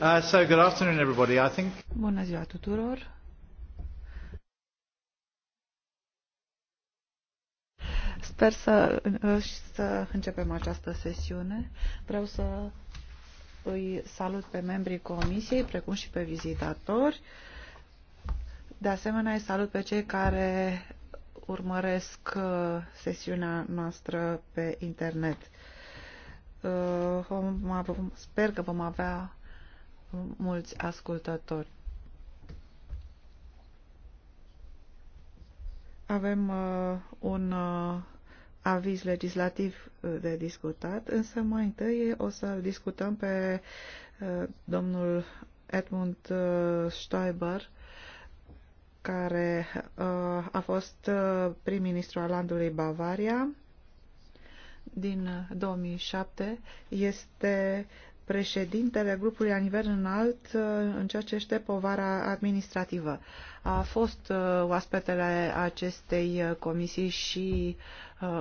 Uh, so good afternoon everybody, I think. Bună ziua tuturor. Sper să, uh, să începem această sesiune. Vreau să îi salut pe membrii comisiei, precum și pe vizitatori. De asemenea, îi salut pe cei care urmăresc uh, sesiunea noastră pe internet. Uh, sper că vom avea mulți ascultători. Avem uh, un uh, aviz legislativ uh, de discutat, însă mai întâi o să discutăm pe uh, domnul Edmund uh, Stoiber, care uh, a fost uh, prim-ministru al landului Bavaria din 2007. Uh, este uh, președintele grupului la nivel înalt uh, în ceea ce este povara administrativă. A fost uh, oaspetele acestei uh, comisii și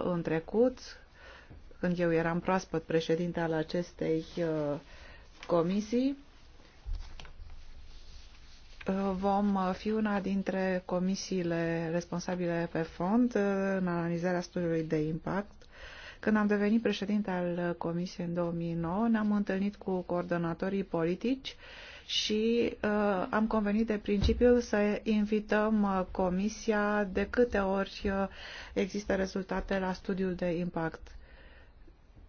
în trecut, când eu eram proaspăt președinte al acestei comisii. Vom fi una dintre comisiile responsabile pe fond în analizarea studiului de impact când am devenit președinte al Comisiei în 2009, ne-am întâlnit cu coordonatorii politici și uh, am convenit de principiu să invităm uh, Comisia de câte ori uh, există rezultate la studiul de impact.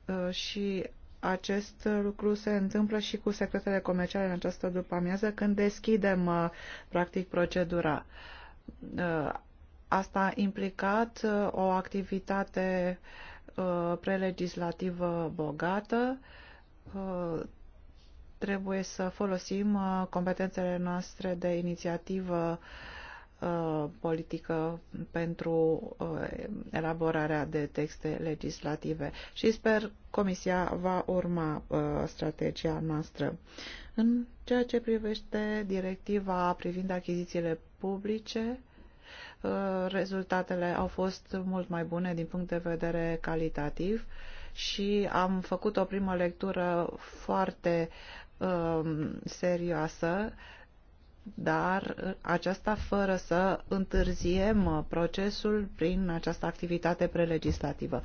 Uh, și acest lucru se întâmplă și cu secretele comerciale în această după-amiază când deschidem uh, practic procedura. Uh, asta a implicat uh, o activitate uh, Uh, prelegislativă bogată, uh, trebuie să folosim uh, competențele noastre de inițiativă politică pentru elaborarea de texte legislative și sper Comisia va urma strategia noastră. În ceea ce privește directiva privind achizițiile publice, Uh, rezultatele au fost mult mai bune din punct de vedere calitativ și am făcut o primă lectură foarte um, serioasă, dar aceasta fără să întârziem procesul prin această activitate prelegislativă.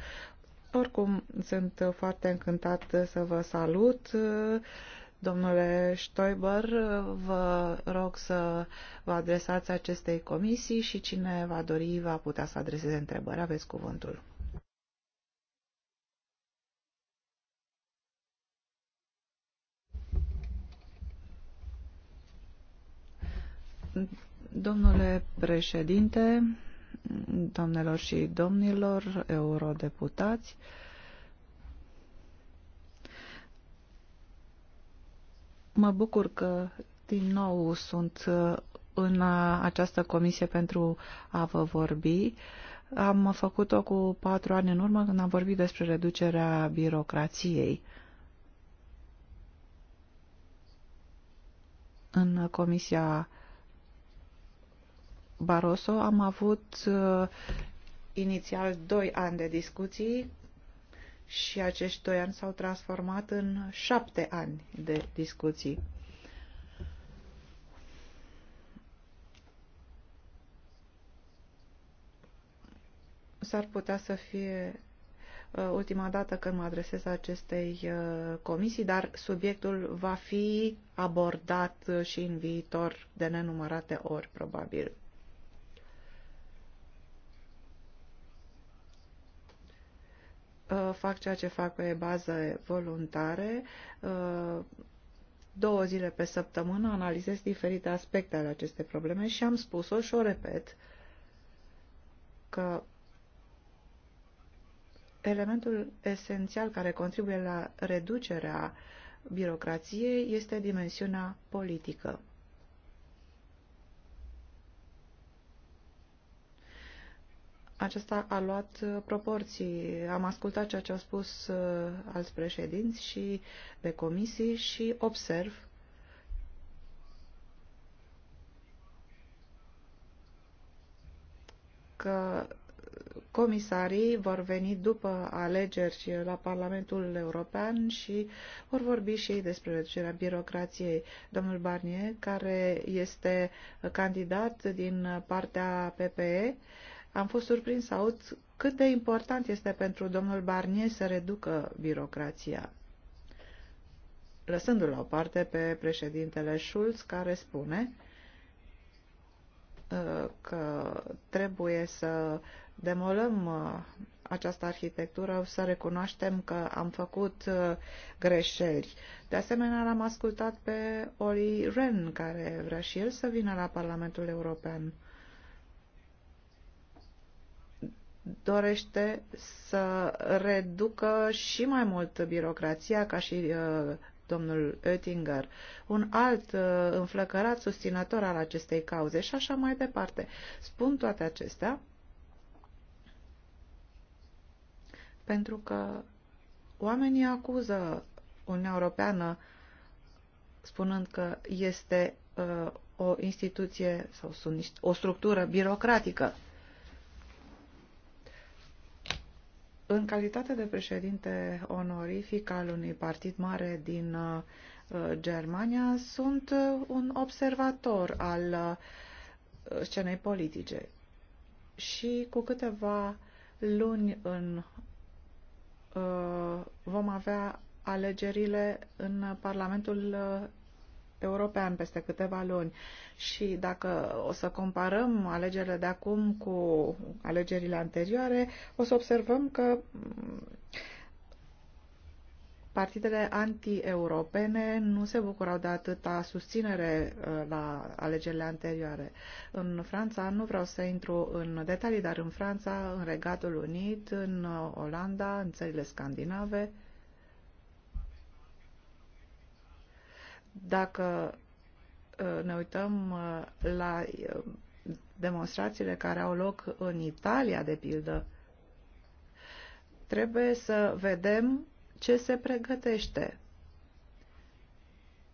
Oricum, sunt foarte încântat să vă salut uh, Domnule Stoiber, vă rog să vă adresați acestei comisii și cine va dori va putea să adreseze întrebări. Aveți cuvântul. Domnule președinte, domnilor și domnilor eurodeputați, Mă bucur că din nou sunt uh, în uh, această comisie pentru a vă vorbi. Am făcut-o cu patru ani în urmă când am vorbit despre reducerea birocrației. În comisia Barroso am avut uh, inițial doi ani de discuții și acești doi ani s-au transformat în șapte ani de discuții. S-ar putea să fie uh, ultima dată când mă adresez acestei uh, comisii, dar subiectul va fi abordat și în viitor de nenumărate ori, probabil. Uh, fac ceea ce fac pe bază voluntare, uh, două zile pe săptămână analizez diferite aspecte ale acestei probleme și am spus-o și o repet că elementul esențial care contribuie la reducerea birocrației este dimensiunea politică. acesta a luat uh, proporții. Am ascultat ceea ce au spus uh, alți președinți și de comisii și observ că comisarii vor veni după alegeri la Parlamentul European și vor vorbi și ei despre reducerea birocrației. Domnul Barnier, care este candidat din partea PPE, am fost surprins să aud cât de important este pentru domnul Barnier să reducă birocrația. Lăsându-l la o parte pe președintele Schulz, care spune uh, că trebuie să demolăm uh, această arhitectură, să recunoaștem că am făcut uh, greșeli. De asemenea, l-am ascultat pe Oli Ren, care vrea și el să vină la Parlamentul European dorește să reducă și mai mult birocrația, ca și uh, domnul Oettinger, un alt uh, înflăcărat susținător al acestei cauze și așa mai departe. Spun toate acestea pentru că oamenii acuză Uniunea Europeană spunând că este uh, o instituție sau sunt o structură birocratică. În calitate de președinte onorific al unui partid mare din uh, Germania, sunt uh, un observator al uh, scenei politice. Și cu câteva luni în, vom avea alegerile în Parlamentul european peste câteva luni și dacă o să comparăm alegerile de acum cu alegerile anterioare, o să observăm că mm, partidele anti-europene nu se bucurau de atâta susținere uh, la alegerile anterioare. În Franța, nu vreau să intru în detalii, dar în Franța, în Regatul Unit, în Olanda, în țările scandinave, Dacă uh, ne uităm uh, la uh, demonstrațiile care au loc în Italia, de pildă, trebuie să vedem ce se pregătește.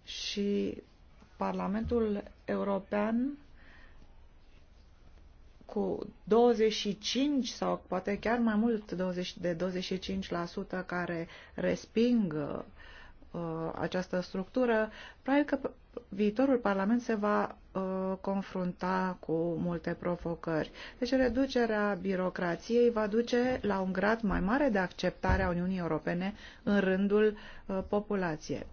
Și Parlamentul European cu 25 sau poate chiar mai mult de 25% care resping uh, această structură, probabil că viitorul Parlament se va uh, confrunta cu multe provocări. Deci reducerea birocrației va duce la un grad mai mare de acceptare a Uniunii Europene în rândul uh, populației.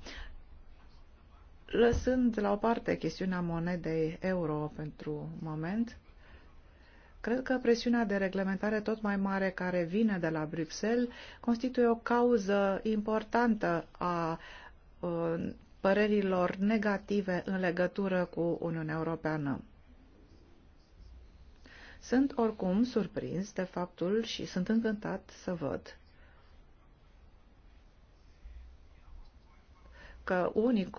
Lăsând la o parte chestiunea monedei euro pentru moment, Cred că presiunea de reglementare tot mai mare care vine de la Bruxelles constituie o cauză importantă a uh, părerilor negative în legătură cu Uniunea Europeană. Sunt oricum surprins de faptul și sunt încântat să văd că unii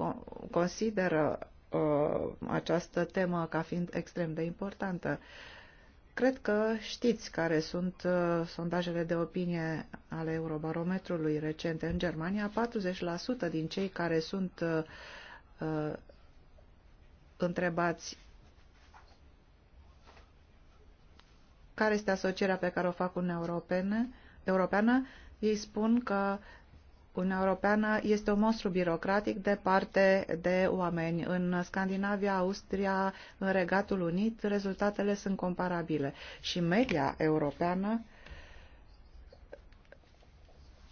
consideră uh, această temă ca fiind extrem de importantă. Uh, Cred că știți care sunt uh, sondajele de opinie ale Eurobarometrului recente în Germania. 40% din cei care sunt uh, uh, întrebați care este asocierea pe care o fac Uniunea Europeană, ei spun că Uniunea Europeană este un monstru birocratic de parte de oameni. În Scandinavia, Austria, în Regatul Unit, rezultatele sunt comparabile. Și media europeană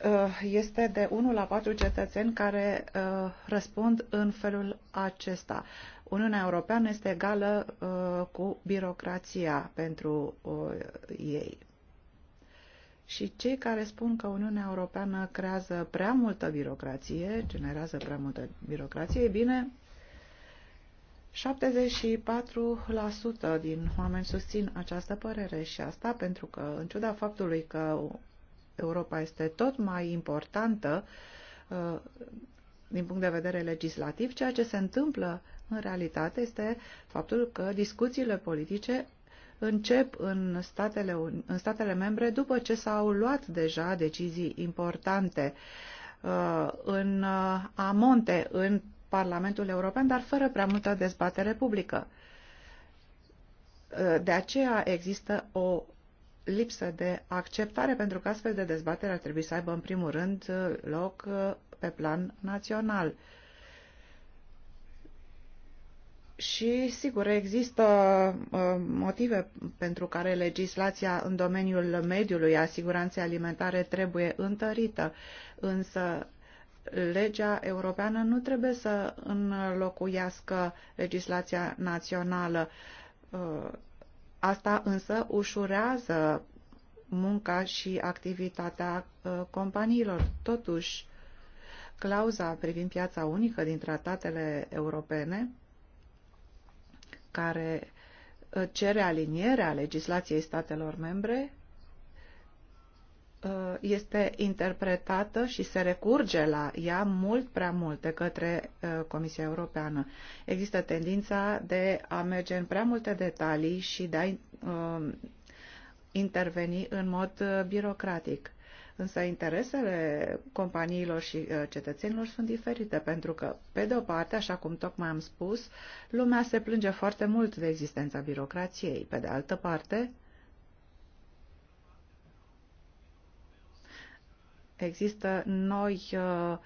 uh, este de 1 la 4 cetățeni care uh, răspund în felul acesta. Uniunea Europeană este egală uh, cu birocrația pentru ei. Și cei care spun că Uniunea Europeană creează prea multă birocrație, generează prea multă birocrație, e bine, 74% din oameni susțin această părere și asta pentru că, în ciuda faptului că Europa este tot mai importantă uh, din punct de vedere legislativ, ceea ce se întâmplă în realitate este faptul că discuțiile politice încep în statele, în statele membre după ce s-au luat deja decizii importante uh, în uh, amonte, în Parlamentul European, dar fără prea multă dezbatere publică. Uh, de aceea există o lipsă de acceptare, pentru că astfel de dezbatere ar trebui să aibă, în primul rând, loc pe plan național. Uh, și, sigur, există uh, motive pentru care legislația în domeniul mediului a siguranței alimentare trebuie întărită, însă legea europeană nu trebuie să înlocuiască legislația națională. Uh, asta însă ușurează munca și activitatea uh, companiilor. Totuși, clauza privind piața unică din tratatele europene care uh, cere alinierea legislației statelor membre uh, este interpretată și se recurge la ea mult prea mult de către uh, Comisia Europeană. Există tendința de a merge în prea multe detalii și de a interveni în mod birocratic. Însă interesele companiilor și uh, cetățenilor sunt diferite, pentru că, pe de o parte, așa cum tocmai am spus, lumea se plânge foarte mult de existența birocrației. Pe de altă parte, există noi uh,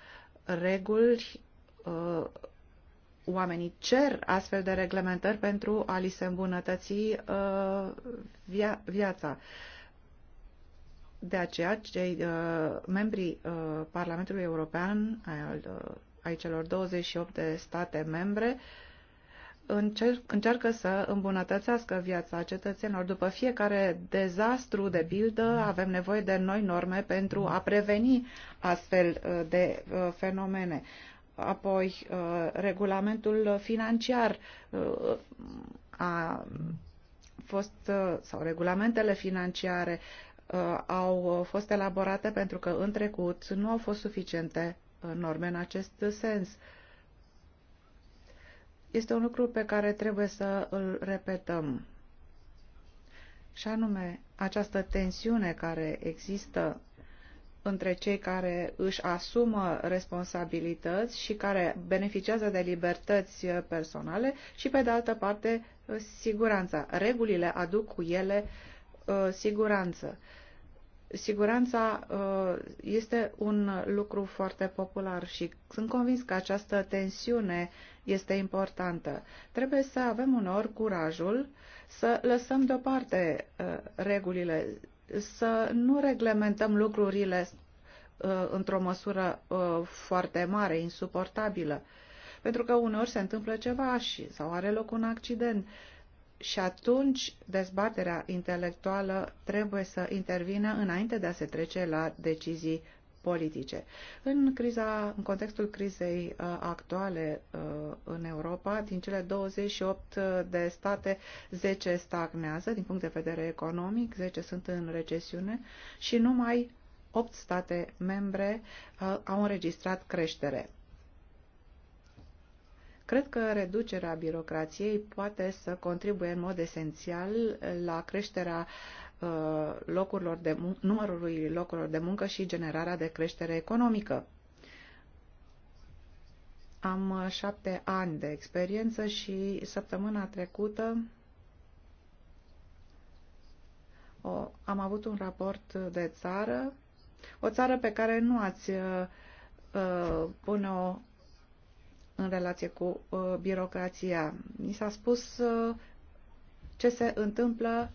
reguli, uh, oamenii cer astfel de reglementări pentru a li se îmbunătăți uh, via viața. Uh, de aceea, cei uh, membrii uh, Parlamentului European, al, uh, ai celor 28 de state membre, încerc, încearcă să îmbunătățească viața cetățenilor. După fiecare dezastru de pildă, avem nevoie de noi norme pentru a preveni astfel uh, de uh, fenomene. Apoi, uh, regulamentul financiar uh, a fost, uh, sau regulamentele financiare uh, Uh, au fost elaborate pentru că în trecut nu au fost suficiente uh, norme în acest sens. Este un lucru pe care trebuie să îl repetăm. Și anume, această tensiune care există între cei care își asumă responsabilități și care beneficiază de libertăți uh, personale și, pe de altă parte, siguranța. Regulile aduc cu ele uh, Uh, siguranță. Siguranța uh, este un lucru foarte popular și sunt convins că această tensiune este importantă. Trebuie să avem uneori curajul să lăsăm deoparte uh, regulile, să nu reglementăm lucrurile într-o măsură foarte mare, insuportabilă, pentru că uneori se întâmplă ceva și sau are loc un accident și atunci dezbaterea intelectuală trebuie să intervină înainte de a se trece la decizii politice. În, criza, în contextul crizei uh, actuale uh, în Europa, din cele 28 de state, 10 stagnează din punct de vedere economic, 10 sunt în recesiune și numai 8 state membre uh, au înregistrat creștere. Cred că reducerea birocrației poate să contribuie în mod esențial la creșterea uh, locurilor de muncă, numărului locurilor de muncă și generarea de creștere economică. Am uh, șapte ani de experiență și săptămâna trecută o, am avut un raport de țară, o țară pe care nu ați uh, uh pune-o în relație cu uh, birocrația. Mi s-a spus uh, ce se întâmplă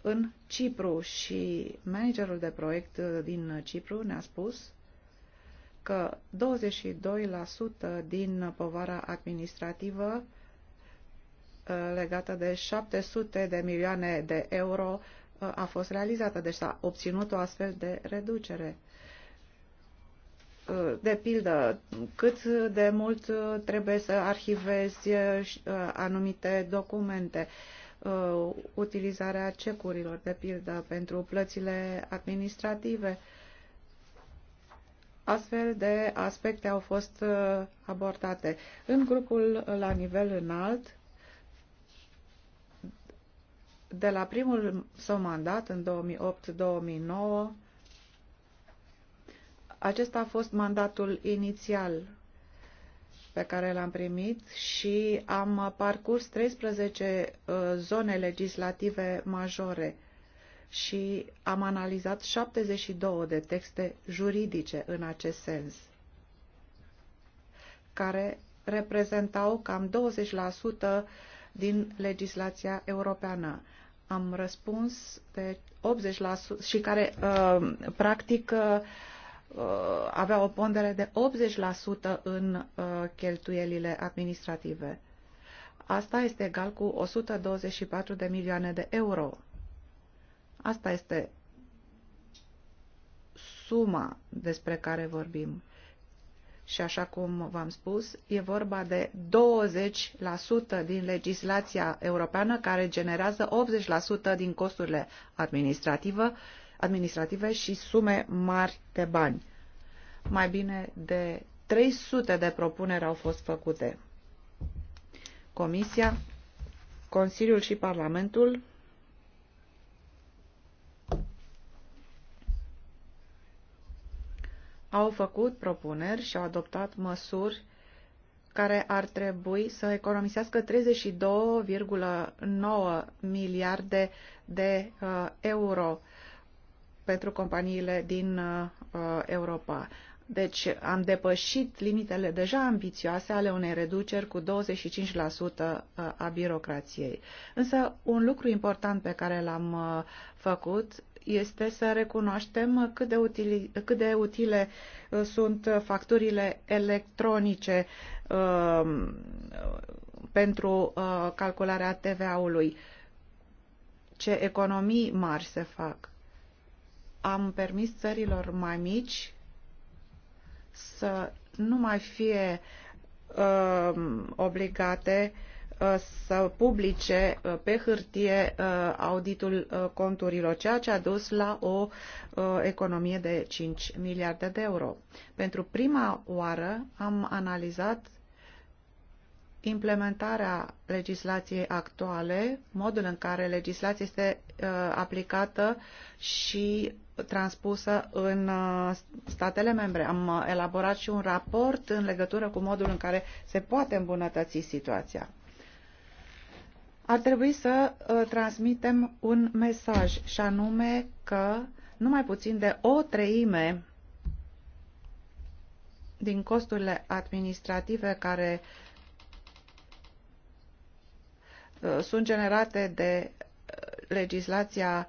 în Cipru și managerul de proiect uh, din Cipru ne-a spus că 22% din povara administrativă uh, legată de 700 de milioane de euro uh, a fost realizată, deci s-a obținut o astfel de reducere de pildă, cât de mult trebuie să arhivezi eh, eh, anumite documente, eh, utilizarea cecurilor, de pildă, pentru plățile administrative. Astfel de aspecte au fost abordate. În grupul la nivel înalt, de la primul său mandat, în 2008-2009, acesta a fost mandatul inițial pe care l-am primit și am parcurs 13 uh, zone legislative majore și am analizat 72 de texte juridice în acest sens, care reprezentau cam 20% din legislația europeană. Am răspuns de 80% și care uh, practic uh, Uh, avea o pondere de 80% în uh, cheltuielile administrative. Asta este egal cu 124 de milioane de euro. Asta este suma despre care vorbim. Și așa cum v-am spus, e vorba de 20% din legislația europeană care generează 80% din costurile administrative administrative și sume mari de bani. Mai bine de 300 de propuneri au fost făcute. Comisia, Consiliul și Parlamentul au făcut propuneri și au adoptat măsuri care ar trebui să economisească 32,9 miliarde de uh, euro pentru companiile din uh, Europa. Deci am depășit limitele deja ambițioase ale unei reduceri cu 25% uh, a birocrației. Însă un lucru important pe care l-am uh, făcut este să recunoaștem cât de, utili, cât de utile sunt facturile electronice uh, pentru uh, calcularea TVA-ului. Ce economii mari se fac am permis țărilor mai mici să nu mai fie uh, obligate uh, să publice uh, pe hârtie uh, auditul uh, conturilor, ceea ce a dus la o uh, economie de 5 miliarde de euro. Pentru prima oară am analizat uh, implementarea legislației actuale, modul în care legislația este uh, aplicată și transpusă în uh, statele membre. Am uh, elaborat și un raport în legătură cu modul în care se poate îmbunătăți situația. Ar trebui să uh, transmitem un mesaj și anume că numai puțin de o treime din costurile administrative care uh, Uh, sunt generate de uh, legislația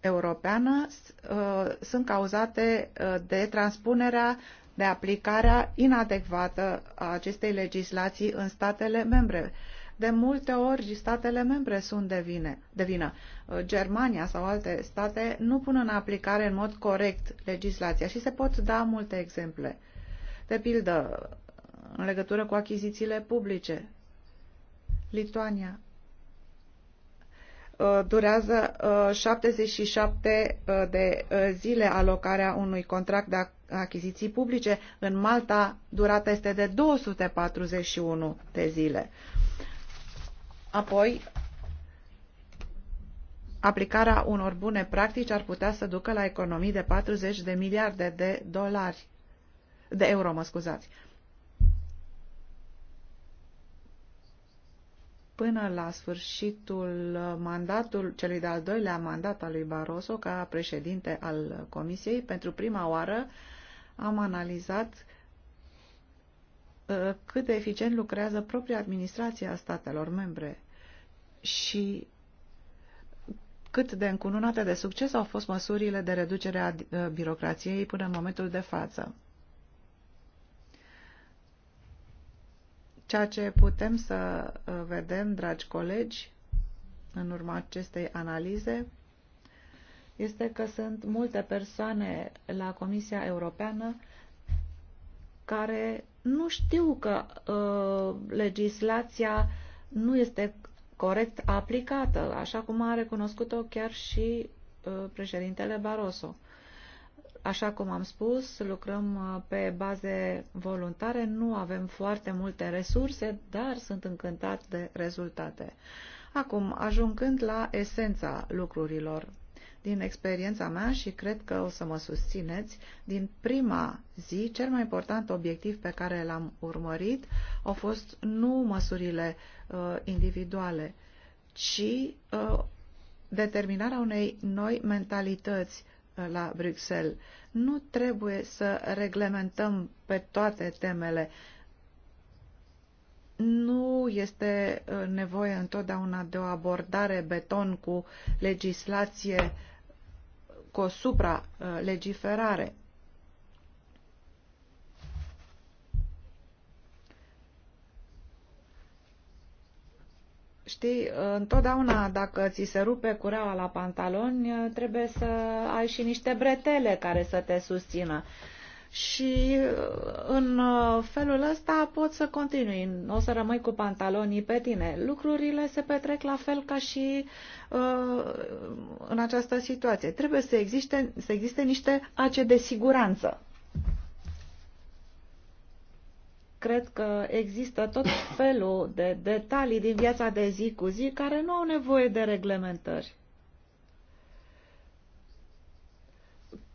europeană uh, sunt cauzate de transpunerea de aplicarea inadecvată a acestei legislații în statele membre. De multe ori, statele membre sunt de, vine, de vină. Germania sau alte state nu pun în aplicare în mod corect legislația și se pot da multe exemple. De pildă, în legătură cu achizițiile publice, Lituania uh, durează 77 uh, uh, de zile alocarea unui contract de achiziții publice. În Malta durata este de 241 de zile. Apoi, aplicarea unor bune practici ar putea să ducă la economii de 40 de miliarde de dolari de euro, mă scuzați. până la sfârșitul mandatul, celui de-al doilea mandat al lui Barroso ca președinte al Comisiei, pentru prima oară am analizat uh, cât de eficient lucrează propria administrație a statelor membre și cât de încununate de succes au fost măsurile de reducere a uh, birocrației până în momentul de față. Ceea ce putem să uh, vedem, dragi colegi, în urma acestei analize, este că sunt multe persoane la Comisia Europeană care nu știu că uh, legislația nu este corect aplicată, așa cum a recunoscut-o chiar și uh, președintele Barroso. Uh, Așa cum am spus, lucrăm uh, pe baze voluntare, nu avem foarte multe resurse, dar sunt încântat de rezultate. Acum, ajungând la esența lucrurilor, din experiența mea și cred că o să mă susțineți, din prima zi, cel mai important obiectiv pe care l-am urmărit au fost nu măsurile uh, individuale, ci uh, determinarea unei noi mentalități la Bruxelles. Nu trebuie să reglementăm pe toate temele. Nu este uh, nevoie întotdeauna de o abordare beton cu legislație cu o supra-legiferare. Uh, Știi, întotdeauna dacă ți se rupe cureaua la pantaloni, trebuie să ai și niște bretele care să te susțină. Și în uh, felul ăsta poți să continui, o să rămâi cu pantalonii pe tine. Lucrurile se petrec la fel ca și uh, în această situație. Trebuie să existe, să existe niște ace de siguranță. cred că există tot felul de detalii din viața de zi cu zi care nu au nevoie de reglementări.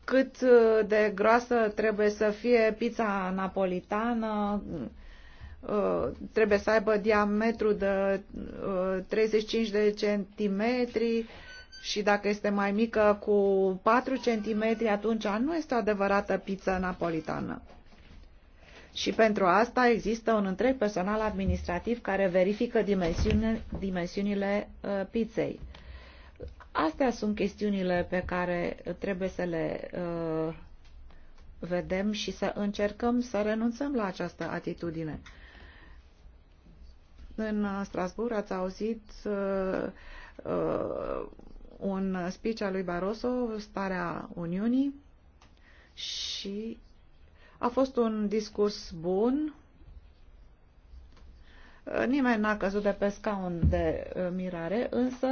Cât uh, de groasă trebuie să fie pizza napolitană, uh, trebuie să aibă diametru de 35 uh, de centimetri și dacă este mai mică cu 4 centimetri, atunci nu este o adevărată pizza napolitană. Și pentru asta există un întreg personal administrativ care verifică dimensiunile uh, pizzei. Astea sunt chestiunile pe care trebuie să le uh, vedem și să încercăm să renunțăm la această atitudine. În uh, Strasbourg ați auzit uh, uh, un speech al lui Barroso, Starea Uniunii, și a fost un discurs bun. Nimeni n-a căzut de pe scaun de uh, mirare, însă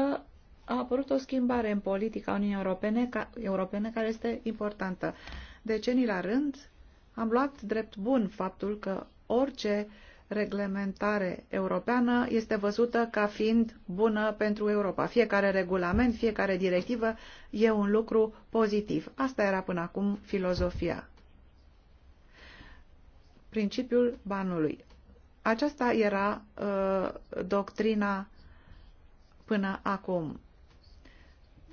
a apărut o schimbare în politica Uniunii Europene, ca, Europene care este importantă. Decenii la rând am luat drept bun faptul că orice reglementare europeană este văzută ca fiind bună pentru Europa. Fiecare regulament, fiecare directivă e un lucru pozitiv. Asta era până acum filozofia principiul banului. Aceasta era uh, doctrina până acum.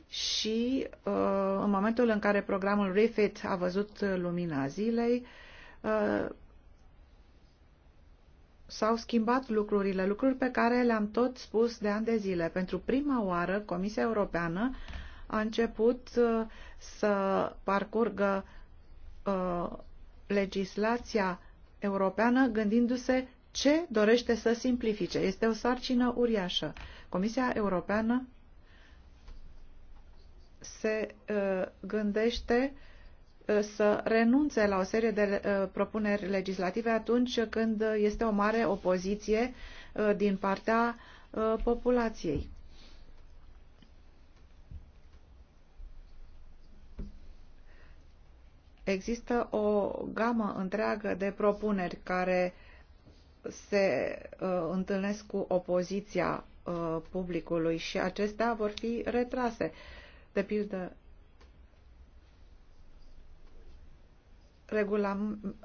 Și uh, în momentul în care programul REFIT a văzut lumina zilei, uh, s-au schimbat lucrurile, lucruri pe care le-am tot spus de ani de zile. Pentru prima oară, Comisia Europeană a început uh, să parcurgă uh, legislația Europeană gândindu-se ce dorește să simplifice. Este o sarcină uriașă. Comisia Europeană se uh, gândește uh, să renunțe la o serie de uh, propuneri legislative atunci când este o mare opoziție uh, din partea populației. Există o gamă întreagă de propuneri care se uh, întâlnesc cu opoziția uh, publicului și acestea vor fi retrase. De pildă,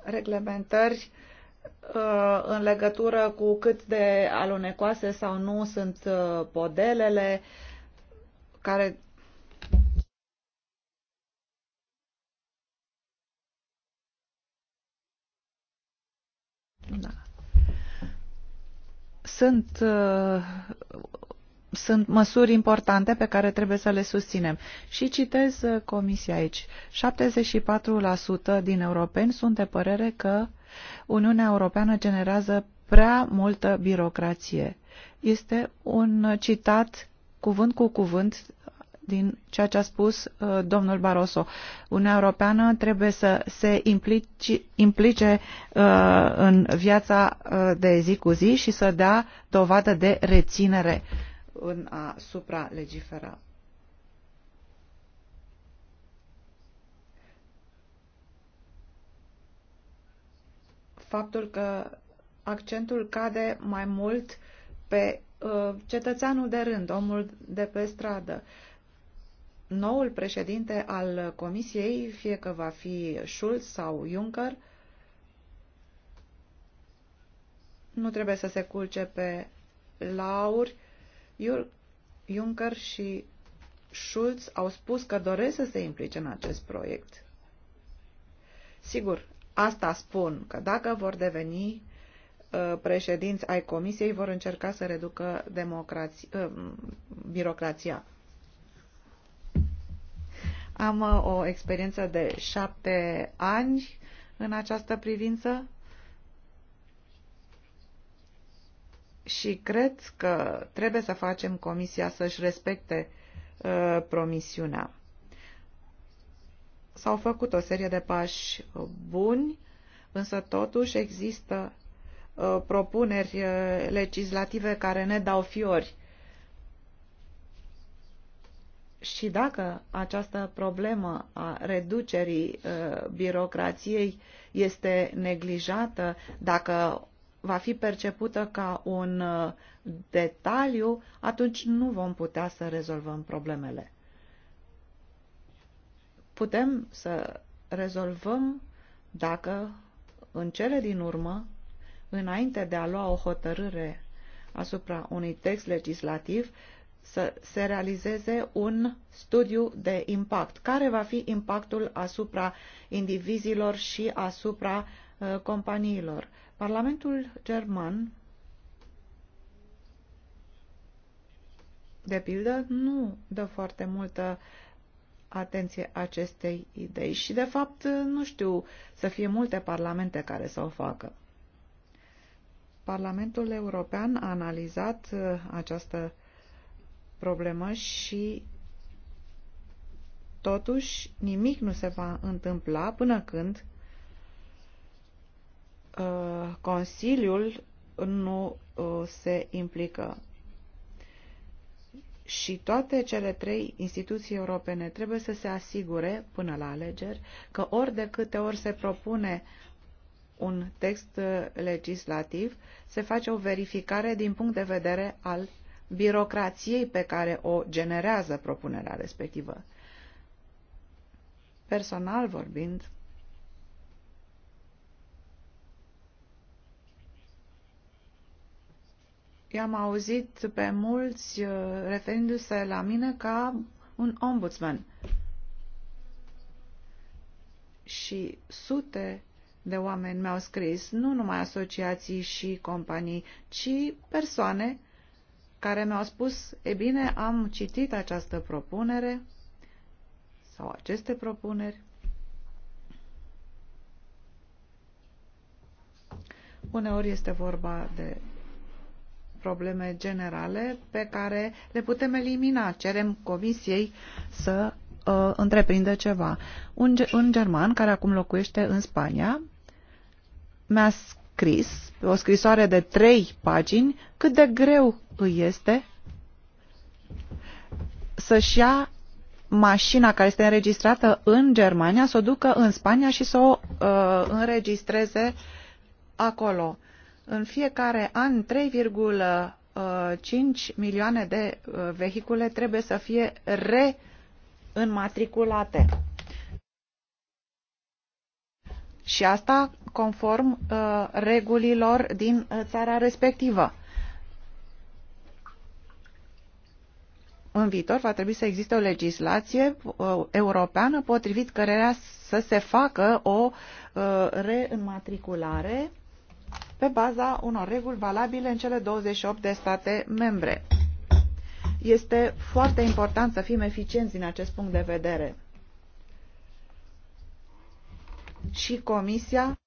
reglementări uh, în legătură cu cât de alunecoase sau nu sunt uh, podelele care Da. Sunt, uh, sunt măsuri importante pe care trebuie să le susținem. Și citez uh, comisia aici. 74% din europeni sunt de părere că Uniunea Europeană generează prea multă birocrație. Este un citat cuvânt cu cuvânt din ceea ce a spus uh, domnul Barroso. Uniunea Europeană trebuie să se implici, implice uh, în viața uh, de zi cu zi și să dea dovadă de reținere în a supralegifera. Faptul că accentul cade mai mult pe cetățeanul de rând, omul de pe stradă, noul președinte al Comisiei, fie că va fi Schulz sau Juncker, nu trebuie să se culce pe lauri. Juncker și Schulz au spus că doresc să se implice în acest proiect. Sigur, asta spun, că dacă vor deveni ă, președinți ai Comisiei, vor încerca să reducă democrația, ă, birocrația. Am uh, o experiență de șapte ani în această privință și cred că trebuie să facem Comisia să-și respecte uh, promisiunea. S-au făcut o serie de pași buni, însă totuși există uh, propuneri uh, legislative care ne dau fiori. Și dacă această problemă a reducerii uh, birocrației este neglijată, dacă va fi percepută ca un uh, detaliu, atunci nu vom putea să rezolvăm problemele. Putem să rezolvăm dacă, în cele din urmă, înainte de a lua o hotărâre asupra unui text legislativ, să se realizeze un studiu de impact. Care va fi impactul asupra indivizilor și asupra uh, companiilor? Parlamentul german, de pildă, nu dă foarte multă atenție acestei idei și, de fapt, nu știu să fie multe parlamente care să o facă. Parlamentul European a analizat uh, această problemă și totuși nimic nu se va întâmpla până când uh, Consiliul nu uh, se implică. Și toate cele trei instituții europene trebuie să se asigure până la alegeri că ori de câte ori se propune un text legislativ, se face o verificare din punct de vedere al birocrației pe care o generează propunerea respectivă. Personal vorbind, i-am auzit pe mulți uh, referindu-se la mine ca un ombudsman. Și sute de oameni mi-au scris, nu numai asociații și companii, ci persoane care mi-au spus, e bine, am citit această propunere sau aceste propuneri. Uneori este vorba de probleme generale pe care le putem elimina. Cerem comisiei să uh, întreprindă ceva. Un, un german care acum locuiește în Spania mi-a scris o scrisoare de trei pagini cât de greu îi este să-și ia mașina care este înregistrată în Germania, să o ducă în Spania și să o uh, înregistreze acolo. În fiecare an 3,5 uh, milioane de uh, vehicule trebuie să fie reînmatriculate. Și asta conform uh, regulilor din uh, țara respectivă. în viitor va trebui să existe o legislație uh, europeană potrivit cărerea să se facă o uh, reînmatriculare pe baza unor reguli valabile în cele 28 de state membre. Este foarte important să fim eficienți din acest punct de vedere. Și Comisia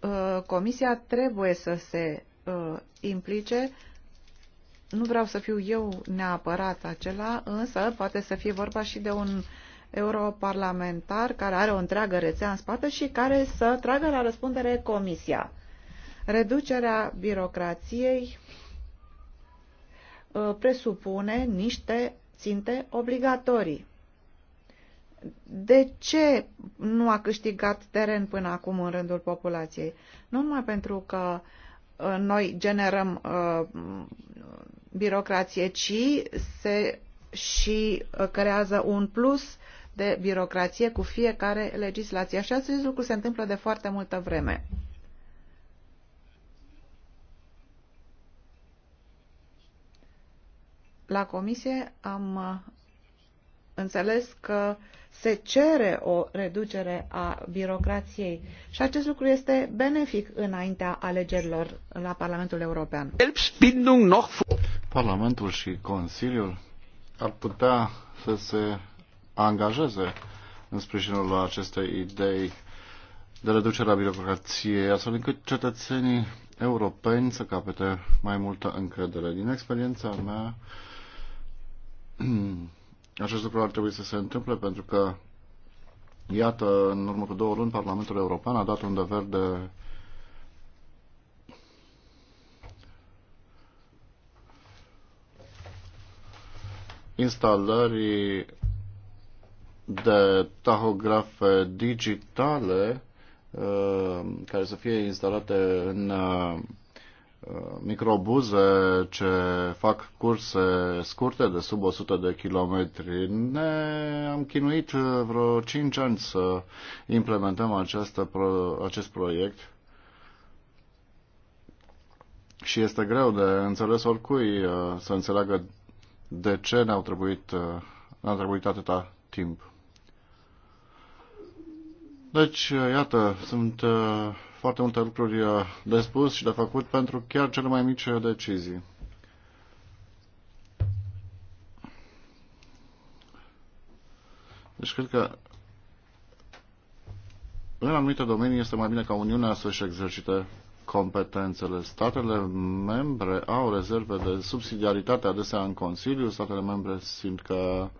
Uh, comisia trebuie să se uh, implice. Nu vreau să fiu eu neapărat acela, însă poate să fie vorba și de un europarlamentar care are o întreagă rețea în spate și care să tragă la răspundere Comisia. Reducerea birocrației uh, presupune niște ținte obligatorii de ce nu a câștigat teren până acum în rândul populației? Nu numai pentru că uh, noi generăm uh, birocrație, ci se și uh, creează un plus de birocrație cu fiecare legislație. Așa acest lucru se întâmplă de foarte multă vreme. La comisie am uh, înțeles că uh, se cere o reducere a birocrației și acest lucru este benefic înaintea alegerilor la Parlamentul European. Parlamentul și Consiliul ar putea să se angajeze în sprijinul acestei idei de reducere a birocrației, astfel încât cetățenii europeni să capete mai multă încredere. Din experiența mea, Acest lucru ar trebui să se întâmple pentru că, iată, în urmă cu două luni, Parlamentul European a dat un dever de instalării de tahografe digitale uh, care să fie instalate în uh, Uh, microbuze ce fac curse scurte de sub 100 de kilometri. Ne-am chinuit uh, vreo 5 ani să implementăm această, acest proiect și este greu de înțeles oricui uh, să înțeleagă de ce ne-au trebuit, ne-a trebuit atâta timp. Deci, iată, sunt foarte multe lucruri uh, de spus și de făcut pentru chiar cele mai mici uh, decizii. Deci cred că în anumite domenii este mai bine ca Uniunea să-și exercite competențele. Statele membre au rezerve de subsidiaritate adesea în Consiliu. Statele membre simt că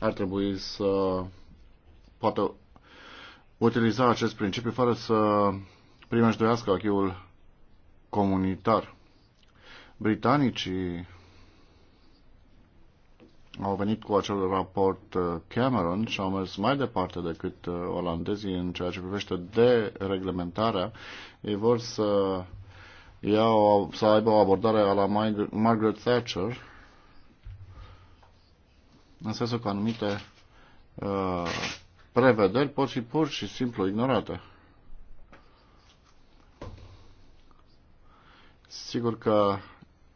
ar trebui să poată utiliza acest principiu fără să primejduiască achiul comunitar. Britanicii au venit cu acel raport uh, Cameron și au mers mai departe decât uh, olandezii în ceea ce privește dereglementarea. Ei vor să, iau, să aibă o abordare a la Margaret Thatcher în sensul că anumite uh, prevederi pot fi pur și simplu ignorate. Sigur că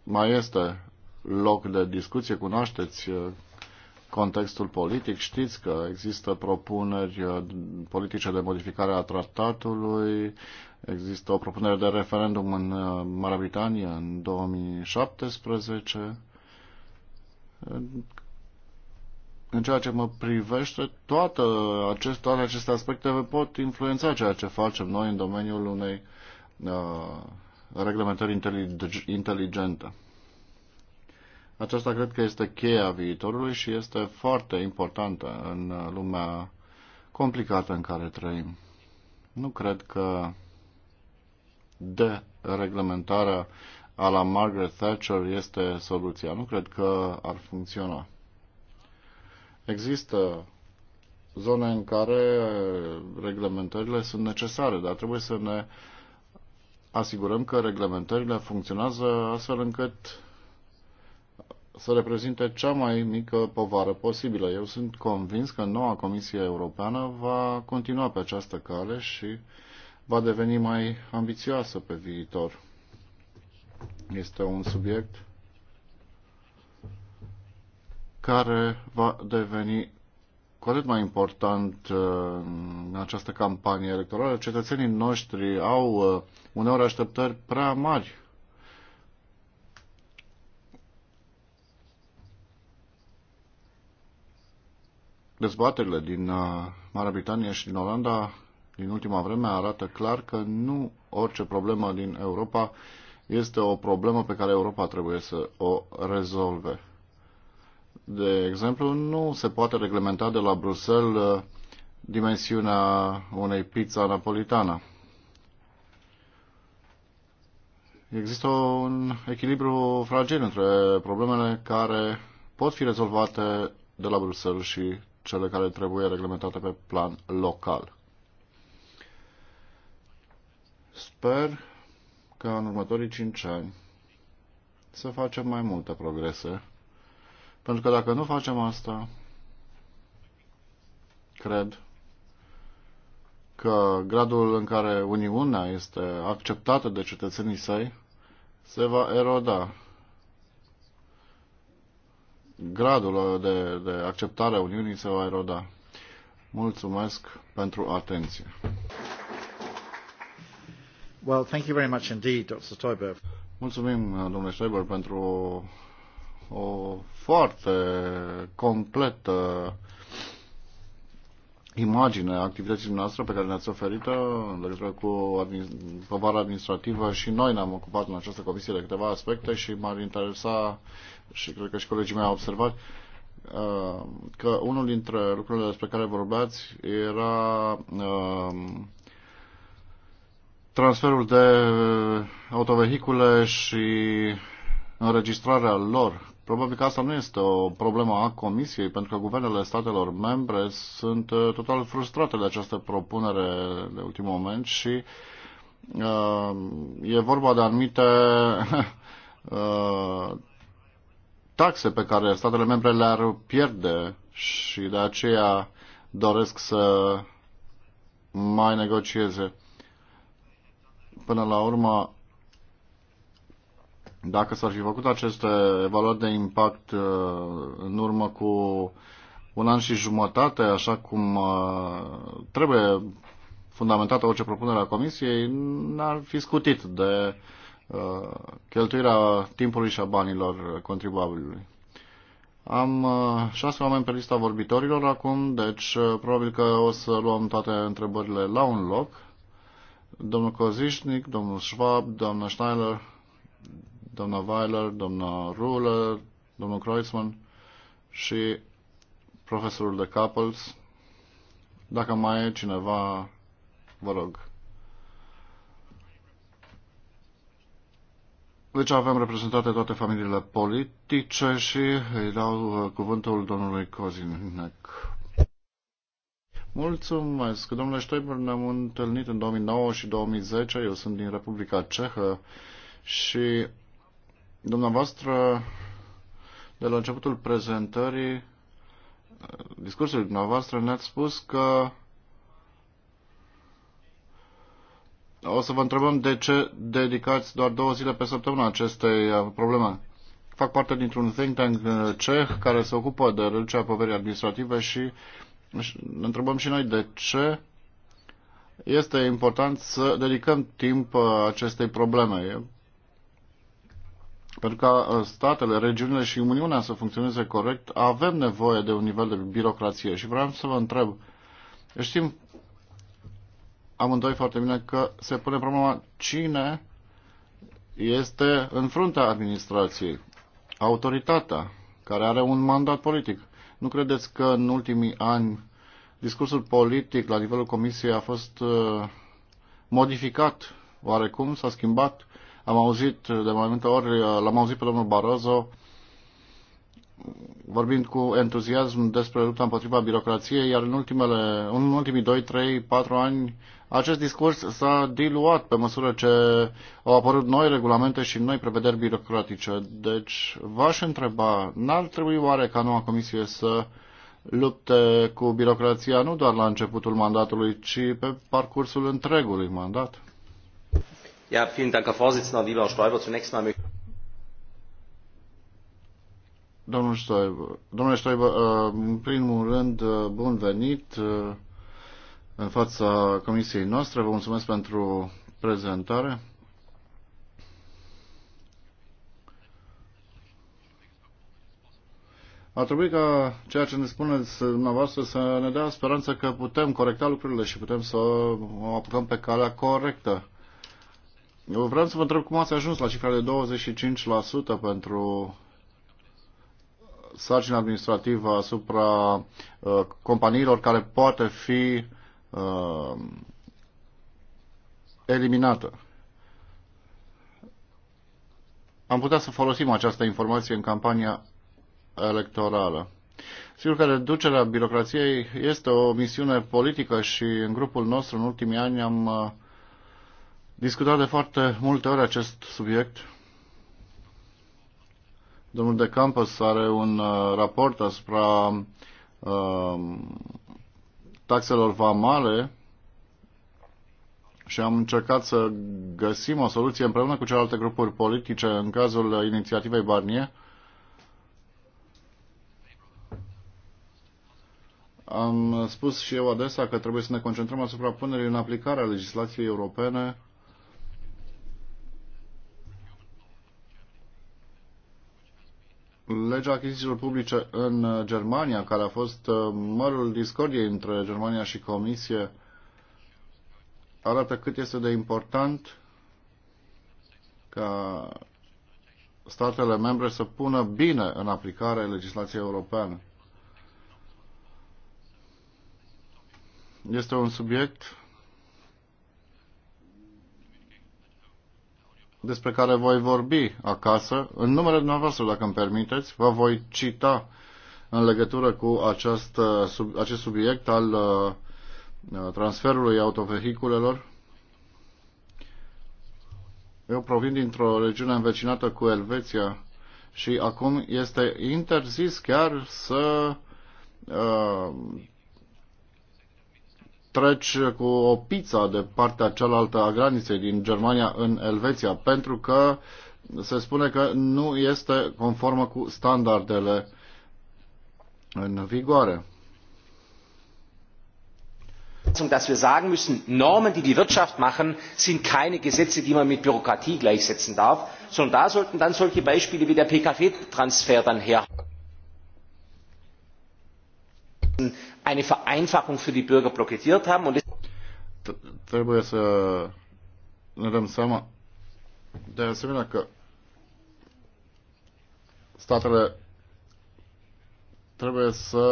mai este loc de discuție, cunoașteți uh, contextul politic, știți că există propuneri uh, politice de modificare a tratatului, există o propunere de referendum în uh, Marea Britanie în 2017, în ceea ce mă privește, toate acest, toate aceste aspecte pot influența ceea ce facem noi în domeniul unei uh, reglementări inteligente. Aceasta cred că este cheia viitorului și este foarte importantă în lumea complicată în care trăim. Nu cred că de reglementarea a la Margaret Thatcher este soluția. Nu cred că ar funcționa. Există zone în care reglementările sunt necesare, dar trebuie să ne asigurăm că reglementările funcționează astfel încât să reprezinte cea mai mică povară posibilă. Eu sunt convins că noua Comisie Europeană va continua pe această cale și va deveni mai ambițioasă pe viitor. Este un subiect care va deveni cu atât mai important uh, în această campanie electorală. Cetățenii noștri au uh, uneori așteptări prea mari Dezbaterile din uh, Marea Britanie și din Olanda din ultima vreme arată clar că nu orice problemă din Europa este o problemă pe care Europa trebuie să o rezolve. De exemplu, nu se poate reglementa de la Bruxelles uh, dimensiunea unei pizza napolitana. Există un echilibru fragil între problemele care pot fi rezolvate de la Bruxelles și cele care trebuie reglementate pe plan local. Sper că în următorii 5 ani să facem mai multe progrese pentru că dacă nu facem asta, cred că gradul în care Uniunea este acceptată de cetățenii săi se va eroda. Gradul de, de acceptare a Uniunii se va eroda. Mulțumesc pentru atenție. Well, thank you very much indeed, Dr. Mulțumim, domnule Stoiber, pentru o, o foarte completă imagine a activității noastre pe care ne-ați oferit-o în legătură cu povara administrativă și noi ne-am ocupat în această comisie de câteva aspecte și m-ar interesa și cred că și colegii mei au observat uh, că unul dintre lucrurile despre care vorbeați era uh, transferul de autovehicule și înregistrarea lor Probabil că asta nu este o problemă a Comisiei, pentru că guvernele statelor membre sunt uh, total frustrate de această propunere de ultim moment și uh, e vorba de anumite uh, taxe pe care statele membre le-ar pierde și de aceea doresc să mai negocieze. Până la urmă, dacă s-ar fi făcut aceste evaluări de impact uh, în urmă cu un an și jumătate, așa cum uh, trebuie fundamentată orice propunere a Comisiei, n-ar fi scutit de uh, cheltuirea timpului și a banilor contribuabilului. Am șase oameni pe lista vorbitorilor acum, deci probabil că o să luăm toate întrebările la un loc. Domnul Kozișnic, domnul Schwab, doamna Schneider, doamna Weiler, doamna Ruler, domnul Kreuzmann și profesorul de Couples. Dacă mai e cineva, vă rog. Deci avem reprezentate toate familiile politice și îi dau uh, cuvântul domnului Cozinec. Mulțumesc. Domnule Stoiber, ne-am întâlnit în 2009 și 2010. Eu sunt din Republica Cehă și Dumneavoastră, de la începutul prezentării, discursului dumneavoastră ne-ați spus că o să vă întrebăm de ce dedicați doar două zile pe săptămână acestei probleme. Fac parte dintr-un think tank uh, ceh care se ocupă de reducerea poverii administrative și ne întrebăm și noi de ce este important să dedicăm timp uh, acestei probleme. Pentru ca uh, statele, regiunile și Uniunea să funcționeze corect, avem nevoie de un nivel de birocrație. Și vreau să vă întreb, știm amândoi foarte bine că se pune problema cine este în fruntea administrației, autoritatea care are un mandat politic. Nu credeți că în ultimii ani discursul politic la nivelul Comisiei a fost uh, modificat oarecum, s-a schimbat? Am auzit uh, de mai multe ori, uh, l-am auzit pe domnul Barozo vorbind cu entuziasm despre lupta împotriva birocrației, iar în, ultimele, în ultimii 2, 3, 4 ani acest discurs s-a diluat pe măsură ce au apărut noi regulamente și noi prevederi birocratice. Deci v-aș întreba, n-ar trebui oare ca noua comisie să lupte cu birocrația nu doar la începutul mandatului, ci pe parcursul întregului mandat? Ja, vielen Dank, Herr Vorsitzender, lieber Stoiber. Zunächst mal möchte Domnul Stoibă, domnule Stoibă, uh, în primul rând, uh, bun venit uh, în fața comisiei noastre. Vă mulțumesc pentru prezentare. Ar trebui ca ceea ce ne spuneți dumneavoastră să ne dea speranță că putem corecta lucrurile și putem să o apucăm pe calea corectă. Eu vreau să vă întreb cum ați ajuns la cifra de 25% pentru sarcina administrativă asupra uh, companiilor care poate fi uh, eliminată. Am putea să folosim această informație în campania electorală. Sigur că reducerea birocrației este o misiune politică și în grupul nostru în ultimii ani am uh, discutat de foarte multe ori acest subiect. Domnul de Campus are un uh, raport asupra uh, taxelor vamale și am încercat să găsim o soluție împreună cu celelalte grupuri politice în cazul inițiativei Barnier. Am spus și eu adesea că trebuie să ne concentrăm asupra punerii în aplicare a legislației europene legea achizițiilor publice în uh, Germania, care a fost uh, mărul discordiei între Germania și Comisie, arată cât este de important ca statele membre să pună bine în aplicare legislația europeană. Este un subiect despre care voi vorbi acasă, în numele dumneavoastră, dacă îmi permiteți, vă voi cita în legătură cu acest, uh, sub, acest subiect al uh, uh, transferului autovehiculelor. Eu provin dintr-o regiune învecinată cu Elveția și acum este interzis chiar să uh, treci cu o pizza de partea cealaltă a graniței din Germania în Elveția, pentru că se spune că nu este conformă cu standardele în vigoare. Dass wir sagen müssen, Normen, die die Wirtschaft machen, sind keine Gesetze, die man mit Bürokratie gleichsetzen darf, sondern da sollten dann solche Beispiele wie der PKW-Transfer dann her eine Vereinfachung für die Bürger blockiert haben. Und trebuie să ne dăm seama de asemenea că statele trebuie să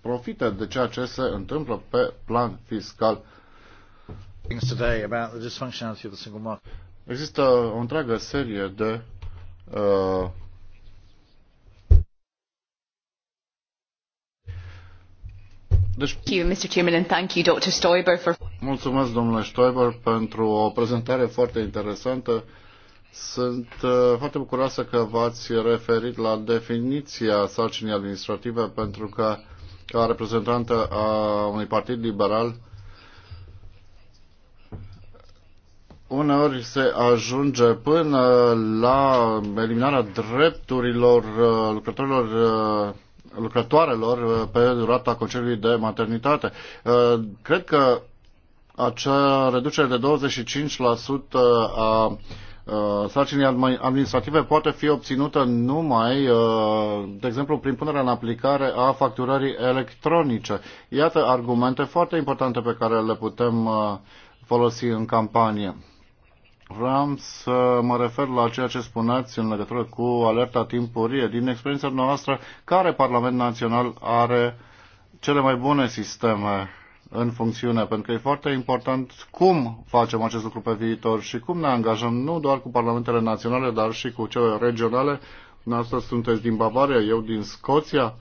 profite de ceea ce se întâmplă pe plan fiscal. Există o întreagă serie de uh, Mulțumesc, domnule Stoiber, pentru o prezentare foarte interesantă. Sunt uh, foarte bucuroasă că v-ați referit la definiția sarcinii administrative pentru că ca reprezentantă a unui partid liberal uneori se ajunge până la eliminarea drepturilor uh, lucrătorilor uh, lucrătoarelor uh, pe durata concediului de maternitate. Uh, cred că acea reducere de 25% a uh, sarcinii administrative poate fi obținută numai, de exemplu, prin punerea în aplicare a facturării electronice. Iată argumente foarte importante pe care le putem folosi în campanie. Vreau să mă refer la ceea ce spuneați în legătură cu alerta timpurie. Din experiența noastră, care Parlament Național are cele mai bune sisteme în funcțiune? Pentru că e foarte important cum facem acest lucru pe viitor și cum ne angajăm nu doar cu Parlamentele Naționale, dar și cu cele regionale. Noastră sunteți din Bavaria, eu din Scoția.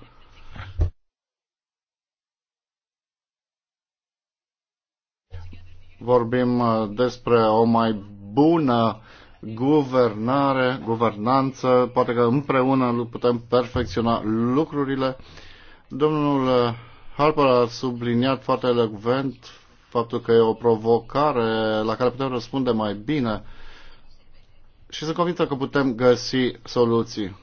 vorbim uh, despre o mai bună guvernare, guvernanță, poate că împreună putem perfecționa lucrurile. Domnul Harper a subliniat foarte elegvent faptul că e o provocare la care putem răspunde mai bine și sunt convins că putem găsi soluții.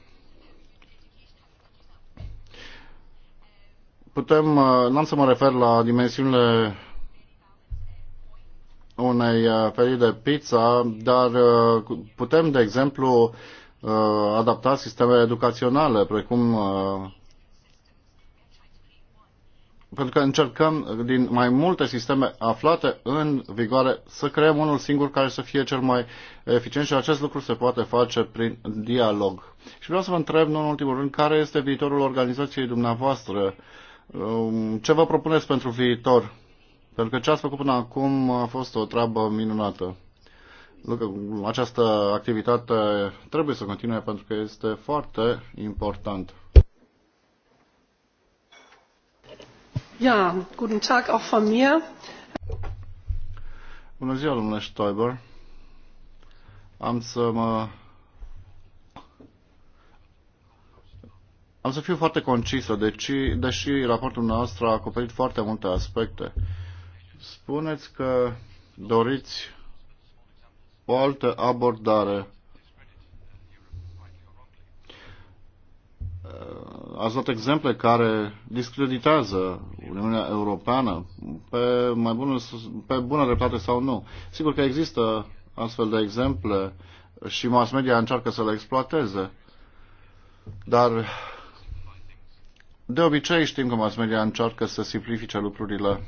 Putem, uh, n-am să mă refer la dimensiunile unei felii uh, de pizza, dar uh, putem, de exemplu, uh, adapta sistemele educaționale, precum pentru că încercăm din mai multe sisteme aflate în vigoare să creăm unul singur care să fie cel mai eficient și acest lucru se poate face prin dialog. Și vreau să vă întreb, nu în ultimul rând, care este viitorul organizației dumneavoastră? Um, ce vă propuneți pentru viitor? Pentru că ce ați făcut până acum a fost o treabă minunată. Această activitate trebuie să continue pentru că este foarte important. Ja, guten Tag auch von mir. Bună ziua, domnule Stoiber. Am să mă... Am să fiu foarte concisă, deși, deși raportul nostru a acoperit foarte multe aspecte spuneți că doriți o altă abordare. Ați dat exemple care discreditează Uniunea Europeană pe, mai bună, pe bună dreptate sau nu. Sigur că există astfel de exemple și mass media încearcă să le exploateze, dar de obicei știm că mass media încearcă să simplifice lucrurile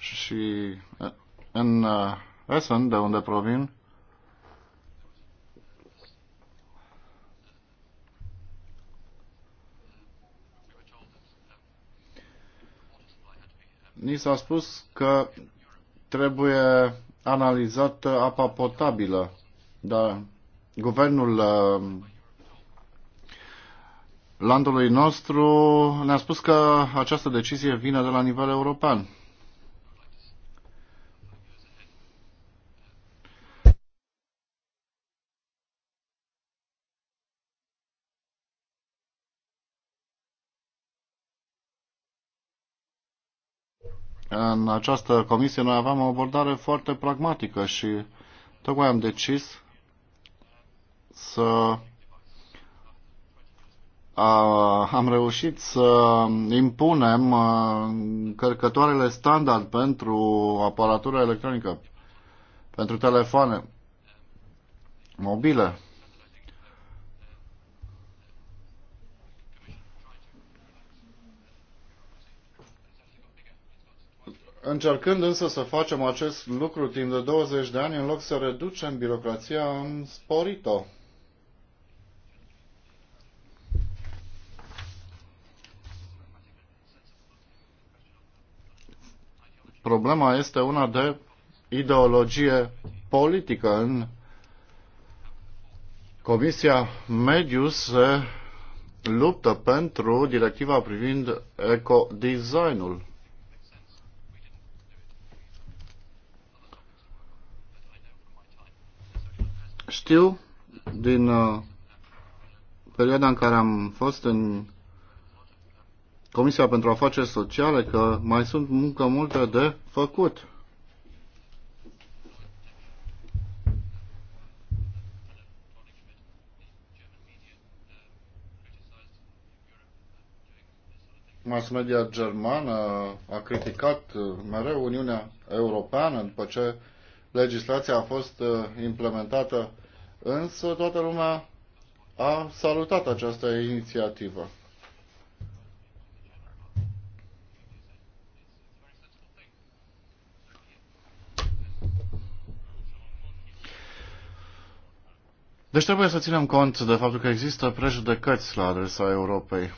și în Essen, de unde provin, ni s-a spus că trebuie analizată apa potabilă, dar guvernul landului nostru ne-a spus că această decizie vine de la nivel european. În această comisie noi aveam o abordare foarte pragmatică și tocmai am decis să am reușit să impunem încărcătoarele standard pentru aparatura electronică, pentru telefoane mobile. Încercând însă să facem acest lucru timp de 20 de ani, în loc să reducem birocrația, am sporit-o. Problema este una de ideologie politică. În Comisia Mediu se luptă pentru directiva privind ecodesignul. Știu din uh, perioada în care am fost în Comisia pentru Afaceri Sociale că mai sunt muncă multe de făcut. mass media germană a criticat mereu Uniunea Europeană după ce legislația a fost uh, implementată, însă toată lumea a salutat această inițiativă. Deci trebuie să ținem cont de faptul că există prejudecăți la adresa Europei.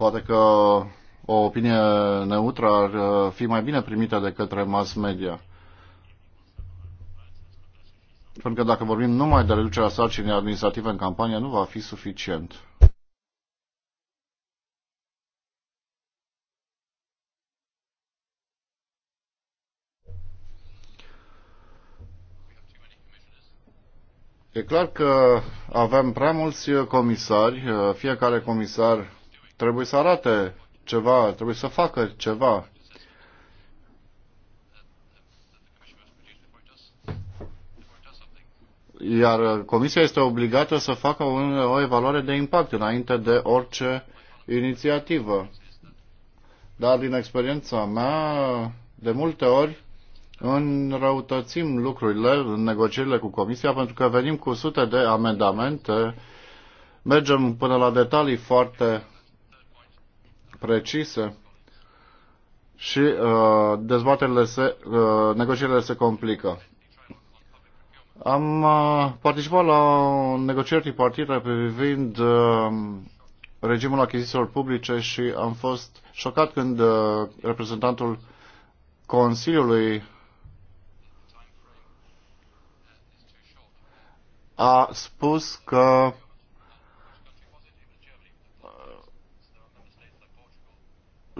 Poate că o opinie neutră ar uh, fi mai bine primită de către mass media. Pentru că dacă vorbim numai de reducerea sarcinii administrative în campanie, nu va fi suficient. E clar că avem prea mulți comisari, uh, fiecare comisar trebuie să arate ceva, trebuie să facă ceva. Iar Comisia este obligată să facă un, o evaluare de impact înainte de orice inițiativă. Dar din experiența mea, de multe ori înrăutățim lucrurile în negocierile cu Comisia pentru că venim cu sute de amendamente, mergem până la detalii foarte precise și uh, dezbaterile se, uh, negocierile se complică. Am uh, participat la negocieri tripartite privind uh, regimul achizițiilor publice și am fost șocat când uh, reprezentantul Consiliului a spus că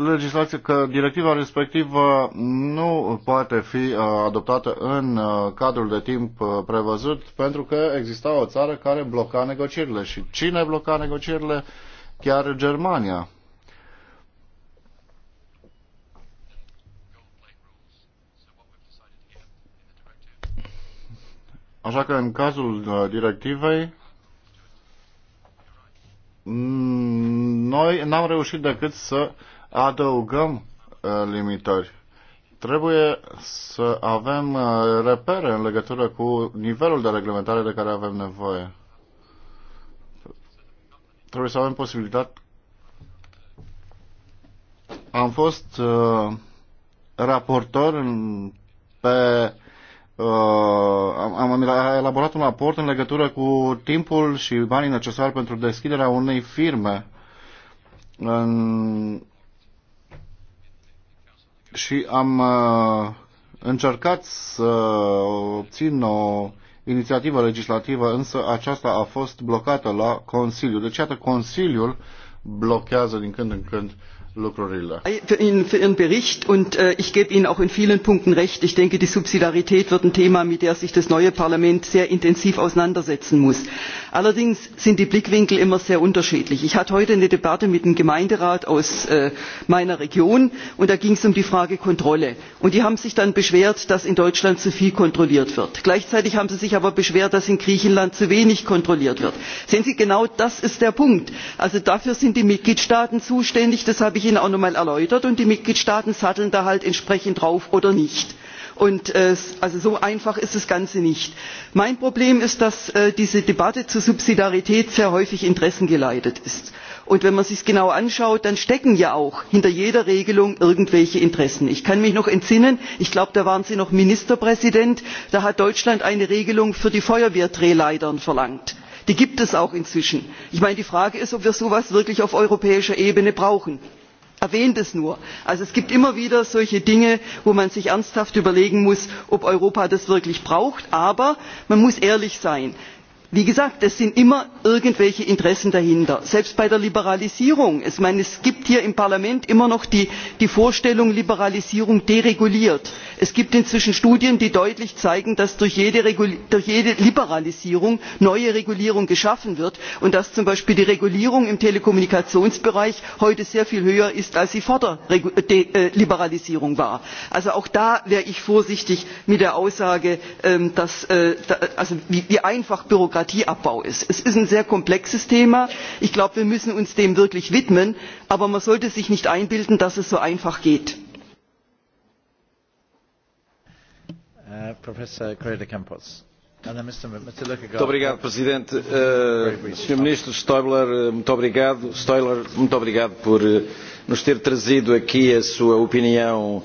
legislație, că directiva respectivă nu poate fi uh, adoptată în uh, cadrul de timp uh, prevăzut pentru că exista o țară care bloca negocierile. Și cine bloca negocierile? Chiar Germania. Așa că în cazul directivei mm, noi n-am reușit decât să adăugăm uh, limitări. Trebuie să avem uh, repere în legătură cu nivelul de reglementare de care avem nevoie. Trebuie să avem posibilitate. Am fost uh, raportor în, pe Uh, am, am elaborat un raport în legătură cu timpul și banii necesari pentru deschiderea unei firme. În și am uh, încercat să obțin o inițiativă legislativă, însă aceasta a fost blocată la Consiliu. Deci, iată, Consiliul blochează din când în când lucrurile. Äh, in, in Bericht und uh, ich gebe Ihnen auch in vielen Punkten recht. Ich denke, die Subsidiarität wird ein Thema, mit der sich das neue Parlament sehr intensiv auseinandersetzen muss. Allerdings sind die Blickwinkel immer sehr unterschiedlich. Ich hatte heute eine Debatte mit dem Gemeinderat aus uh, meiner Region und da ging es um die Frage Kontrolle. Und die haben sich dann beschwert, dass in Deutschland zu viel kontrolliert wird. Gleichzeitig haben sie sich aber beschwert, dass in Griechenland zu wenig kontrolliert wird. Sehen Sie, genau das ist der Punkt. Also dafür sind die Mitgliedstaaten zuständig. Das habe ich ihnen auch noch einmal erläutert und die mitgliedstaaten satteln da halt entsprechend drauf oder nicht. Äh, also so einfach ist das ganze nicht. mein problem ist dass äh, diese debatte zur subsidiarität sehr häufig interessengeleitet ist. und wenn man sich das genau anschaut dann stecken ja auch hinter jeder regelung irgendwelche interessen. ich kann mich noch entsinnen ich glaube da waren sie noch ministerpräsident da hat deutschland eine regelung für die feuerwehrdrehleitern verlangt die gibt es auch inzwischen. ich meine die frage ist ob wir so etwas wirklich auf europäischer ebene brauchen erwähnt es nur. Also es gibt immer wieder solche dinge wo man sich ernsthaft überlegen muss ob europa das wirklich braucht. aber man muss ehrlich sein wie gesagt es sind immer irgendwelche interessen dahinter selbst bei der liberalisierung. Ich meine, es gibt hier im parlament immer noch die vorstellung liberalisierung dereguliert es gibt inzwischen studien die deutlich zeigen dass durch jede, liberalisierung neue regulierung geschaffen wird und dass zum beispiel die regulierung im telekommunikationsbereich heute sehr viel höher ist als sie vor der äh, liberalisierung war. also auch da wäre ich vorsichtig mit der aussage ähm, äh, da, wie einfach bürokratieabbau ist. es ist ein sehr komplexes thema. ich glaube wir müssen uns dem wirklich widmen aber man sollte sich nicht einbilden dass es so einfach geht. Uh, Professor Correia Campos. Muito obrigado, Presidente. Uh, Sr. Ministro Stoibler, uh, muito obrigado. Stoibler, muito obrigado por uh, nos ter trazido aqui a sua opinião uh,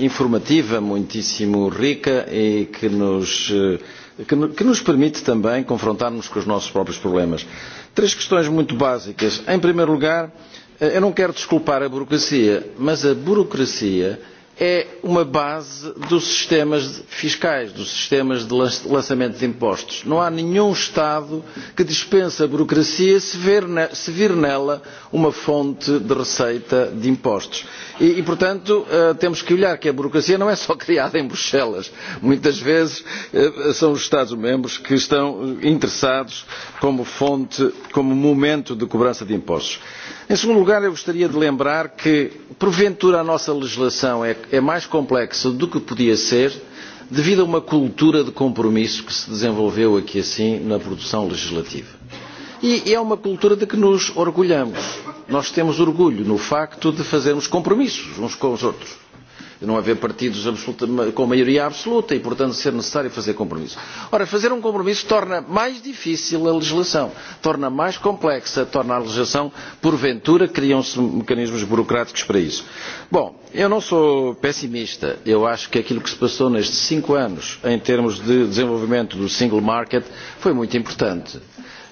informativa, muitíssimo rica e que nos, uh, que, que nos permite também confrontarmos com os nossos próprios problemas. Três questões muito básicas. Em primeiro lugar, eu não quero desculpar a burocracia, mas a burocracia é uma base dos sistemas fiscais, dos sistemas de lançamento de impostos. Não há nenhum Estado que dispense a burocracia se, vir nela uma fonte de receita de impostos. E, e portanto, eh, temos que olhar que a burocracia não é só criada em Bruxelas. Muitas vezes eh, são os Estados-membros que estão interessados como fonte, como momento de cobrança de impostos Em segundo lugar, eu gostaria de lembrar que, porventura, a nossa legislação é, é mais complexa do que podia ser, devido a uma cultura de compromisso que se desenvolveu aqui assim na produção legislativa. E é uma cultura de que nos orgulhamos. Nós temos orgulho no facto de fazermos compromissos uns com os outros não haver partidos absoluta, com maioria absoluta e, portanto, ser necessário fazer compromisso. Ora, fazer um compromisso torna mais difícil a legislação, torna mais complexa, torna a legislação, porventura, criam-se mecanismos burocráticos para isso. Bom, eu não sou pessimista. Eu acho que aquilo que se passou nestes cinco anos em termos de desenvolvimento do single market foi muito importante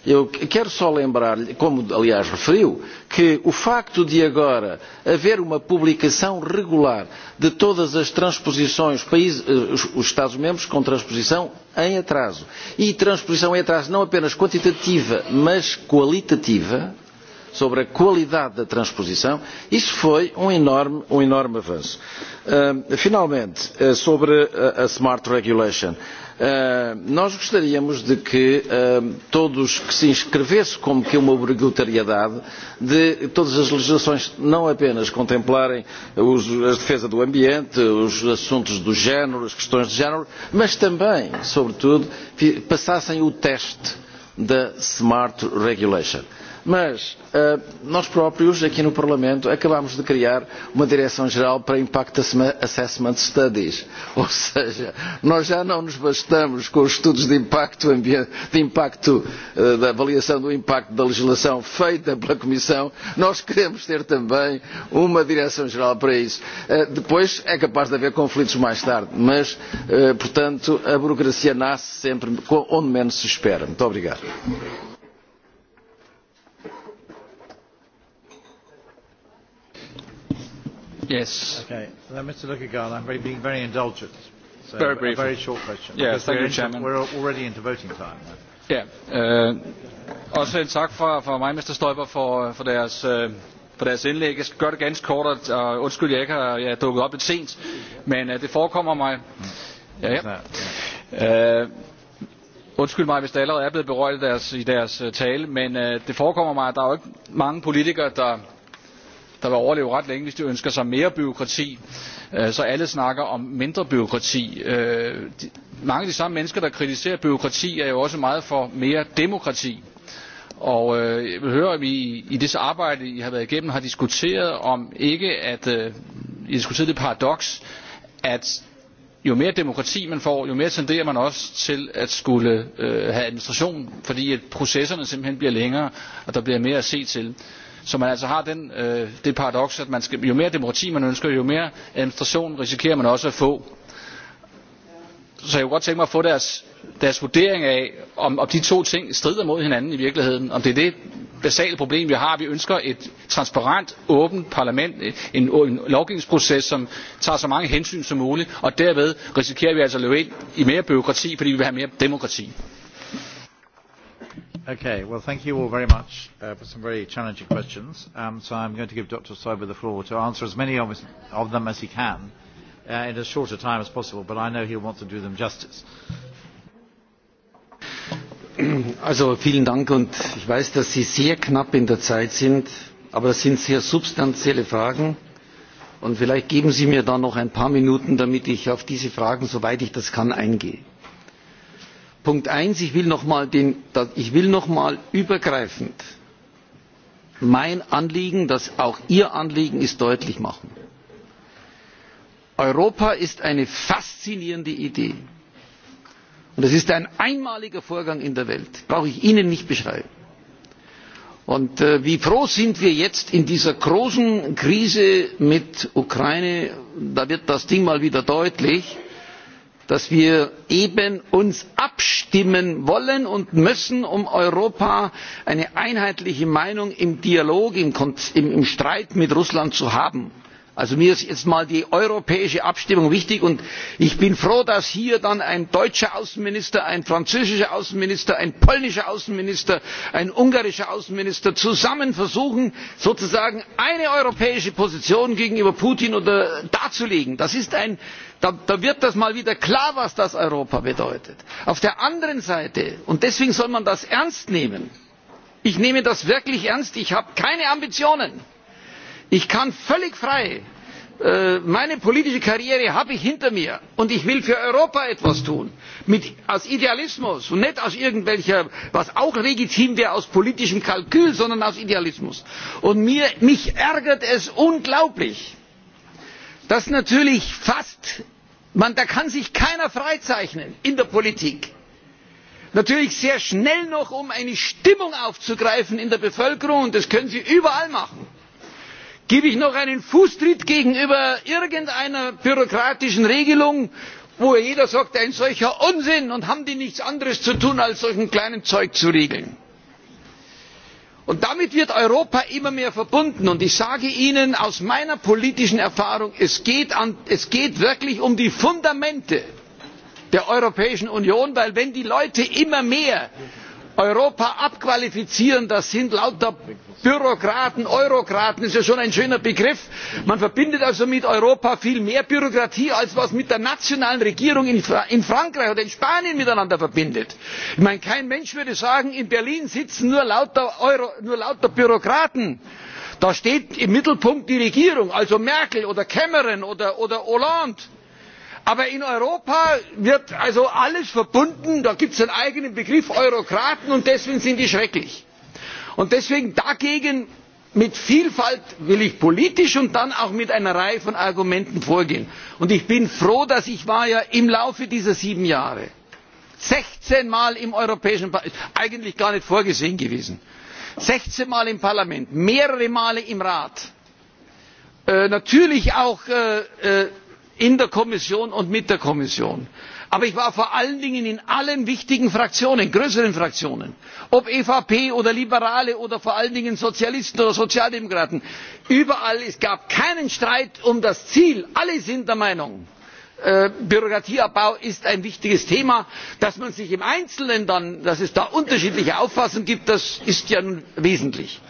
eu quero só lembrar-lhe, como aliás referiu, que o facto de agora haver uma publicação regular de todas as transposições, países, eh, os Estados-membros com transposição em atraso, e transposição em atraso não apenas quantitativa, mas qualitativa, sobre a qualidade da transposição, isso foi um enorme, um enorme avanço. Uh, finalmente, uh, sobre a, a Smart Regulation. Eh, nós gostaríamos de que eh, todos que se inscrevessem como que uma obrigatoriedade de todas as legislações não apenas contemplarem os, as defesa do ambiente, os assuntos do género, as questões de género, mas também, sobretudo, passassem o teste da Smart Regulation Mas eh, nós próprios, aqui no Parlamento, acabámos de criar uma Direção-Geral para Impact Assessment Studies. Ou seja, nós já não nos bastamos com os estudos de impacto, de impacto eh, da avaliação do impacto da legislação feita pela Comissão, nós queremos ter também uma Direção-Geral para isso. Eh, depois é capaz de haver conflitos mais tarde, mas, portanto, a burocracia nasce sempre onde menos se espera. Muito obrigado. Yes. Okay. Then, Mr. Lukagan, I'm very, being very indulgent. So very brief. A very short question. Yeah, thank you, Chairman. We're already into voting time. Yeah. Uh, også en tak fra, fra mig, Mr. stoiber for, for deres uh, for deres indlæg. Jeg skal gøre det ganske kort, og undskyld, jeg ikke har er dukket op lidt sent, men uh, det forekommer mig... Mm. Ja, er ja. Uh, undskyld mig, hvis det allerede er blevet berørt i deres, i deres tale, men uh, det forekommer mig, at der er jo ikke mange politikere, der der vil overleve ret længe hvis de ønsker sig mere bureaukrati øh, så alle snakker om mindre bureaukrati øh, mange af de samme mennesker der kritiserer bureaukrati er jo også meget for mere demokrati og øh, jeg vil høre om I i det arbejde I har været igennem har diskuteret om ikke at I diskuterede det paradoks at jo mere demokrati man får jo mere tenderer man også til at skulle øh, have administration fordi at processerne simpelthen bliver længere og der bliver mere at se til så man altså har den, øh, det paradoks, at man skal, jo mere demokrati man ønsker, jo mere administration risikerer man også at få. Så jeg kunne godt tænke mig at få deres, deres vurdering af, om, om de to ting strider mod hinanden i virkeligheden. Om det er det basale problem, vi har. Vi ønsker et transparent, åbent parlament, en, en lovgivningsproces, som tager så mange hensyn som muligt, og derved risikerer vi altså at løbe ind i mere byråkrati, fordi vi vil have mere demokrati. Okay, well, thank you all very much uh, for some very challenging questions. Um, so I'm going to give Dr. Stoiber the floor to answer as many of, his, of them as he can uh, in as short a time as possible, but I know he'll want to do them justice. Also vielen Dank und ich weiß, dass Sie sehr knapp in der Zeit sind, aber das sind sehr substanzielle Fragen und vielleicht geben Sie mir da noch ein paar Minuten, damit ich auf diese Fragen, soweit ich das kann, eingehe punkt eins da, ich will noch mal übergreifend mein anliegen das auch ihr anliegen ist deutlich machen europa ist eine faszinierende idee und es ist ein einmaliger vorgang in der welt das brauche ich ihnen nicht beschreiben. und äh, wie froh sind wir jetzt in dieser großen krise mit der ukraine da wird das ding mal wieder deutlich dass wir uns eben abstimmen wollen und müssen um europa eine einheitliche meinung im dialog im streit mit russland zu haben also mir ist jetzt mal die europäische abstimmung wichtig und ich bin froh dass hier dann ein deutscher außenminister ein französischer außenminister ein polnischer außenminister ein ungarischer außenminister zusammen versuchen sozusagen eine europäische position gegenüber putin darzulegen. Da, da wird das mal wieder klar was das europa bedeutet. auf der anderen seite und deswegen soll man das ernst nehmen ich nehme das wirklich ernst ich habe keine ambitionen ich kann völlig frei äh, meine politische karriere habe ich hinter mir und ich will für europa etwas tun aus idealismus und nicht aus irgendwelcher was auch legitim wäre aus politischem kalkül sondern aus idealismus. und mich ärgert es unglaublich dass natürlich fast da kann sich keiner freizeichnen in der politik natürlich sehr schnell noch um eine stimmung aufzugreifen in der bevölkerung und das können sie überall machen gebe ich noch einen fußtritt gegenüber irgendeiner bürokratischen regelung wo jeder sagt ein solcher unsinn und haben die nichts anderes zu tun als solchen kleines zeug zu regeln? und damit wird europa immer mehr verbunden und ich sage ihnen aus meiner politischen erfahrung es geht, es geht wirklich um die fundamente der europäischen union denn wenn die leute immer mehr europa abqualifizieren das sind lauter bürokraten eurokraten ist ja schon ein schöner begriff. man verbindet also mit europa viel mehr bürokratie als man mit der nationalen regierung in frankreich oder in spanien miteinander verbindet. kein mensch würde sagen in berlin sitzen nur lauter bürokraten da steht im mittelpunkt die regierung also merkel oder cameron oder hollande aber in europa wird also alles verbunden da gibt es einen eigenen begriff eurokraten und deswegen sind die schrecklich. und deswegen dagegen mit vielfalt will ich politisch und dann auch mit einer reihe von argumenten vorgehen. und ich bin froh dass ich war ja im laufe dieser sieben jahre sechzehn mal im europäischen parlament eigentlich gar nicht vorgesehen gewesen sechzehn mal im parlament mehrere male im rat äh, natürlich auch äh, äh, in der kommission und mit der kommission. aber ich war vor allen dingen in allen wichtigen fraktionen größeren fraktionen ob evp oder liberale oder vor allen dingen sozialisten oder sozialdemokraten überall gab es keinen streit um das ziel alle sind der meinung äh, bürokratieabbau ist ein wichtiges thema. dass man sich im einzelnen dann dass es da unterschiedliche auffassungen gibt das ist ja nun wesentlich.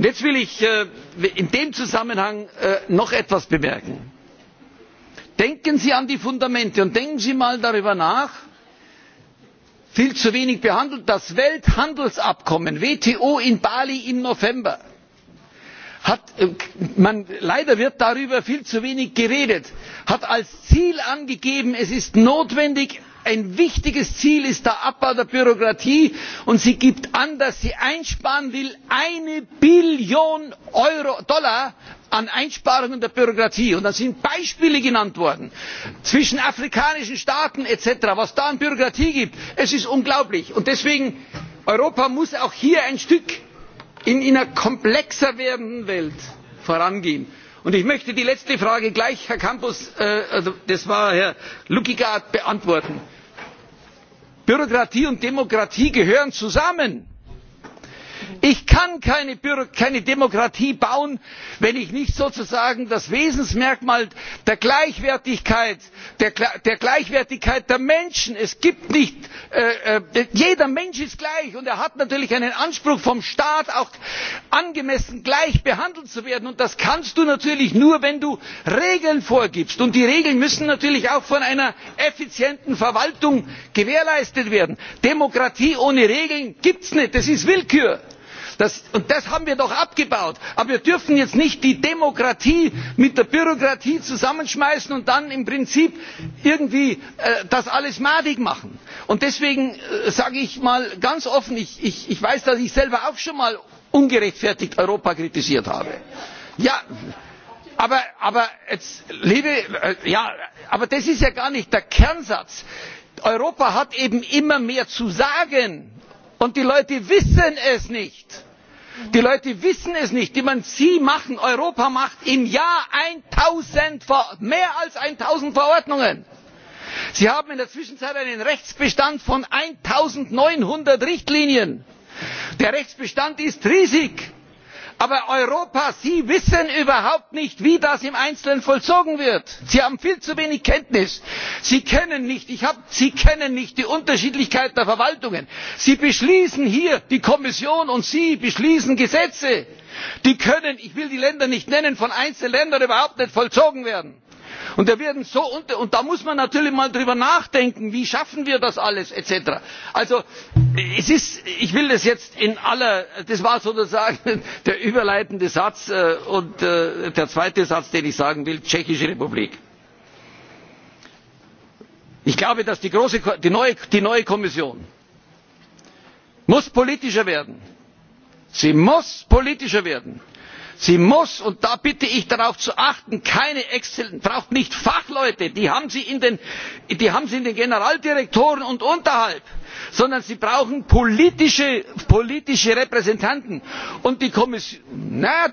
jetzt will ich äh, in dem zusammenhang äh, noch etwas bemerken denken sie an die fundamente und denken sie mal darüber nach viel zu wenig behandelt das welthandelsabkommen wto in bali im november äh, leider wird darüber viel zu wenig geredet hat als ziel angegeben es ist notwendig ein wichtiges ziel ist der abbau der bürokratie und sie gibt an dass sie einsparen will eine billion dollar an einsparungen der bürokratie und da sind beispiele genannt worden zwischen afrikanischen staaten etc. was da an bürokratie gibt es ist unglaublich. deswegen europa muss auch hier ein stück in einer komplexer werdenden welt vorangehen. und ich möchte die letzte frage gleich herrn campos äh, das war herr lkkegaard beantworten bürokratie und demokratie gehören zusammen ich kann keine, demokratie bauen wenn ich nicht sozusagen das wesensmerkmal der gleichwertigkeit der, gleichwertigkeit der menschen es gibt nicht äh, äh, jeder mensch ist gleich und er hat natürlich einen anspruch vom staat auch angemessen gleich behandelt zu werden und das kannst du natürlich nur wenn du regeln vorgibst und die regeln müssen natürlich auch von einer effizienten verwaltung gewährleistet werden. demokratie ohne regeln gibt es nicht das ist willkür und das haben wir doch abgebaut. aber wir dürfen jetzt nicht die demokratie mit der bürokratie zusammenschmeißen und dann im prinzip irgendwie äh, das alles madig machen. und deswegen äh, sage ich mal ganz offen ich, ich, ich weiß dass ich selber auch schon mal ungerechtfertigt europa kritisiert habe. ja aber, aber jetzt, liebe äh, ja aber das ist ja gar nicht der kernsatz. europa hat eben immer mehr zu sagen und die leute wissen es nicht. die leute wissen es nicht sie machen europa macht im jahr mehr als eins null verordnungen. sie haben in der zwischenzeit einen rechtsbestand von eins neunhundert richtlinien. der rechtsbestand ist riesig aber europa sie wissen überhaupt nicht wie das im einzelnen vollzogen wird. sie haben viel zu wenig kenntnis. sie kennen nicht, hab, sie kennen nicht die unterschiedlichkeit der verwaltungen. sie beschließen hier die kommission und sie beschließen gesetze die können ich will die länder nicht nennen von einzelnen ländern überhaupt nicht vollzogen werden. Und, wir da werden so, und, da muss man natürlich mal drüber nachdenken, wie schaffen wir das alles etc. Also es ist, ich will das jetzt in aller, das war sozusagen der überleitende Satz äh, und äh, der zweite Satz, den ich sagen will, Tschechische Republik. Ich glaube, dass die, große, die, neue, die neue Kommission muss politischer werden. Sie muss politischer werden sie muss und da bitte ich darauf zu achten keine exzellenz braucht nicht fachleute die haben sie in den, generaldirektoren und unterhalb sondern sie brauchen politische, repräsentanten und die kommission na,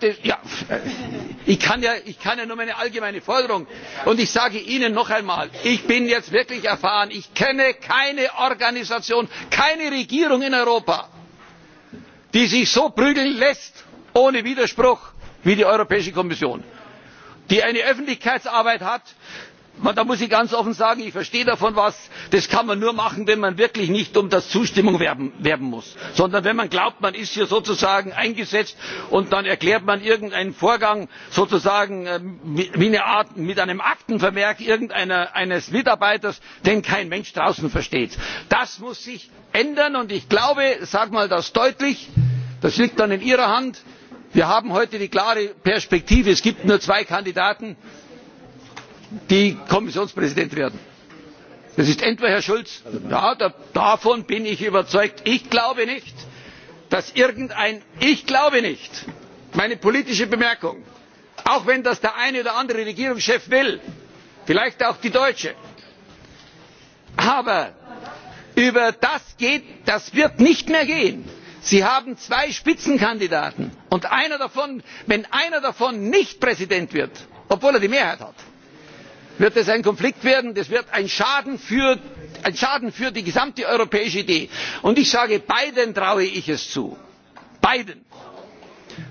ich, kann ja, ich kann ja nur meine allgemeine forderung und ich sage ihnen noch einmal ich bin jetzt wirklich erfahren ich kenne keine organisation keine regierung in europa die sich so prügeln lässt ohne widerspruch wie die europäische kommission die eine öffentlichkeitsarbeit hat da muss ich ganz offen sagen ich verstehe davon was das kann man nur machen wenn man wirklich nicht um zustimmung werben, muss sondern wenn man glaubt man ist hier sozusagen eingesetzt und dann erklärt man irgendeinen vorgang sozusagen mit, ähm, eine Art, mit einem aktenvermerk irgendeines mitarbeiters den kein mensch draußen versteht. das muss sich ändern und ich glaube sage mal das deutlich das liegt dann in ihrer hand wir haben heute die klare perspektive es gibt nur zwei kandidaten die kommissionspräsident werden. das ist entweder herr schulz da, davon bin ich überzeugt ich glaube nicht dass irgendein ich glaube nicht meine politische bemerkung auch wenn das der eine oder andere regierungschef will vielleicht auch die deutsche aber über das geht das wird nicht mehr gehen sie haben zwei spitzenkandidaten und wenn einer davon nicht präsident wird obwohl er die mehrheit hat wird es ein konflikt werden das wird ein schaden für, die gesamte europäische idee. und ich sage beiden traue ich es zu beiden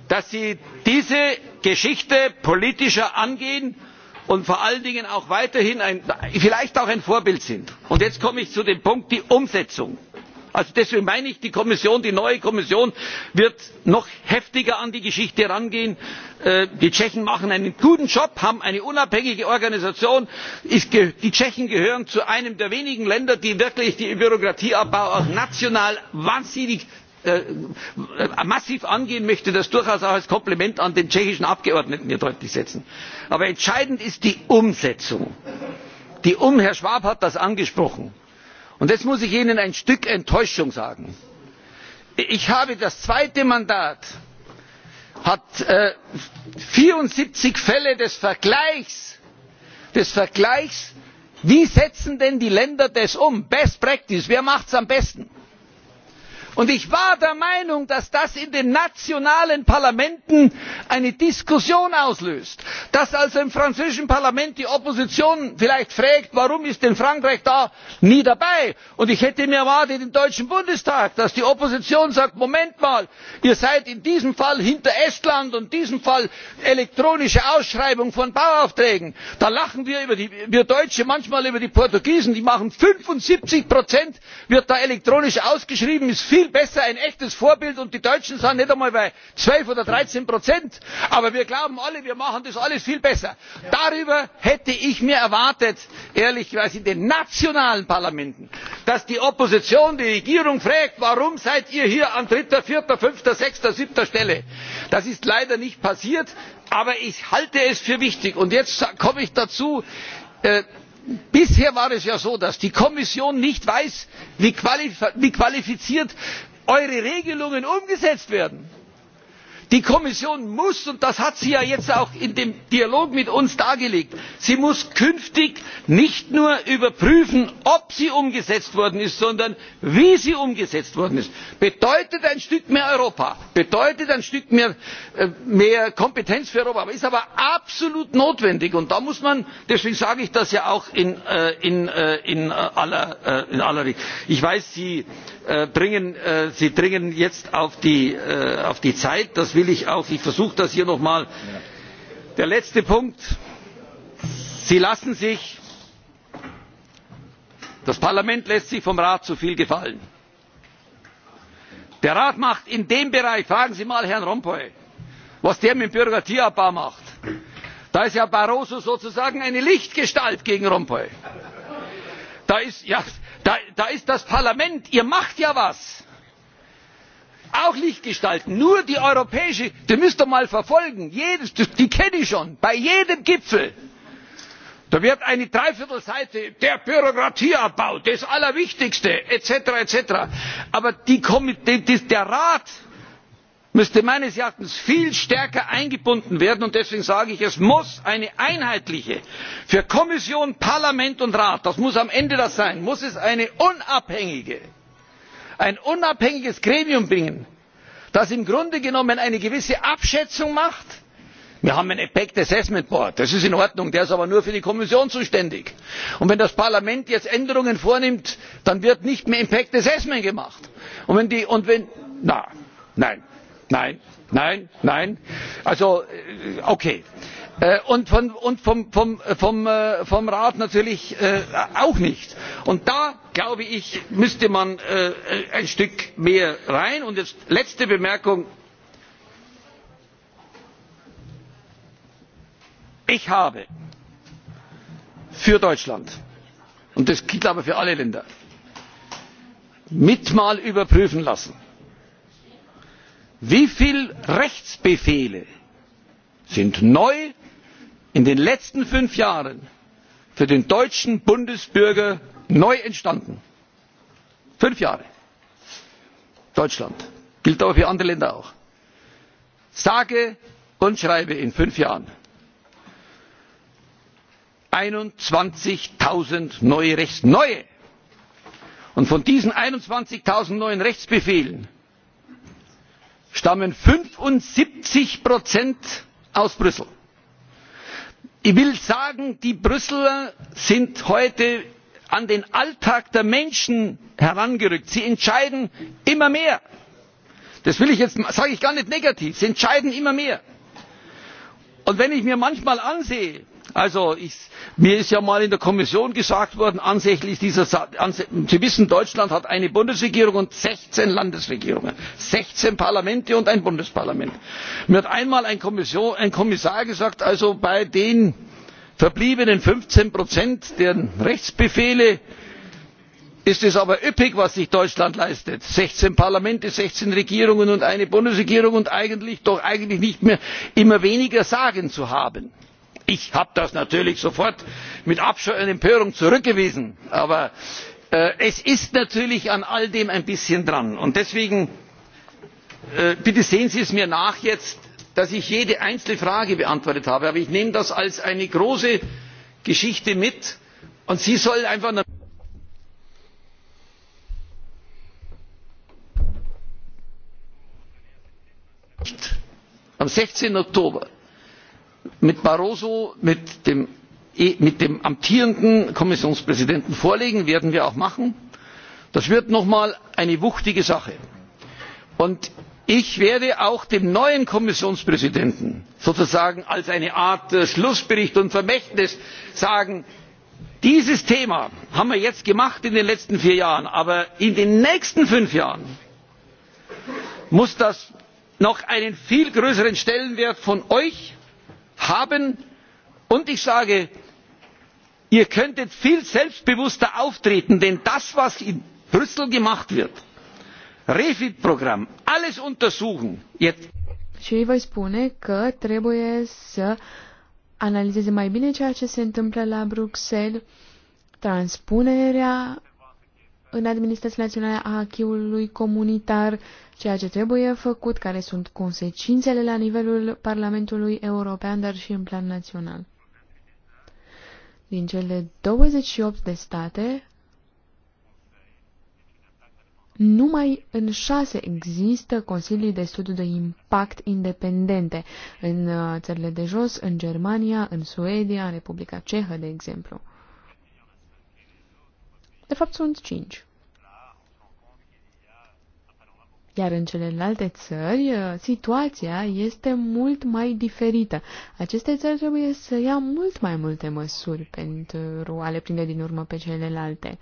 dass sie diese geschichte politischer angehen und vor allen dingen auch weiterhin vielleicht auch ein vorbild sind. und jetzt komme ich zu dem punkt der umsetzung also deswegen meine ich die kommission die neue kommission wird noch heftiger an die geschichte herangehen. Äh, die tschechen machen einen guten job haben eine unabhängige organisation. die tschechen gehören zu einem der wenigen länder die wirklich den bürokratieabbau auch national äh, äh, massiv angehen ich möchte das durchaus auch als kompliment an den tschechischen abgeordneten hier deutlich setzen. aber entscheidend ist die umsetzung. Um, herr schwab hat das angesprochen und jetzt muss ich ihnen ein stück enttäuschung sagen ich habe das zweite mandat hat äh, vierundsiebzig fälle des vergleichs des vergleichs wie setzen denn die länder das um best practice wer macht es am besten? und ich war der meinung dass das in den nationalen parlamenten eine diskussion auslöst dass also im französischen parlament die opposition vielleicht fragt warum ist denn frankreich da nie dabei? und ich hätte mir erwartet im deutschen bundestag dass die opposition sagt moment mal ihr seid in diesem fall hinter estland und in diesem fall elektronische ausschreibung von bauaufträgen. da lachen wir deutsche manchmal über die portugiesen die machen fünfundsiebzig wird da elektronisch ausgeschrieben viel besser ein echtes vorbild und die deutschen sind nicht einmal bei zwölf oder dreizehn prozent aber wir glauben alle wir machen das alles viel besser. darüber hätte ich mir erwartet ehrlich gesagt in den nationalen parlamenten dass die opposition die regierung fragt warum seid ihr hier an dritter vierter fünfter sechster siebter stelle? das ist leider nicht passiert aber ich halte es für wichtig. und jetzt komme ich dazu äh, bisher war es ja so dass die kommission nicht weiß wie qualifiziert eure regelungen umgesetzt werden die kommission muss und das hat sie ja jetzt auch in dem dialog mit uns dargelegt künftig nicht nur überprüfen ob sie umgesetzt worden ist sondern wie sie umgesetzt worden ist. das bedeutet ein stück mehr europa bedeutet ein stück mehr, äh, kompetenz für europa ist aber absolut notwendig und da muss man deswegen sage ich das ja auch in, äh, äh, aller, regel ich weiß sie dringen, jetzt auf die zeit will ich auch ich versuche das hier noch mal der letzte punkt sie lassen sich das parlament lässt sich vom rat zu viel gefallen. der rat macht in dem bereich fragen sie mal herrn van rompuy was der mit dem bürokratieabbau macht da ist ja barroso sozusagen eine lichtgestalt gegen van rompuy. Da ist, da, da ist das parlament ihr macht ja was auch licht gestalten. nur die europäische die müsst ihr mal verfolgen die kenne ich schon bei jedem gipfel. da wird eine dreiviertelseite der bürokratieabbau das allerwichtigste etc. etc. aber die, die, der rat müsste meines erachtens viel stärker eingebunden werden und deswegen sage ich es muss eine einheitliche für kommission parlament und rat das muss am ende das sein muss es eine unabhängige ein unabhängiges gremium bringen das im grunde genommen eine gewisse abschätzung macht wir haben ein impact assessment board das ist in ordnung das ist aber nur für die kommission zuständig und wenn das parlament jetzt änderungen vornimmt dann wird nicht mehr impact assessment gemacht und wenn die und wenn nein nein nein nein also äh, okay Äh, und äh, äh, vom rat natürlich auch nicht. und da glaube ich müsste man ein stück mehr rein. und jetzt letzte bemerkung ich habe für deutschland und das gilt aber für alle länder mit mal überprüfen lassen wie viele rechtsbefehle sind neu in den letzten fünf jahren für den deutschen bundesbürger neu entstanden. fünf jahre deutschland gilt aber für andere länder auch. sage und schreibe in fünf jahren einundzwanzig null neue, rechtsbefehle neue und von diesen einundzwanzig null neuen rechtsbefehlen stammen fünfundsiebzig aus brüssel ich will sagen die brüsseler sind heute an den alltag der menschen herangerückt. sie entscheiden immer mehr. das sage ich gar nicht negativ sie entscheiden immer mehr. und wenn ich mir manchmal ansehe also ich, mir ist ja mal in der kommission gesagt worden ansässig dieser sie wissen deutschland hat eine bundesregierung und sechzehn landesregierungen sechzehn parlamente und ein bundesparlament. mir hat einmal ein, kommissar gesagt also bei den verbliebenen fünfzehn prozent der rechtsbefehle ist es aber üppig was sich deutschland leistet sechzehn parlamente sechzehn regierungen und eine bundesregierung und eigentlich doch eigentlich nicht mehr immer weniger sagen zu haben ich habe das natürlich sofort mit abscheu und empörung zurückgewiesen aber äh, es ist natürlich an all dem ein bisschen dran. und deswegen äh, bitte sehen sie es mir nach dass ich jede einzelne frage beantwortet habe aber ich nehme das als eine große geschichte mit und sie sollen einfach am. sechzehn oktober mit barroso mit dem, mit dem amtierenden kommissionspräsidenten vorlegen werden wir auch machen. das wird noch mal eine wuchtige sache. und ich werde auch dem neuen kommissionspräsidenten sozusagen als eine art äh, schlussbericht und vermächtnis sagen dieses thema haben wir jetzt gemacht in den letzten vier jahren aber in den nächsten fünf jahren muss das noch einen viel größeren stellenwert von euch haben und ich sage ihr könntet viel selbstbewusster auftreten denn das was in brüssel gemacht wird refit programm alles untersuchen jetzt și ei vă spune că trebuie să analizeze mai bine ceea ce se întâmplă la Bruxelles, transpunerea în administrația națională a achiului comunitar, ceea ce trebuie făcut, care sunt consecințele la nivelul Parlamentului European, dar și în plan național. Din cele 28 de state, numai în șase există consilii de studiu de impact independente, în uh, țările de jos, în Germania, în Suedia, în Republica Cehă, de exemplu. De fapt, sunt cinci. Iar în celelalte țări, uh, situația este mult mai diferită. Aceste țări trebuie să ia mult mai multe măsuri pentru a le prinde din urmă pe celelalte.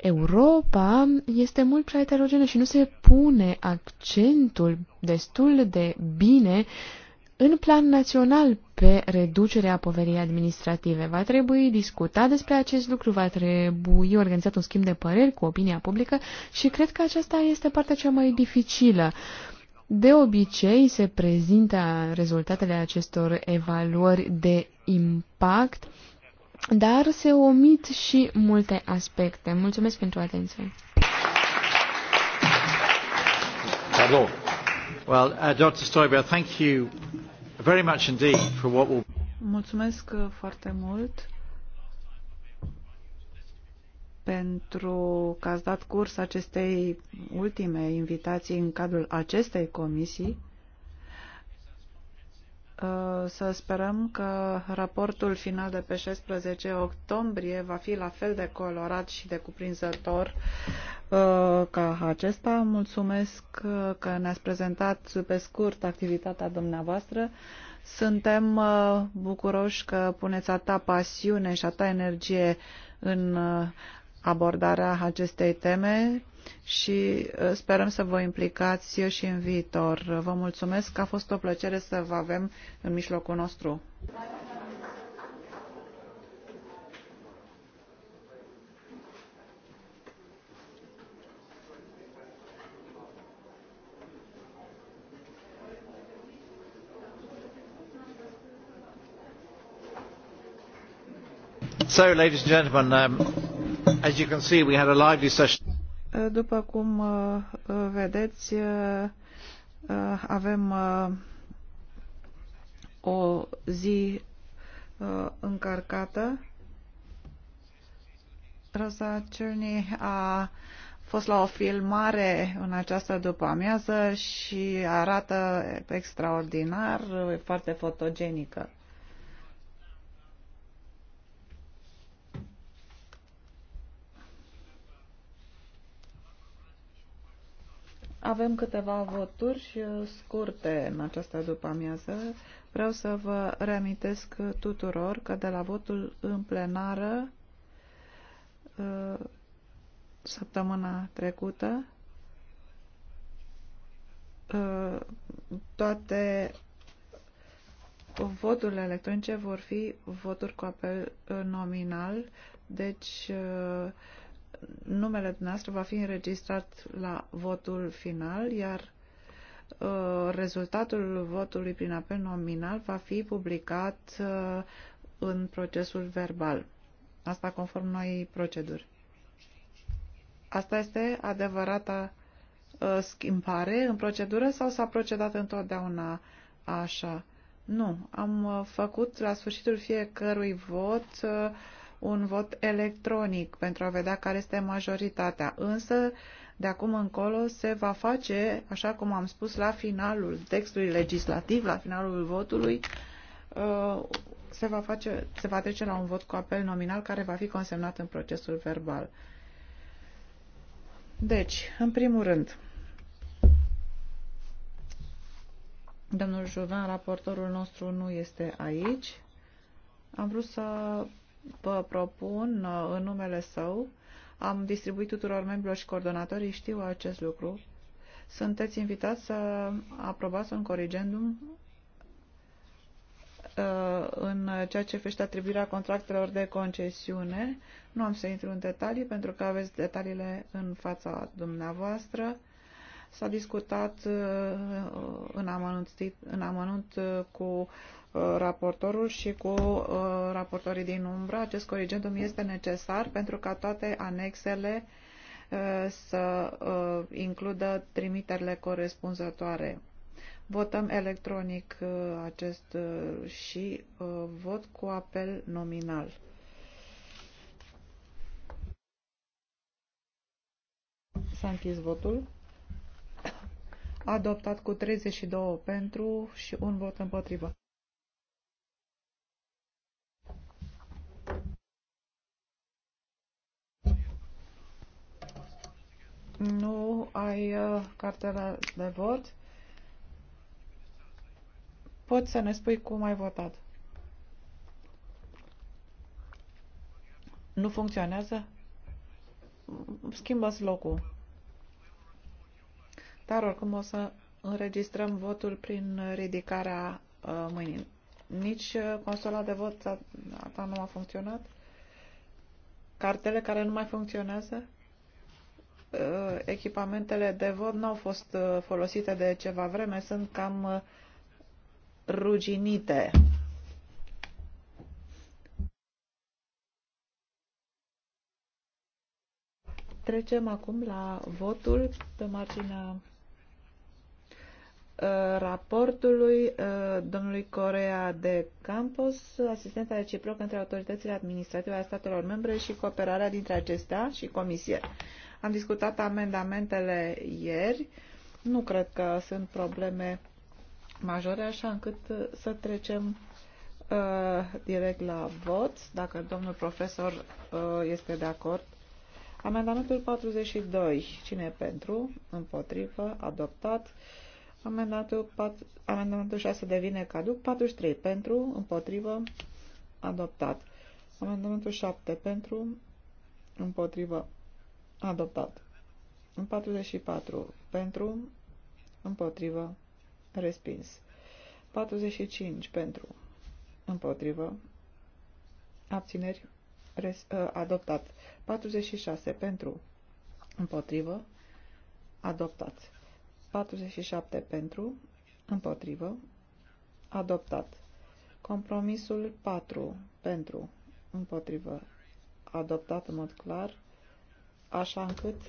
Europa este mult prea heterogenă și nu se pune accentul destul de bine uh, în plan național pe reducerea poverii administrative va trebui discutat despre acest lucru, va trebui organizat un schimb de păreri cu opinia publică și cred că aceasta este partea cea mai dificilă. De obicei se prezintă rezultatele acestor evaluări de impact, dar se omit și multe aspecte. Mulțumesc pentru atenție. Pardon. Well, uh, Dr. Stoiber, thank you very much indeed for what will... Mulțumesc uh, foarte mult pentru că ați dat curs acestei ultime invitații în cadrul acestei comisii. Uh, să sperăm că raportul final de pe 16 octombrie va fi la fel de colorat și de cuprinzător uh, ca acesta. Mulțumesc uh, că ne-ați prezentat pe scurt activitatea dumneavoastră. Suntem bucuroși că puneți a pasiune și a energie în abordarea acestei teme și uh, sperăm să vă implicați și în viitor. Vă mulțumesc, că a fost o plăcere să vă avem în mijlocul nostru. So, ladies and gentlemen, um, as you can see, we had a lively session. După cum uh, uh, vedeți, uh, avem o zi încărcată. Rosa Cerny a fost la o filmare în această după-amiază și arată extraordinar, foarte fotogenică. Avem câteva voturi uh, scurte în această după-amiază. Vreau să vă reamintesc tuturor că de la votul în plenară uh, săptămâna trecută uh, toate voturile electronice vor fi voturi cu apel nominal, deci numele dumneavoastră va fi înregistrat la votul final, iar uh, rezultatul votului prin apel nominal va fi publicat uh, în procesul verbal. Asta conform noi proceduri. Asta este adevărata uh, schimbare în procedură sau s-a procedat întotdeauna așa? Nu. Am făcut la sfârșitul fiecărui vot uh, un vot electronic pentru a vedea care este majoritatea. Însă, de acum încolo, se va face, așa cum am spus, la finalul textului legislativ, la finalul votului, uh, se va, face, se va trece la un vot cu apel nominal care va fi consemnat în procesul verbal. Deci, în primul rând, domnul Juvin, raportorul nostru, nu este aici. Am vrut să vă propun uh, în numele său. Am distribuit tuturor membrilor și coordonatorii, știu acest lucru. Sunteți invitați să aprobați un corigendum uh, în ceea ce fește atribuirea contractelor de concesiune. Nu am să intru în detalii pentru că aveți detaliile în fața dumneavoastră. S-a discutat uh, în amănunt, în amănunt cu Uh, raportorul și cu uh, raportorii din umbră. Acest corigendum este necesar pentru ca toate anexele uh, să includă trimiterile corespunzătoare. Votăm electronic acest și vot cu apel nominal. S-a închis votul. Adoptat cu 32 pentru și un vot împotrivă. nu ai uh, cartela de vot, poți să ne spui cum ai votat. Nu funcționează? Schimbă-ți locul. Dar oricum o să înregistrăm votul prin ridicarea uh, mâinii. Nici uh, consola de vot ta nu a funcționat? Cartele care nu mai funcționează? Uh, echipamentele de vot nu au fost uh, folosite de ceva vreme, sunt cam uh, ruginite. Trecem acum la votul pe marginea raportului domnului Corea de Campos, asistența reciprocă între autoritățile administrative ale statelor membre și cooperarea dintre acestea și Comisie. Am discutat amendamentele ieri. Nu cred că sunt probleme majore, așa încât uh, să trecem uh, direct la vot, dacă domnul profesor uh, este de acord. Amendamentul 42. Cine e pentru? Împotrivă? Adoptat. Amendamentul, 4, amendamentul 6 devine caduc. 43. Pentru? Împotrivă? Adoptat. Amendamentul 7. Pentru? Împotrivă? Adoptat. 44. Pentru, împotrivă, respins. 45. Pentru, împotrivă, abțineri, res, ă, adoptat. 46. Pentru, împotrivă, adoptat. 47. Pentru, împotrivă, adoptat. Compromisul 4. Pentru, împotrivă, adoptat în mod clar așa încât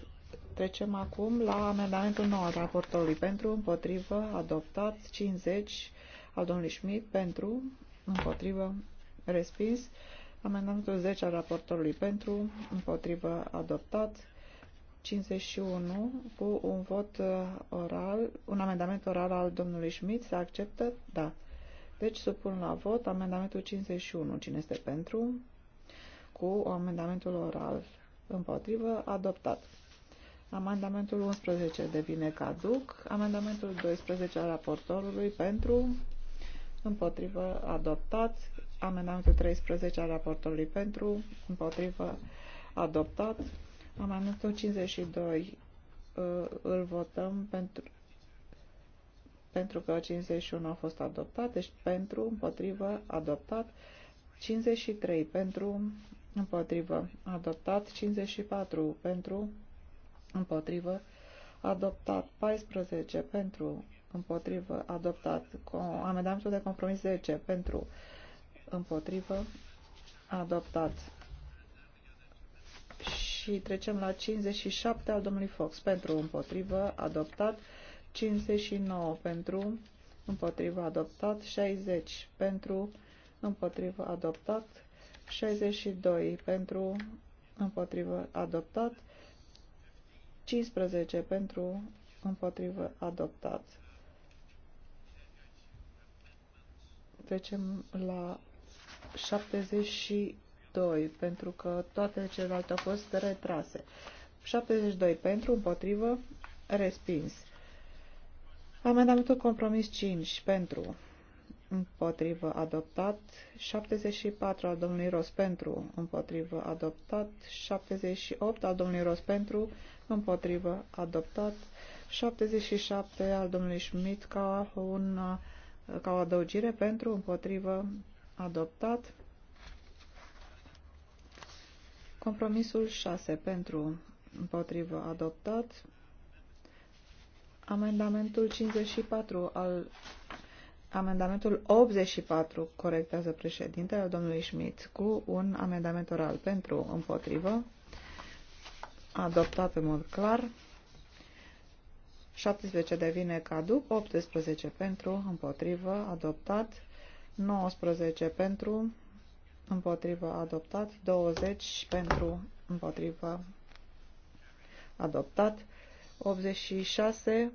trecem acum la amendamentul 9 al raportorului pentru, împotrivă, adoptat, 50 al domnului Schmidt pentru, împotrivă, respins, amendamentul 10 al raportorului pentru, împotrivă, adoptat, 51 cu un vot uh, oral, un amendament oral al domnului Schmidt, se acceptă? Da. Deci supun la vot amendamentul 51. Cine este pentru? Cu amendamentul oral împotrivă, adoptat. Amendamentul 11 devine caduc. Amendamentul 12 al raportorului pentru, împotrivă, adoptat. Amendamentul 13 al raportorului pentru, împotrivă, adoptat. Amendamentul 52 uh, îl votăm pentru, pentru că 51 a fost adoptat, deci pentru, împotrivă, adoptat. 53 pentru, împotrivă, adoptat 54 pentru, împotrivă, adoptat 14 pentru, împotrivă, adoptat amendamentul de compromis 10 pentru, împotrivă, adoptat. Și trecem la 57 al domnului Fox pentru, împotrivă, adoptat 59 pentru, împotrivă, adoptat 60 pentru, împotrivă, adoptat 62 pentru împotrivă adoptat, 15 pentru împotrivă adoptat. Trecem la 72 pentru că toate celelalte au fost retrase. 72 pentru împotrivă respins. Amendamentul compromis 5 pentru împotrivă adoptat, 74 al domnului Ros pentru, împotrivă adoptat, 78 al domnului Ros pentru, împotrivă adoptat, 77 al domnului Schmidt ca, un, ca o adăugire pentru, împotrivă adoptat, compromisul 6 pentru, împotrivă adoptat, amendamentul 54 al Amendamentul 84 corectează președintele domnului Schmidt cu un amendament oral pentru împotrivă, adoptat în mod clar. 17 devine caduc, 18 pentru împotrivă, adoptat, 19 pentru împotrivă, adoptat, 20 pentru împotrivă, adoptat, 86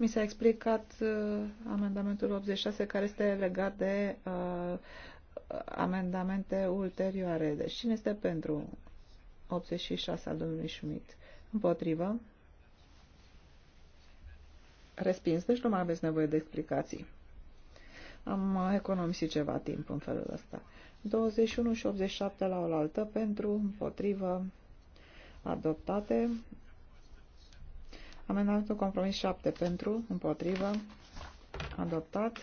Mi s-a explicat uh, amendamentul 86 care este legat de uh, amendamente ulterioare. Deci cine este pentru 86 al domnului Schmidt? Împotrivă? Respins, deci nu mai aveți nevoie de explicații. Am uh, economisit ceva timp în felul ăsta. 21 și 87 la oaltă pentru, împotrivă, adoptate. Amendamentul compromis 7 pentru, împotrivă, adoptat.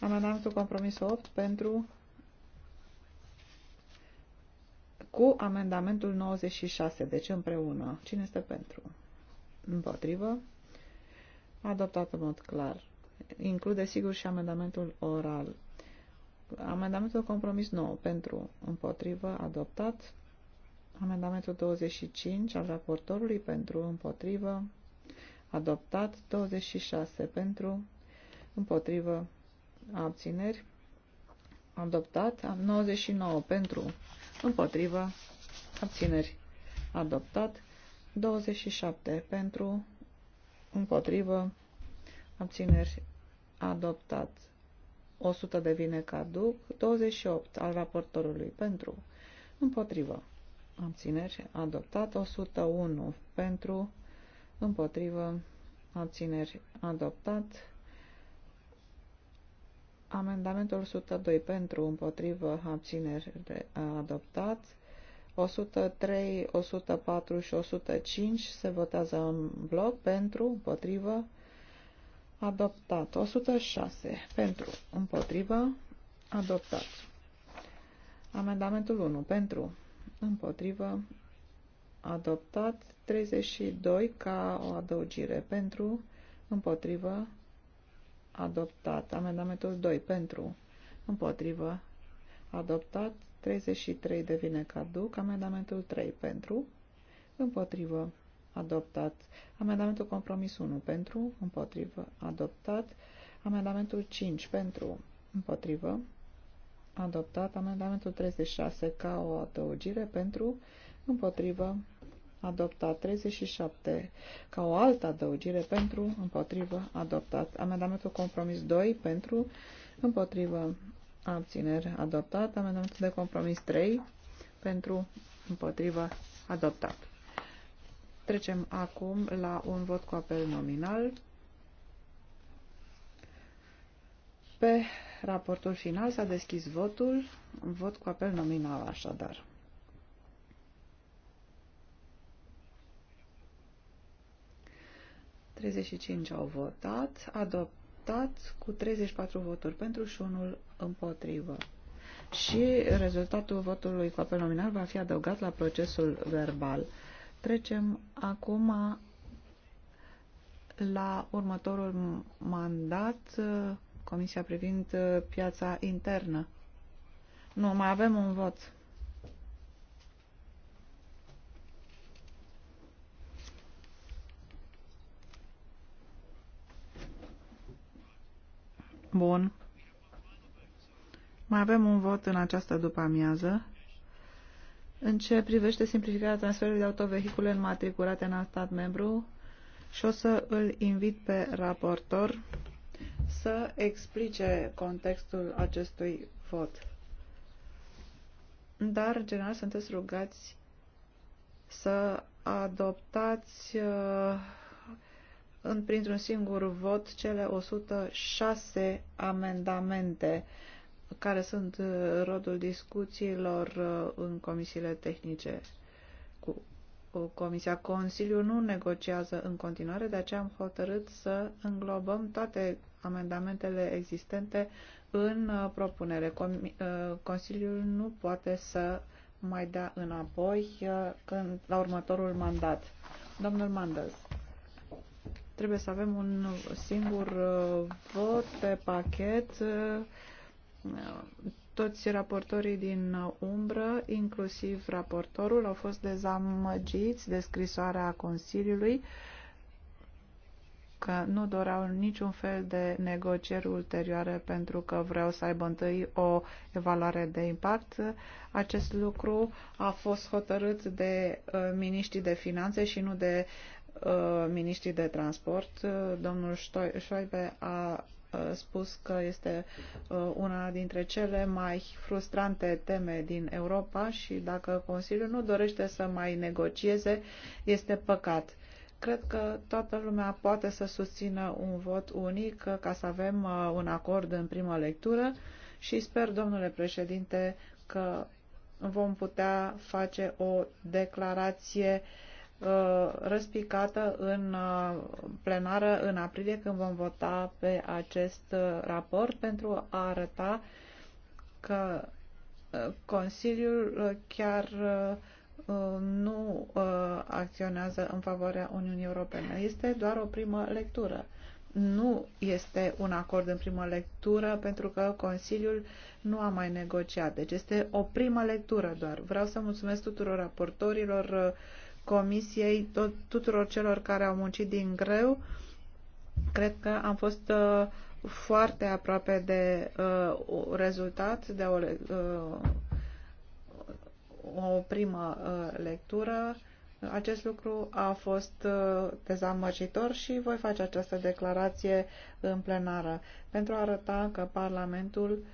Amendamentul compromis 8 pentru, cu amendamentul 96, deci împreună. Cine este pentru? Împotrivă. Adoptat în mod clar. Include, sigur, și amendamentul oral. Amendamentul compromis 9 pentru împotrivă adoptat. Amendamentul 25 al raportorului pentru împotrivă adoptat, 26 pentru, împotrivă, abțineri, adoptat, 99 pentru, împotrivă, abțineri, adoptat, 27 pentru, împotrivă, abțineri, adoptat, 100 devine caduc, 28 al raportorului pentru, împotrivă, abțineri, adoptat, 101 pentru, împotrivă, abțineri adoptat. Amendamentul 102 pentru, împotrivă, abțineri adoptat. 103, 104 și 105 se votează în bloc pentru, împotrivă, adoptat. 106 pentru, împotrivă, adoptat. Amendamentul 1 pentru, împotrivă, adoptat 32 ca o adăugire pentru, împotrivă, adoptat. Amendamentul 2 pentru, împotrivă, adoptat 33 devine caduc. Amendamentul 3 pentru, împotrivă, adoptat. Amendamentul compromis 1 pentru, împotrivă, adoptat. Amendamentul 5 pentru, împotrivă, adoptat. Amendamentul 36 ca o adăugire pentru, împotrivă, adoptat 37 ca o altă adăugire pentru, împotrivă, adoptat. Amendamentul compromis 2 pentru, împotrivă, abțineri, adoptat. Amendamentul de compromis 3 pentru, împotrivă, adoptat. Trecem acum la un vot cu apel nominal pe raportul final s-a deschis votul, vot cu apel nominal așadar. 35 au votat, adoptat cu 34 voturi pentru și unul împotrivă. Și rezultatul votului cu apel nominal va fi adăugat la procesul verbal. Trecem acum la următorul mandat, Comisia privind uh, piața internă. Nu, mai avem un vot. Bun. Mai avem un vot în această după-amiază. În ce privește simplificarea transferului de autovehicule înmatriculate în alt stat membru, și o să îl invit pe raportor să explice contextul acestui vot. Dar, în general, sunteți rugați să adoptați uh, în, printr-un singur vot cele 106 amendamente care sunt uh, rodul discuțiilor uh, în comisiile tehnice cu Comisia. Consiliul nu negociază în continuare, de aceea am hotărât să înglobăm toate amendamentele existente în uh, propunere. Consiliul nu poate să mai dea înapoi când, la următorul mandat. Domnul Mandels. Trebuie să avem un singur uh, vot pe pachet. Toți raportorii din umbră, inclusiv raportorul, au fost dezamăgiți de scrisoarea Consiliului că nu doreau niciun fel de negocieri ulterioare pentru că vreau să aibă întâi o evaluare de impact. Acest lucru a fost hotărât de uh, miniștrii de finanțe și nu de Uh, miniștrii de transport. Uh, domnul Schäuble a uh, spus că este una dintre cele mai frustrante teme din Europa și dacă Consiliul nu dorește să mai negocieze, este păcat. Cred că toată lumea poate să susțină un vot unic ca să avem un acord în primă lectură și sper, domnule președinte, că vom putea face o declarație uh, Uh, răspicată în uh, plenară în aprilie când vom vota pe acest uh, raport pentru a arăta că Consiliul chiar nu acționează în favoarea Uniunii Europene. Este doar o primă lectură. Nu este un acord în primă lectură pentru că Consiliul nu a mai negociat. Deci este o primă lectură doar. Vreau să mulțumesc tuturor raportorilor, Comisiei, tot, tuturor celor care au muncit din greu. Cred că am fost uh, foarte aproape de uh, rezultat, de o, uh, o primă uh, lectură. Acest lucru a fost uh, dezamăgitor și voi face această declarație în plenară pentru a arăta că Parlamentul uh,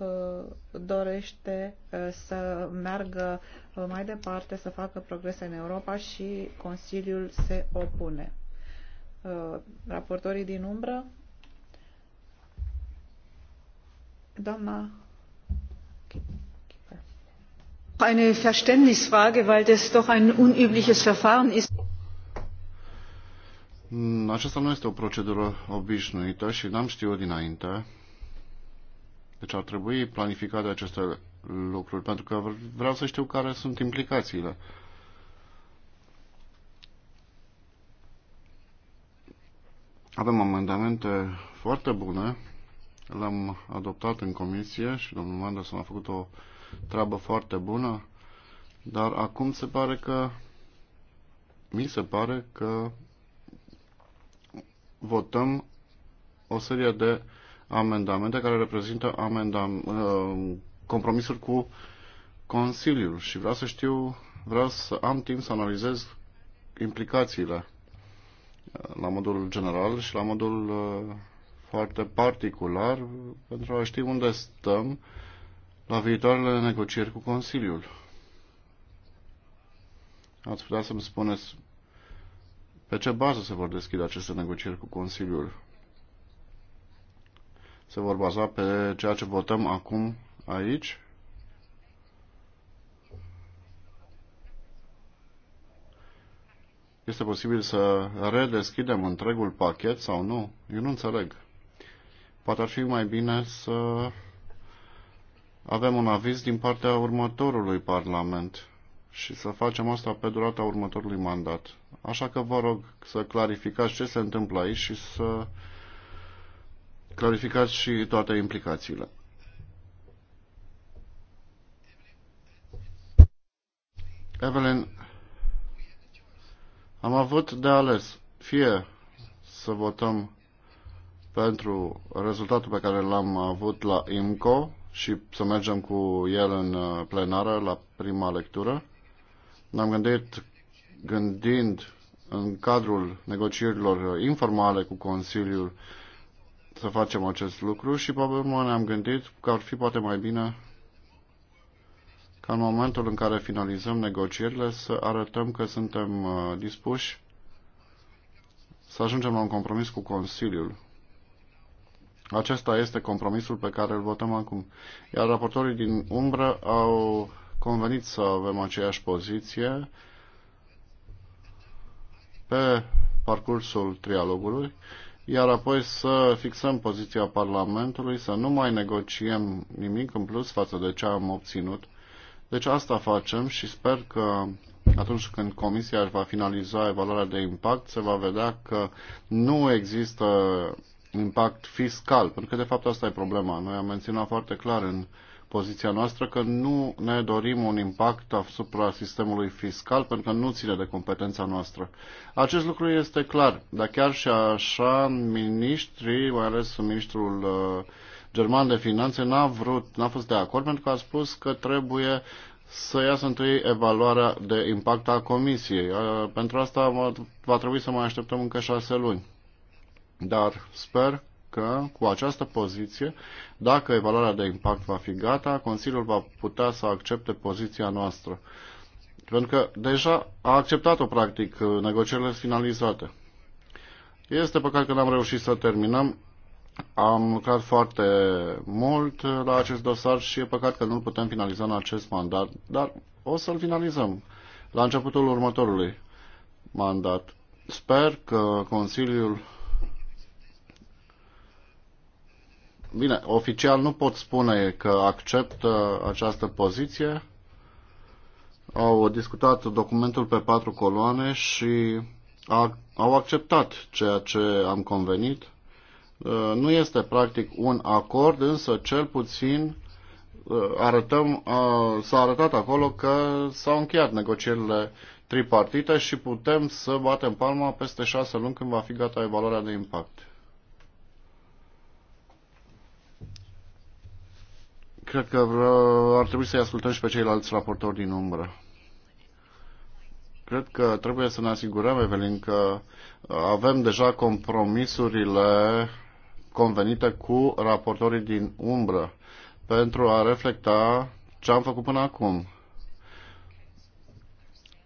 Uh, dorește uh, să meargă uh, mai departe, să facă progrese în Europa și Consiliul se opune. Raportorii din umbră? Doamna Eine Verständnisfrage, weil das doch ein unübliches Verfahren ist. Aceasta nu este o procedură obișnuită și n-am știut dinainte deci ar trebui planificate aceste lucruri, pentru că vreau să știu care sunt implicațiile. Avem amendamente foarte bune, le-am adoptat în comisie și domnul Mandelson a făcut o treabă foarte bună, dar acum se pare că, mi se pare că votăm o serie de amendamente care reprezintă amendam, uh, compromisuri cu Consiliul și vreau să știu, vreau să am timp să analizez implicațiile uh, la modul general și la modul uh, foarte particular pentru a ști unde stăm la viitoarele negocieri cu Consiliul. Ați putea să-mi spuneți pe ce bază se vor deschide aceste negocieri cu Consiliul? se vor baza pe ceea ce votăm acum aici. Este posibil să redeschidem întregul pachet sau nu? Eu nu înțeleg. Poate ar fi mai bine să avem un aviz din partea următorului Parlament și să facem asta pe durata următorului mandat. Așa că vă rog să clarificați ce se întâmplă aici și să clarificați și toate implicațiile. Evelyn, am avut de ales fie să votăm pentru rezultatul pe care l-am avut la IMCO și să mergem cu el în uh, plenară la prima lectură. Ne-am gândit, gândind în cadrul negocierilor uh, informale cu Consiliul să facem acest lucru și pe urmă ne-am gândit că ar fi poate mai bine ca în momentul în care finalizăm negocierile să arătăm că suntem uh, dispuși să ajungem la un compromis cu Consiliul. Acesta este compromisul pe care îl votăm acum. Iar raportorii din umbră au convenit să avem aceeași poziție pe parcursul trialogului iar apoi să fixăm poziția Parlamentului, să nu mai negociem nimic în plus față de ce am obținut. Deci asta facem și sper că atunci când Comisia își va finaliza evaluarea de impact, se va vedea că nu există impact fiscal, pentru că de fapt asta e problema. Noi am menționat foarte clar în uh, poziția noastră că nu ne dorim un impact asupra sistemului fiscal pentru că nu ține de competența noastră. Acest lucru este clar, dar chiar și așa ministrii, mai ales ministrul uh, german de finanțe, n-a vrut, n-a fost de acord pentru că a spus că trebuie să iasă întâi evaluarea de impact a comisiei. Uh, pentru asta va trebui să mai așteptăm încă șase luni. Dar sper că cu această poziție, dacă evaluarea de impact va fi gata, Consiliul va putea să accepte poziția noastră. Pentru că deja a acceptat-o, practic, negocierile finalizate. Este păcat că n-am reușit să terminăm. Am lucrat foarte mult la acest dosar și e păcat că nu putem finaliza în acest mandat, dar o să-l finalizăm la începutul următorului mandat. Sper că Consiliul Bine, oficial nu pot spune că accept uh, această poziție. Au discutat documentul pe patru coloane și a, au acceptat ceea ce am convenit. Uh, nu este practic un acord, însă cel puțin uh, arătăm, s-a arătat acolo că s-au încheiat negocierile tripartite și putem să batem palma peste șase luni când va fi gata evaluarea de impact. cred că uh, ar trebui să-i ascultăm și pe ceilalți raportori din umbră. Cred că trebuie să ne asigurăm, Evelin, că uh, avem deja compromisurile convenite cu raportorii din umbră pentru a reflecta ce am făcut până acum.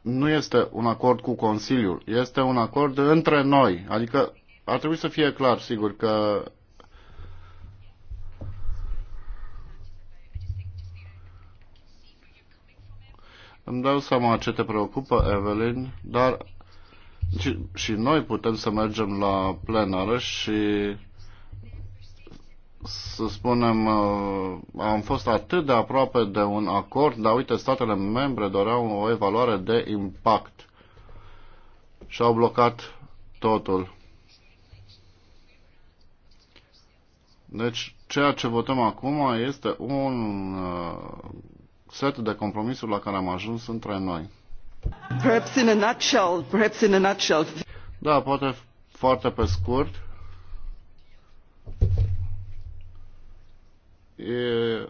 Nu este un acord cu Consiliul, este un acord între noi. Adică ar trebui să fie clar, sigur, că Îmi dau seama ce te preocupă, Evelyn, dar și, și noi putem să mergem la plenară și să spunem, uh, am fost atât de aproape de un acord, dar uite, statele membre doreau o evaluare de impact și au blocat totul. Deci, ceea ce votăm acum este un uh, set de compromisuri la care am ajuns între noi. Perhaps in a nutshell, perhaps in a nutshell. Da, poate foarte pe scurt. E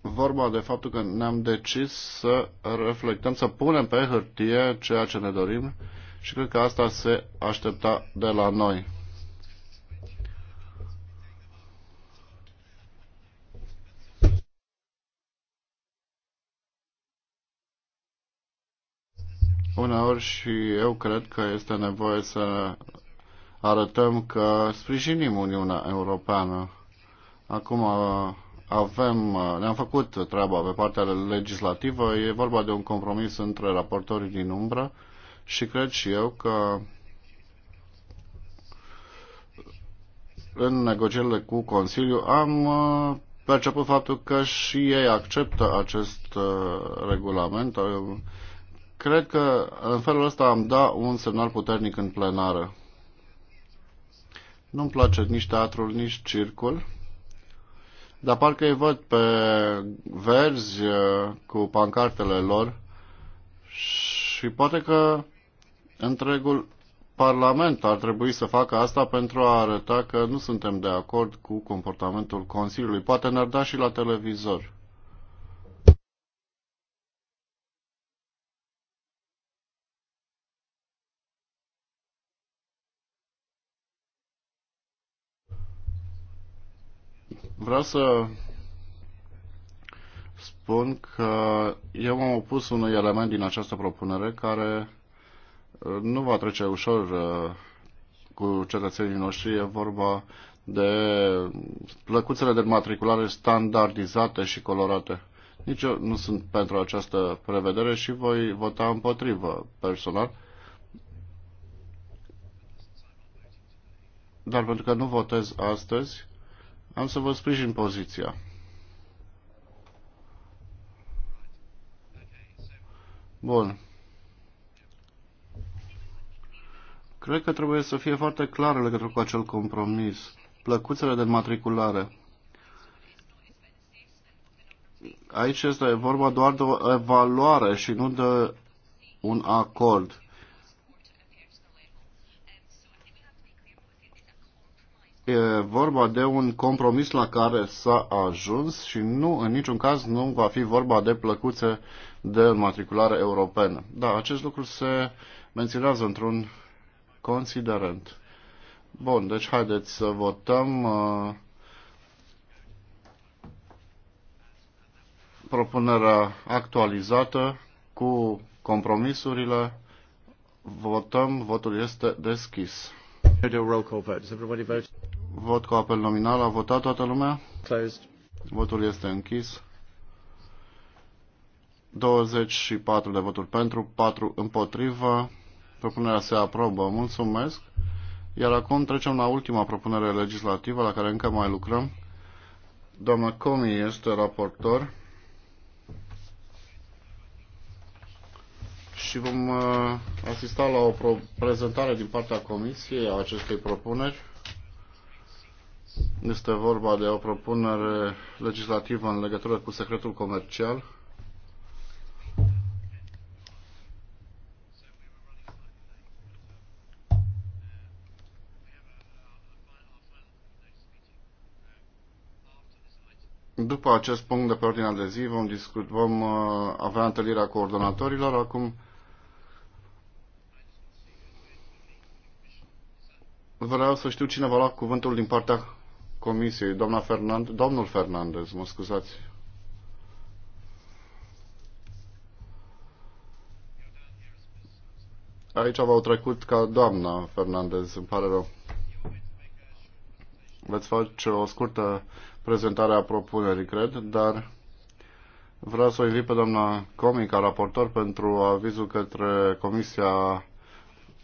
vorba de faptul că ne-am decis să reflectăm, să punem pe hârtie ceea ce ne dorim și cred că asta se aștepta de la noi. Uneori și eu cred că este nevoie să arătăm că sprijinim Uniunea Europeană. Acum uh, avem, uh, ne-am făcut treaba pe partea legislativă, e vorba de un compromis între raportorii din umbră și cred și eu că în negocierile cu Consiliu am uh, perceput faptul că și ei acceptă acest regulament. Cred că în felul ăsta am dat un semnal puternic în plenară. Nu-mi place nici teatrul, nici circul, dar parcă îi văd pe verzi uh, cu pancartele lor și poate că întregul Parlament ar trebui să facă asta pentru a arăta că nu suntem de acord cu comportamentul Consiliului. Poate ne-ar da și la televizor. Vreau să spun că eu m-am opus unui element din această propunere care uh, nu va trece ușor uh, cu cetățenii noștri. E vorba de plăcuțele de matriculare standardizate și colorate. Nici eu nu sunt pentru această prevedere și voi vota împotrivă personal. Dar pentru că nu votez astăzi, am să vă sprijin poziția. Bun. Cred că trebuie să fie foarte clar legătură cu acel compromis. Plăcuțele de matriculare. Aici este vorba doar de o evaluare și nu de un acord. E vorba de un compromis la care s-a ajuns și nu, în niciun caz nu va fi vorba de plăcuțe de matriculare europeană. Da, acest lucru se menționează într-un considerent. Bun, deci haideți să votăm uh, propunerea actualizată cu compromisurile. Votăm, votul este deschis. Vot cu apel nominal. A votat toată lumea? Closed. Votul este închis. 24 de voturi pentru, 4 împotrivă. Propunerea se aprobă. Mulțumesc. Iar acum trecem la ultima propunere legislativă la care încă mai lucrăm. Doamna Comi este raportor. Și vom uh, asista la o prezentare din partea Comisiei a acestei propuneri. Este vorba de o propunere legislativă în legătură cu secretul comercial. După acest punct de pe ordinea de zi vom, discut, vom uh, avea întâlnirea coordonatorilor. Acum vreau să știu cine va lua cuvântul din partea Comisiei, doamna Fernand, domnul Fernandez, mă scuzați. Aici v-au trecut ca doamna Fernandez, îmi pare rău. Veți face o scurtă prezentare a propunerii, cred, dar vreau să o invit pe doamna Comi ca raportor pentru avizul către Comisia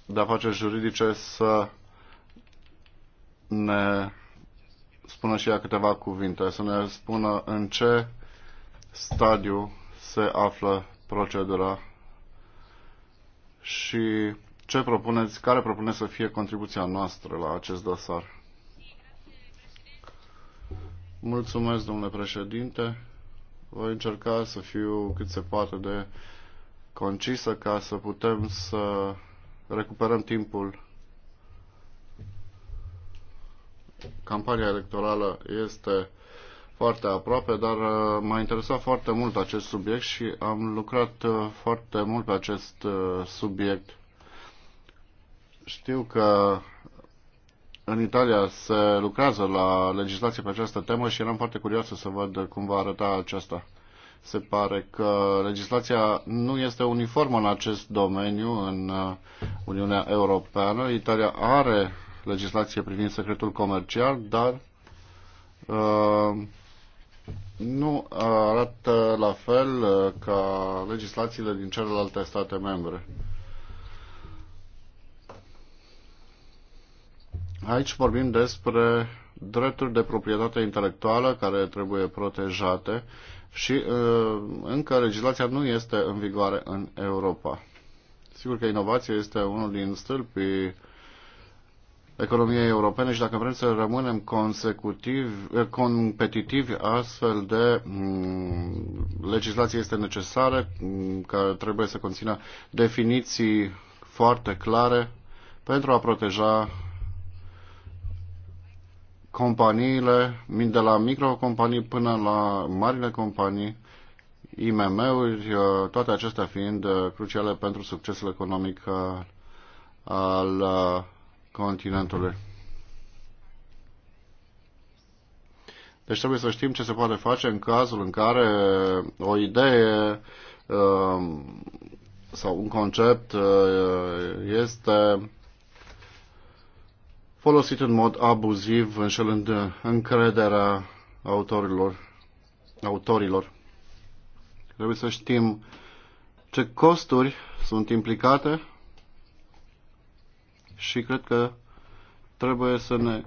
de Afaceri Juridice să ne spună și ea câteva cuvinte, să ne spună în ce stadiu se află procedura și ce propuneți, care propune să fie contribuția noastră la acest dosar. Mulțumesc, domnule președinte. Voi încerca să fiu cât se poate de concisă ca să putem să recuperăm timpul Campania electorală este foarte aproape, dar uh, m-a interesat foarte mult acest subiect și am lucrat uh, foarte mult pe acest uh, subiect. Știu că în Italia se lucrează la legislație pe această temă și eram foarte curioasă să văd cum va arăta aceasta. Se pare că legislația nu este uniformă în acest domeniu în Uniunea Europeană. Italia are legislație privind secretul comercial, dar uh, nu arată la fel uh, ca legislațiile din celelalte state membre. Aici vorbim despre drepturi de proprietate intelectuală care trebuie protejate și uh, încă legislația nu este în vigoare în Europa. Sigur că inovația este unul din stâlpii economiei europene și dacă vrem să rămânem consecutiv, eh, competitivi, astfel de mm, legislație este necesară, mm, care trebuie să conțină definiții foarte clare pentru a proteja companiile, de la microcompanii până la marile companii, IMM-uri, eh, toate acestea fiind eh, cruciale pentru succesul economic al continentului. Deci trebuie să știm ce se poate face în cazul în care o idee um, sau un concept uh, este folosit în mod abuziv, înșelând încrederea autorilor. autorilor. Trebuie să știm ce costuri sunt implicate și cred că trebuie să ne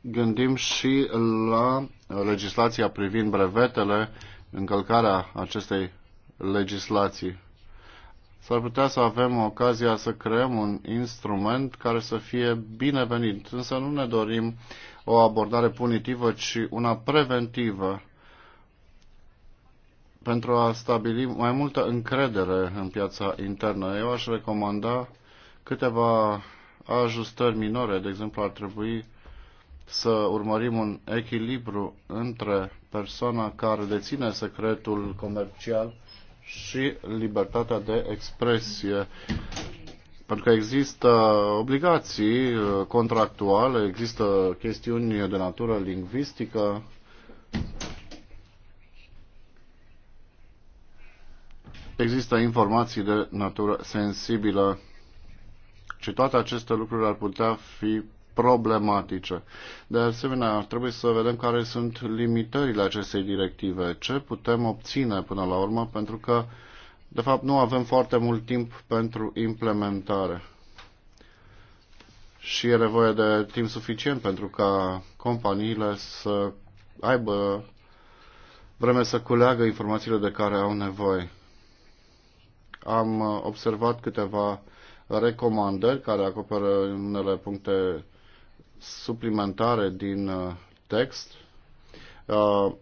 gândim și la legislația privind brevetele, încălcarea acestei legislații. S-ar putea să avem ocazia să creăm un instrument care să fie binevenit, însă nu ne dorim o abordare punitivă, ci una preventivă pentru a stabili mai multă încredere în piața internă. Eu aș recomanda câteva ajustări minore. De exemplu, ar trebui să urmărim un echilibru între persoana care deține secretul comercial și libertatea de expresie. Pentru că există obligații uh, contractuale, există chestiuni de natură lingvistică, există informații de natură sensibilă și toate aceste lucruri ar putea fi problematice. De asemenea, trebuie să vedem care sunt limitările acestei directive, ce putem obține până la urmă, pentru că, de fapt, nu avem foarte mult timp pentru implementare. Și e nevoie de timp suficient pentru ca companiile să aibă vreme să culeagă informațiile de care au nevoie am uh, observat câteva recomandări care acoperă unele puncte suplimentare din uh, text. Uh,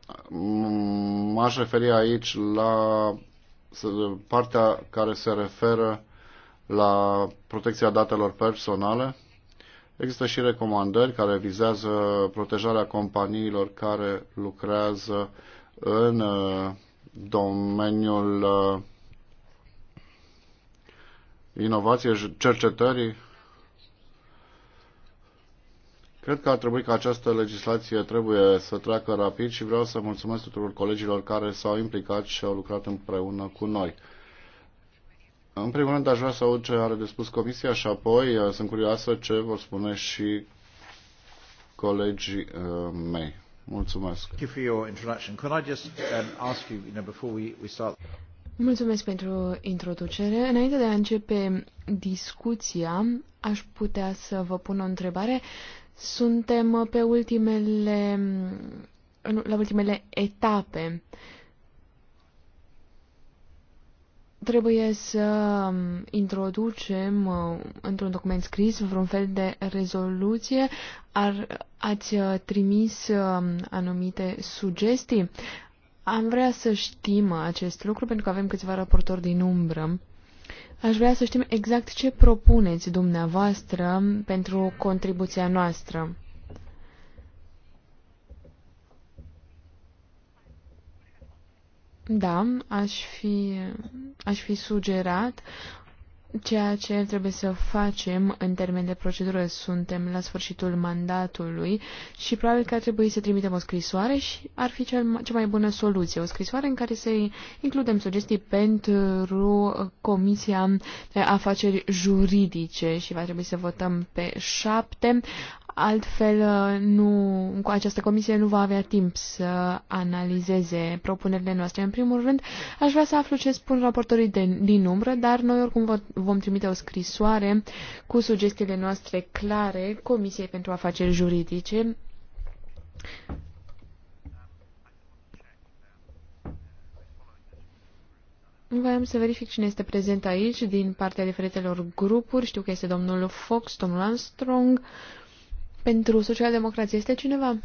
m-aș referi aici la partea care se referă la protecția datelor personale. Există și recomandări care vizează protejarea companiilor care lucrează în domeniul inovație, cercetării. Cred că ar trebui ca această legislație trebuie să treacă rapid și vreau să mulțumesc tuturor colegilor care s-au implicat și au lucrat împreună cu noi. În primul rând aș vrea să aud ce are de spus Comisia și apoi uh, sunt curioasă ce vor spune și colegii uh, mei. Mulțumesc. Mulțumesc pentru introducere. Înainte de a începe discuția, aș putea să vă pun o întrebare. Suntem pe ultimele, la ultimele etape. Trebuie să introducem uh, într-un document scris vreun fel de rezoluție. Ar, ați trimis uh, anumite sugestii? Am vrea să știm acest lucru pentru că avem câțiva raportori din umbră. Aș vrea să știm exact ce propuneți dumneavoastră pentru contribuția noastră. Da, aș fi, aș fi sugerat Ceea ce trebuie să facem în termen de procedură, suntem la sfârșitul mandatului și probabil că ar trebui să trimitem o scrisoare și ar fi cea mai bună soluție. O scrisoare în care să includem sugestii pentru Comisia de Afaceri Juridice și va trebui să votăm pe 7 Altfel, uh, nu, cu această comisie nu va avea timp să analizeze propunerile noastre. În primul rând, aș vrea să aflu ce spun raportorii de, din umbră, dar noi oricum vom trimite o scrisoare cu sugestiile noastre clare Comisiei pentru Afaceri Juridice. Voiam să verific cine este prezent aici din partea diferitelor grupuri. Știu că este domnul Fox, domnul Armstrong, uh, pentru socialdemocrație este cineva?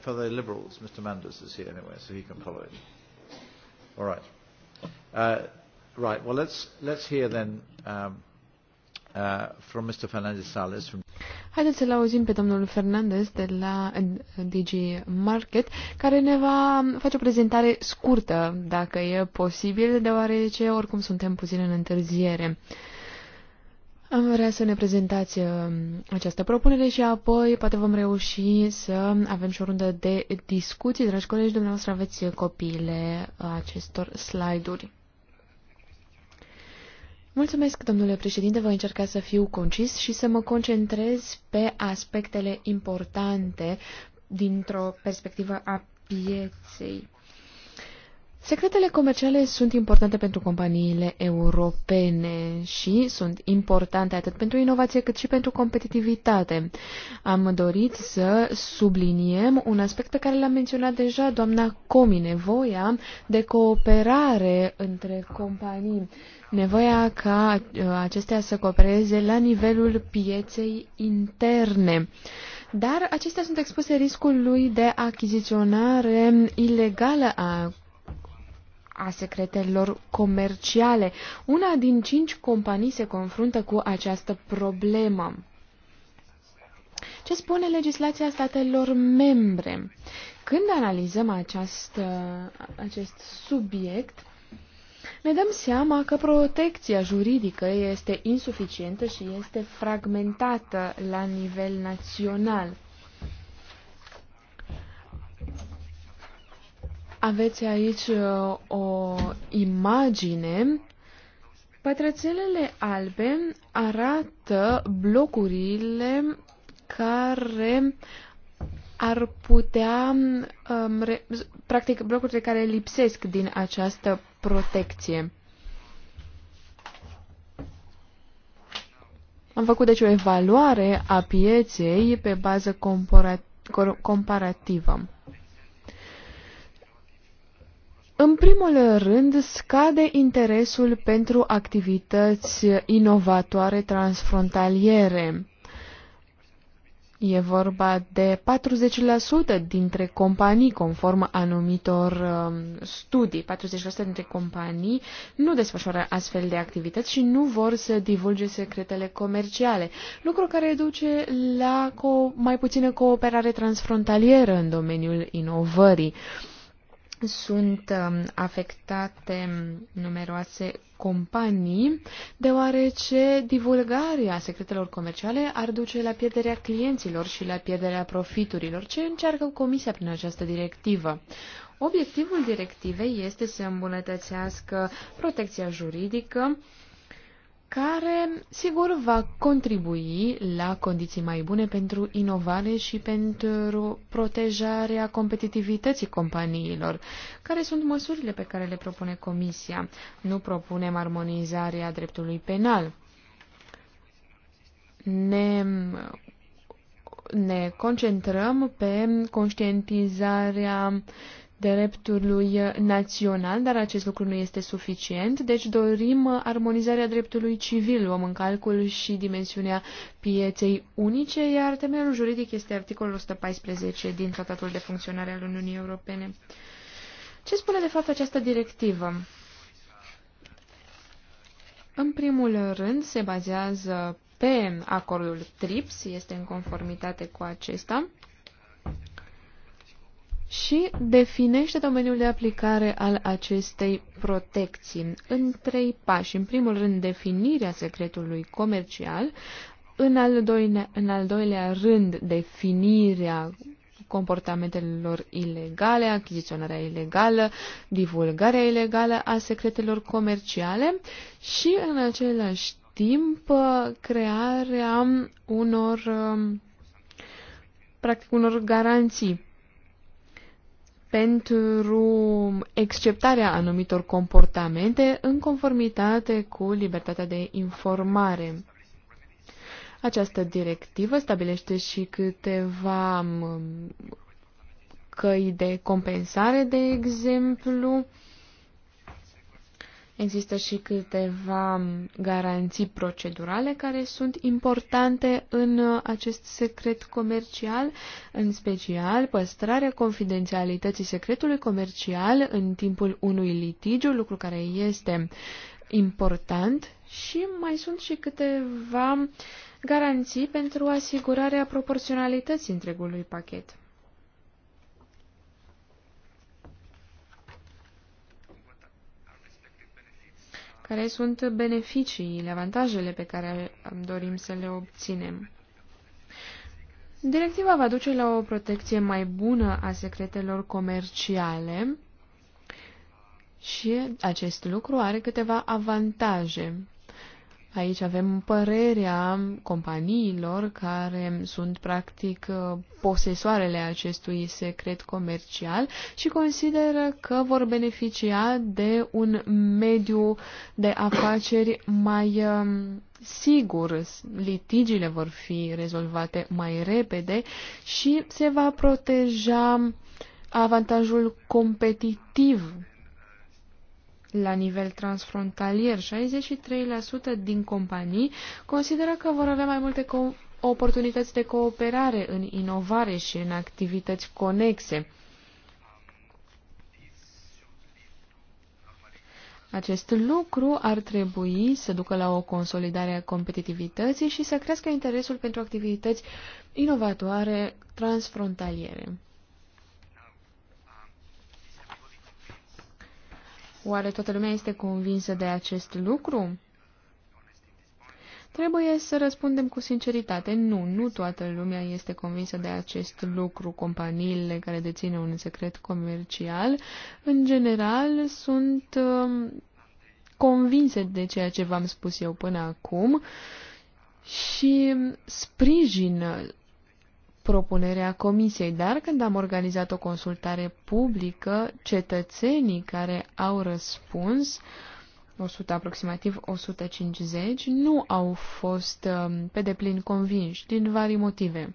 For the Liberals, Mr. Manders is here anyway, so he can follow it. All right. Uh, right. Well, let's let's hear then. Um, Uh, from Mr. Fernandez from... Haideți să-l auzim pe domnul Fernandez de la DG Market, care ne va face o prezentare scurtă, dacă e posibil, deoarece oricum suntem puțin în întârziere. Am vrea să ne prezentați uh, această propunere și apoi poate vom reuși să avem și o rundă de discuții. Dragi colegi, dumneavoastră aveți copiile uh, acestor slide-uri. Mulțumesc, domnule președinte, voi încerca să fiu concis și să mă concentrez pe aspectele importante dintr-o perspectivă a pieței. Secretele comerciale sunt importante pentru companiile europene și sunt importante atât pentru inovație cât și pentru competitivitate. Am dorit să subliniem un aspect pe care l-a menționat deja doamna Comi, nevoia de cooperare între companii, nevoia ca uh, acestea să coopereze la nivelul pieței interne dar acestea sunt expuse riscului de achiziționare ilegală a a secretelor comerciale. Una din cinci companii se confruntă cu această problemă. Ce spune legislația statelor membre? Când analizăm acest, acest subiect, ne dăm seama că protecția juridică este insuficientă și este fragmentată la nivel național. Aveți aici uh, o imagine. Pătrățelele albe arată blocurile care ar putea, um, re, practic, blocurile care lipsesc din această protecție. Am făcut deci o evaluare a pieței pe bază comparativă. În primul rând, scade interesul pentru activități inovatoare transfrontaliere. E vorba de 40% dintre companii, conform anumitor um, studii, 40% dintre companii nu desfășoară astfel de activități și nu vor să divulge secretele comerciale, lucru care duce la mai puțină cooperare transfrontalieră în domeniul inovării sunt um, afectate numeroase companii, deoarece divulgarea secretelor comerciale ar duce la pierderea clienților și la pierderea profiturilor, ce încearcă Comisia prin această directivă. Obiectivul directivei este să îmbunătățească protecția juridică, care, sigur, va contribui la condiții mai bune pentru inovare și pentru protejarea competitivității companiilor. Care sunt măsurile pe care le propune Comisia? Nu propunem armonizarea dreptului penal. Ne ne concentrăm pe conștientizarea dreptului național, dar acest lucru nu este suficient, deci dorim armonizarea dreptului civil, luăm în calcul și dimensiunea pieței unice, iar temelul juridic este articolul 114 din Tratatul de Funcționare al Uniunii Europene. Ce spune de fapt această directivă? În primul rând, se bazează pe acordul TRIPS, este în conformitate cu acesta și definește domeniul de aplicare al acestei protecții în trei pași. În primul rând, definirea secretului comercial, în al doilea, în al doilea rând, definirea comportamentelor ilegale, achiziționarea ilegală, divulgarea ilegală a secretelor comerciale și, în același timp, crearea unor, practic, unor garanții pentru exceptarea anumitor comportamente în conformitate cu libertatea de informare. Această directivă stabilește și câteva mm, căi de compensare, de exemplu, Există și câteva garanții procedurale care sunt importante în acest secret comercial, în special păstrarea confidențialității secretului comercial în timpul unui litigiu, lucru care este important și mai sunt și câteva garanții pentru asigurarea proporționalității întregului pachet. care sunt beneficiile, avantajele pe care dorim să le obținem. Directiva va duce la o protecție mai bună a secretelor comerciale și acest lucru are câteva avantaje. Aici avem părerea companiilor care sunt practic posesoarele acestui secret comercial și consideră că vor beneficia de un mediu de afaceri mai um, sigur, litigiile vor fi rezolvate mai repede și se va proteja avantajul competitiv la nivel transfrontalier, 63% din companii consideră că vor avea mai multe oportunități de cooperare în inovare și în activități conexe. Acest lucru ar trebui să ducă la o consolidare a competitivității și să crească interesul pentru activități inovatoare transfrontaliere. Oare toată lumea este convinsă de acest lucru? Trebuie să răspundem cu sinceritate. Nu, nu toată lumea este convinsă de acest lucru. Companiile care dețin un secret comercial, în general, sunt um, convinse de ceea ce v-am spus eu până acum și sprijină propunerea comisiei, dar când am organizat o consultare publică, cetățenii care au răspuns 100, aproximativ 150, nu au fost um, pe deplin convinși din vari motive.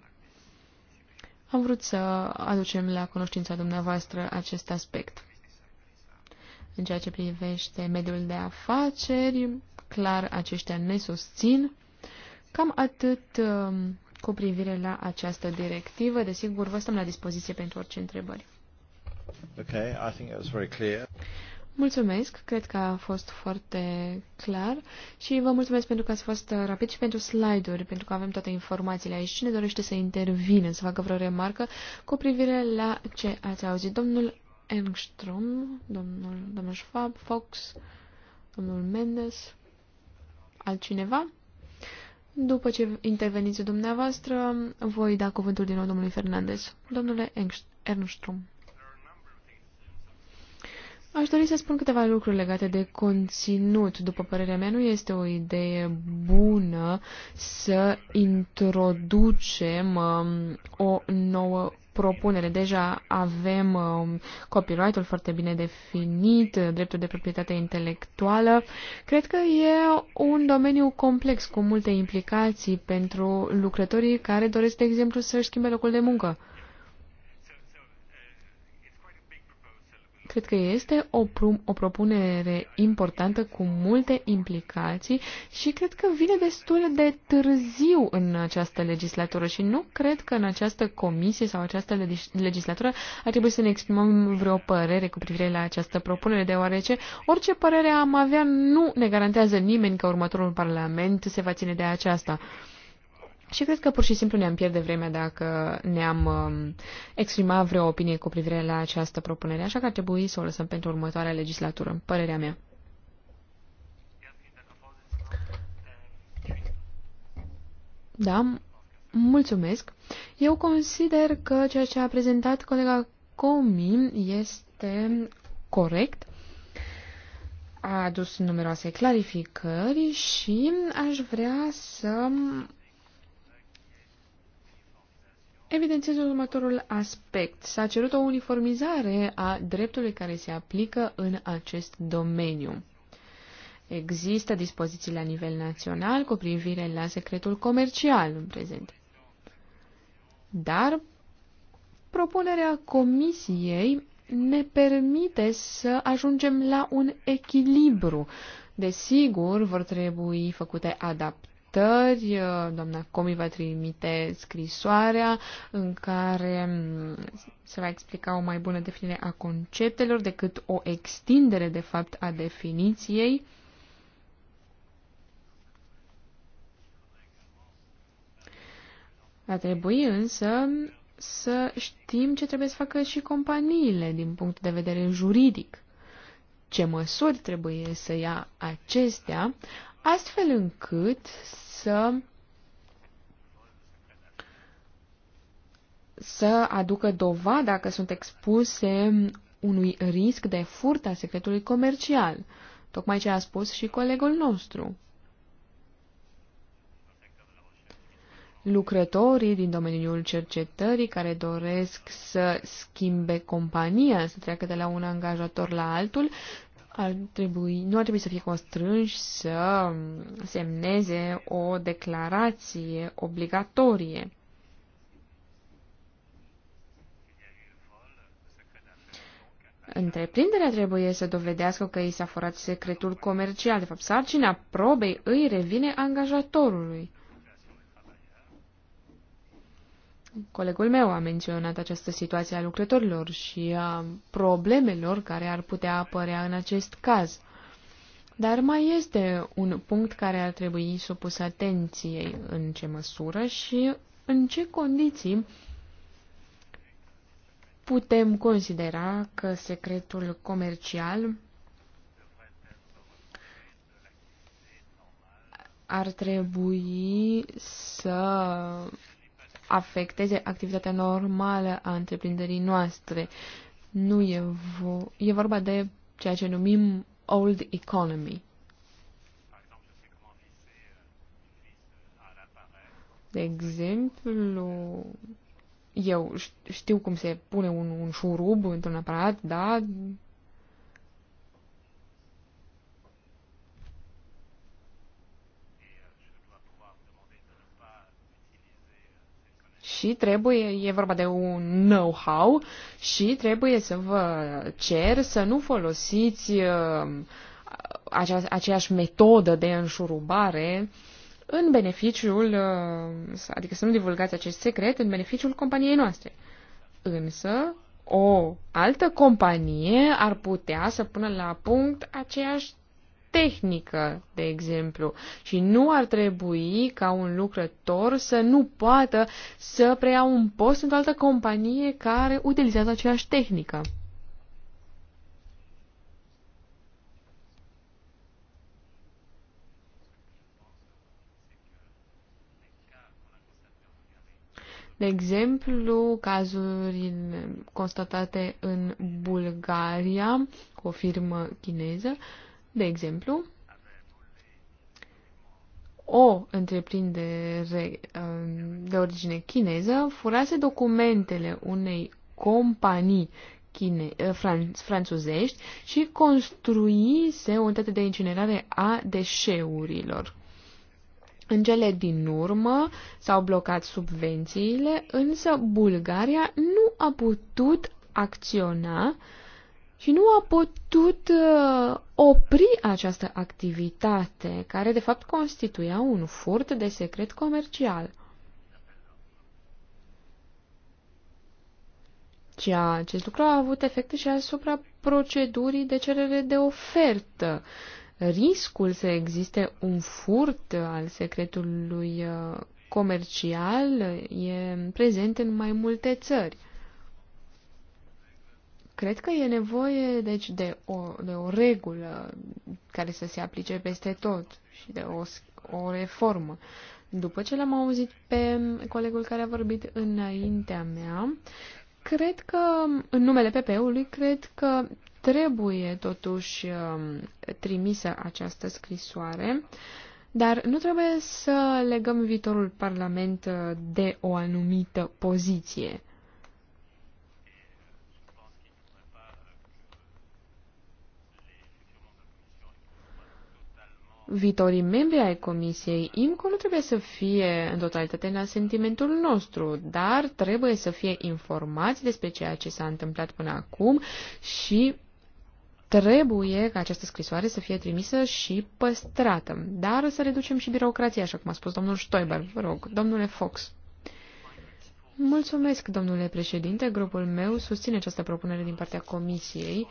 Am vrut să aducem la cunoștința dumneavoastră acest aspect. În ceea ce privește mediul de afaceri, clar aceștia ne susțin. Cam atât um, cu privire la această directivă. Desigur, vă stăm la dispoziție pentru orice întrebări. Okay, I think it was very clear. Mulțumesc, cred că a fost foarte clar și vă mulțumesc pentru că ați fost rapid și pentru slide-uri, pentru că avem toate informațiile aici. Cine dorește să intervină, să facă vreo remarcă cu privire la ce ați auzit? Domnul Engström, domnul, domnul Schwab, Fox, domnul Mendes, altcineva? După ce interveniți dumneavoastră, voi da cuvântul din nou domnului Fernandez. Domnule Ernstrom. Aș dori să spun câteva lucruri legate de conținut. După părerea mea, nu este o idee bună să introducem um, o nouă propunere. Deja avem um, copyright-ul foarte bine definit, dreptul de proprietate intelectuală. Cred că e un domeniu complex cu multe implicații pentru lucrătorii care doresc, de exemplu, să-și schimbe locul de muncă. Cred că este o, prum, o propunere importantă cu multe implicații și cred că vine destul de târziu în această legislatură și nu cred că în această comisie sau această legislatură ar trebui să ne exprimăm vreo părere cu privire la această propunere, deoarece orice părere am avea nu ne garantează nimeni că următorul Parlament se va ține de aceasta. Și cred că pur și simplu ne-am pierde vremea dacă ne-am um, exprimat vreo opinie cu privire la această propunere, așa că ar trebui să o lăsăm pentru următoarea legislatură, părerea mea. Da, mulțumesc. Eu consider că ceea ce a prezentat colega Comi este corect a adus numeroase clarificări și aș vrea să Evidențez următorul aspect. S-a cerut o uniformizare a dreptului care se aplică în acest domeniu. Există dispoziții la nivel național cu privire la secretul comercial în prezent. Dar propunerea comisiei ne permite să ajungem la un echilibru. Desigur, vor trebui făcute adaptări felicitări, uh, Doamna Comi va trimite scrisoarea în care mm, se va explica o mai bună definire a conceptelor decât o extindere, de fapt, a definiției. Va trebui însă să știm ce trebuie să facă și companiile din punct de vedere juridic. Ce măsuri trebuie să ia acestea, astfel încât să să aducă dovada că sunt expuse unui risc de furt a secretului comercial, tocmai ce a spus și colegul nostru. Lucrătorii din domeniul cercetării care doresc să schimbe compania, să treacă de la un angajator la altul, ar trebui, nu ar trebui să fie constrânși să semneze o declarație obligatorie. Întreprinderea trebuie să dovedească că i s-a furat secretul comercial. De fapt, sarcina probei îi revine angajatorului. Colegul meu a menționat această situație a lucrătorilor și a problemelor care ar putea apărea în acest caz. Dar mai este un punct care ar trebui supus atenției în ce măsură și în ce condiții putem considera că secretul comercial ar trebui să afecteze activitatea normală a întreprinderii noastre. Nu e, vo- e vorba de ceea ce numim old economy. De exemplu, eu știu cum se pune un, un șurub într-un aparat, da, și trebuie, e vorba de un know-how și trebuie să vă cer să nu folosiți uh, aceeași metodă de înșurubare în beneficiul, uh, adică să nu divulgați acest secret, în beneficiul companiei noastre. Însă, o altă companie ar putea să pună la punct aceeași tehnică, de exemplu, și nu ar trebui ca un lucrător să nu poată să preia un post într-o altă companie care utilizează aceeași tehnică. De exemplu, cazuri constatate în Bulgaria cu o firmă chineză, uh, de exemplu, o întreprindere um, de origine chineză furase documentele unei companii chine, uh, fran, franțuzești și construise o unitate de incinerare a deșeurilor. În cele din urmă s-au blocat subvențiile, însă Bulgaria nu a putut acționa și nu a putut uh, opri această activitate, care de fapt constituia un furt de secret comercial. Și acest lucru a avut efecte și asupra procedurii de cerere de ofertă. Riscul să existe un furt al secretului uh, comercial e prezent în mai multe țări. Cred că e nevoie, deci, de o, de o regulă care să se aplice peste tot și de o, o reformă. După ce l-am auzit pe colegul care a vorbit înaintea mea, cred că, în numele PP-ului, cred că trebuie totuși um, trimisă această scrisoare, dar nu trebuie să legăm viitorul Parlament uh, de o anumită poziție. viitorii membri ai Comisiei IMCO nu trebuie să fie în totalitate la asentimentul nostru, dar trebuie să fie informați despre ceea ce s-a întâmplat până acum și trebuie ca această scrisoare să fie trimisă și păstrată. Dar să reducem și birocrația, așa cum a spus domnul Stoiber. Vă rog, domnule Fox. Mulțumesc, domnule președinte. Grupul meu susține această propunere din partea Comisiei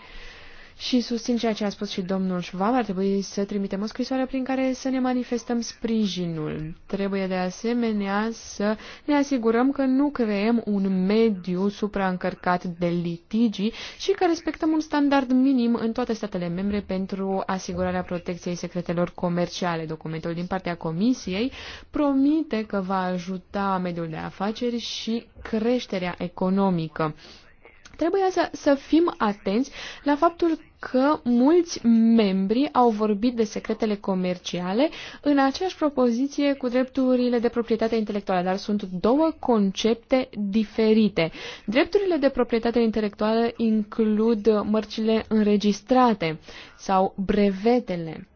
și susțin ceea ce a spus și domnul Schwab, ar trebui să trimitem o scrisoare prin care să ne manifestăm sprijinul. Trebuie de asemenea să ne asigurăm că nu creăm un mediu supraîncărcat de litigii și că respectăm un standard minim în toate statele membre pentru asigurarea protecției secretelor comerciale. Documentul din partea Comisiei promite că va ajuta mediul de afaceri și creșterea economică. Trebuie să, să fim atenți la faptul că mulți membri au vorbit de secretele comerciale în aceeași propoziție cu drepturile de proprietate intelectuală, dar sunt două concepte diferite. Drepturile de proprietate intelectuală includ mărcile înregistrate sau brevetele.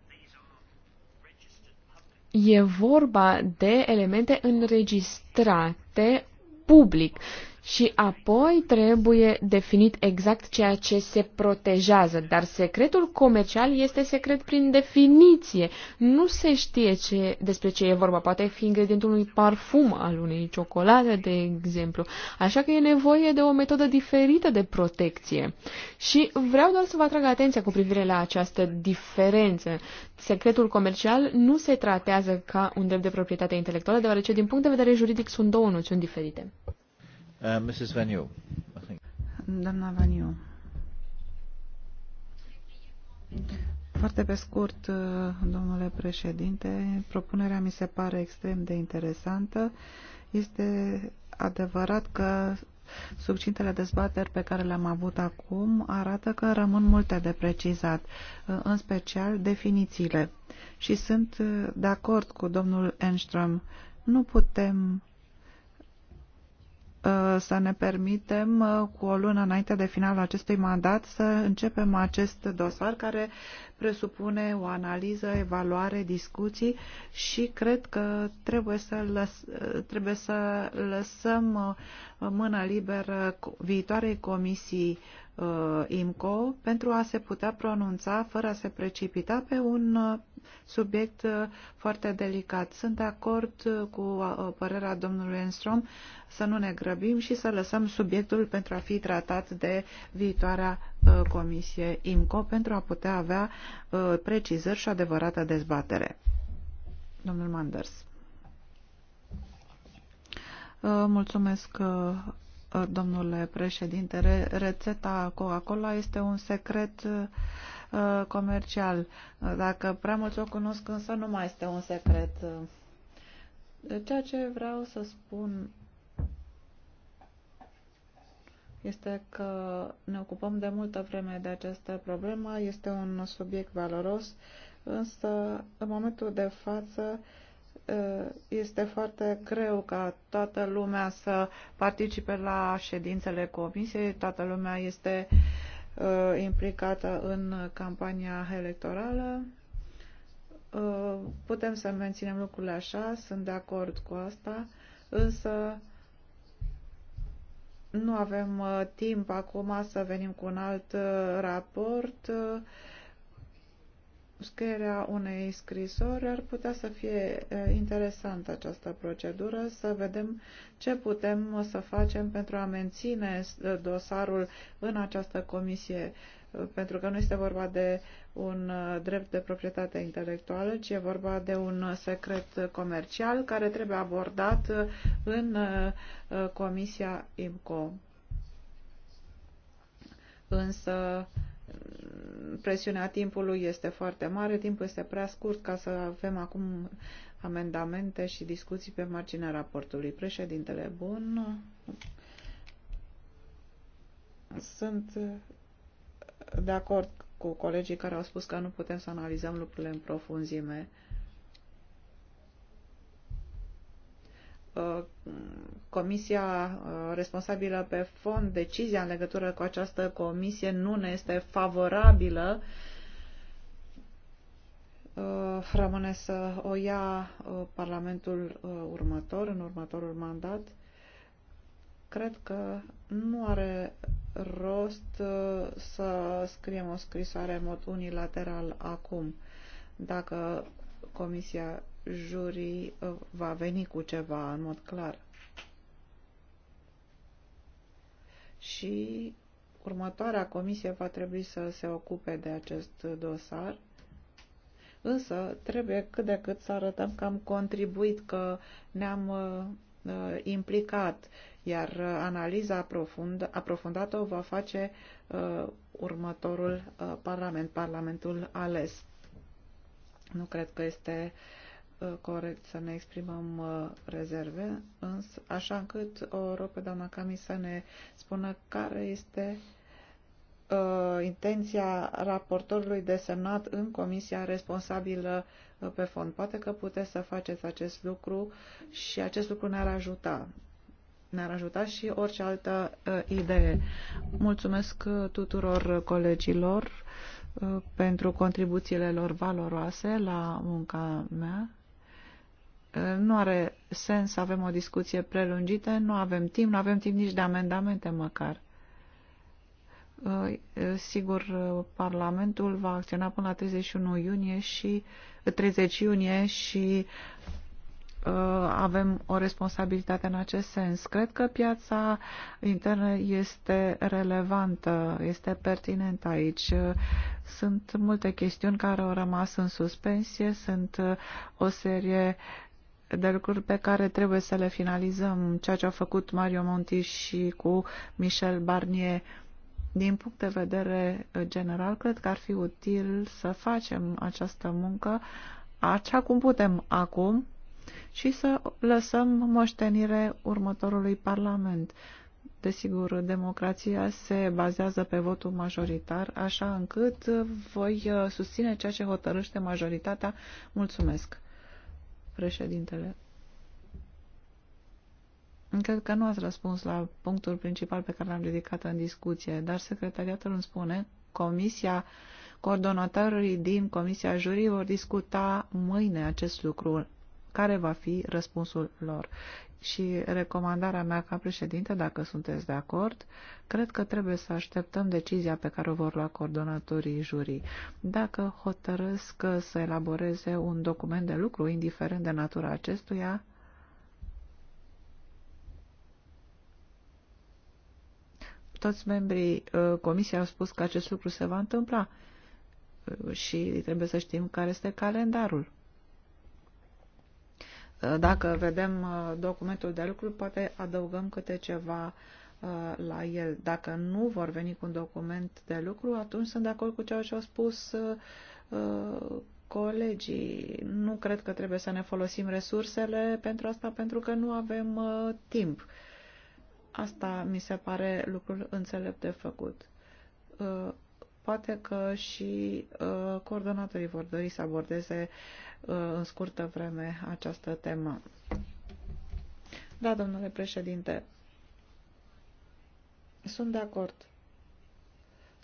E vorba de elemente înregistrate public și apoi trebuie definit exact ceea ce se protejează. Dar secretul comercial este secret prin definiție. Nu se știe ce, despre ce e vorba. Poate fi ingredientul unui parfum, al unei ciocolate, de exemplu. Așa că e nevoie de o metodă diferită de protecție. Și vreau doar să vă atrag atenția cu privire la această diferență. Secretul comercial nu se tratează ca un drept de proprietate intelectuală, deoarece din punct de vedere juridic sunt două noțiuni diferite. Uh, Mrs. I think. Doamna Vaniu. Foarte pe scurt, uh, domnule președinte, propunerea mi se pare extrem de interesantă. Este adevărat că succintele dezbateri pe care le-am avut acum arată că rămân multe de precizat, uh, în special definițiile. Și sunt de acord cu domnul Enström. Nu putem Uh, să ne permitem uh, cu o lună înainte de finalul acestui mandat să începem acest dosar care presupune o analiză, evaluare, discuții și cred că trebuie să, lăs, uh, trebuie să lăsăm mâna liberă viitoarei comisii uh, IMCO pentru a se putea pronunța fără a se precipita pe un uh, subiect uh, foarte delicat. Sunt de acord cu părerea domnului Enstrom să nu ne grăbim și să lăsăm subiectul pentru a fi tratat de viitoarea comisie IMCO pentru a putea avea precizări și adevărată dezbatere. Domnul Manders. Uh, mulțumesc, uh, uh, domnule președinte. rețeta Coca-Cola este un secret comercial. Dacă prea mulți o cunosc, însă nu mai este un secret. Ceea ce vreau să spun este că ne ocupăm de multă vreme de această problemă, este un subiect valoros, însă în momentul de față Eh, este foarte greu ca toată lumea să participe la ședințele comisiei, toată lumea este eh, implicată în campania electorală. Eh, putem să menținem lucrurile așa, sunt de acord cu asta, însă nu avem timp acum să venim cu un alt raport scrierea unei scrisori ar putea să fie interesantă această procedură, să vedem ce putem să facem pentru a menține dosarul în această comisie, pentru că nu este vorba de un drept de proprietate intelectuală, ci e vorba de un secret comercial care trebuie abordat în comisia IMCO. Însă, presiunea timpului este foarte mare, timpul este prea scurt ca să avem acum amendamente și discuții pe marginea raportului. Președintele, bun. Sunt de acord cu colegii care au spus că nu putem să analizăm lucrurile în profunzime. comisia uh, responsabilă pe fond, decizia în legătură cu această comisie nu ne este favorabilă, uh, rămâne să o ia uh, Parlamentul următor, în următorul mandat. Cred că nu are rost să scriem o scrisoare în mod unilateral acum. Dacă Comisia jurii uh, va veni cu ceva în mod clar. Și următoarea comisie va trebui să se ocupe de acest dosar, însă trebuie cât de cât să arătăm că am contribuit, că ne-am uh, uh implicat, iar uh, analiza aprofund, aprofundată o va face uh, următorul uh, parlament, parlamentul ales. Nu cred că este uh, Uh, corect să ne exprimăm uh, rezerve, însă, așa încât o rog pe doamna Cami să ne spună care este uh, intenția raportorului desemnat în comisia responsabilă uh, pe fond. Poate că puteți să faceți acest lucru și acest lucru ne-ar ajuta. Ne-ar ajuta și orice altă uh, idee. Mulțumesc tuturor colegilor pentru contribuțiile lor valoroase la munca mea nu are sens să avem o discuție prelungită, nu avem timp, nu avem timp nici de amendamente măcar. Sigur, Parlamentul va acționa până la 31 iunie și 30 iunie și ă, avem o responsabilitate în acest sens. Cred că piața internă este relevantă, este pertinentă aici. Sunt multe chestiuni care au rămas în suspensie, sunt o serie de lucruri pe care trebuie să le finalizăm, ceea ce au făcut Mario Monti și cu Michel Barnier. Din punct de vedere general, cred că ar fi util să facem această muncă așa cum putem acum și să lăsăm moștenire următorului Parlament. Desigur, democrația se bazează pe votul majoritar, așa încât voi uh, susține ceea ce hotărăște majoritatea. Mulțumesc! președintele. Cred că nu ați răspuns la punctul principal pe care l-am ridicat în discuție, dar secretariatul îmi spune comisia coordonatorului din Comisia Jurii vor discuta mâine acest lucru care va fi răspunsul lor. Și recomandarea mea ca președinte, dacă sunteți de acord, cred că trebuie să așteptăm decizia pe care o vor lua coordonatorii jurii. Dacă hotărăsc să elaboreze un document de lucru, indiferent de natura acestuia, toți membrii uh, comisiei au spus că acest lucru se va întâmpla uh, și trebuie să știm care este calendarul. Dacă vedem uh, documentul de lucru, poate adăugăm câte ceva uh, la el. Dacă nu vor veni cu un document de lucru, atunci sunt de acord cu ceea ce au spus uh, colegii. Nu cred că trebuie să ne folosim resursele pentru asta, pentru că nu avem timp. Asta mi se pare lucrul înțelept de făcut. Poate că și uh, coordonatorii vor dori să abordeze uh, în scurtă vreme această temă. Da, domnule președinte, sunt de acord.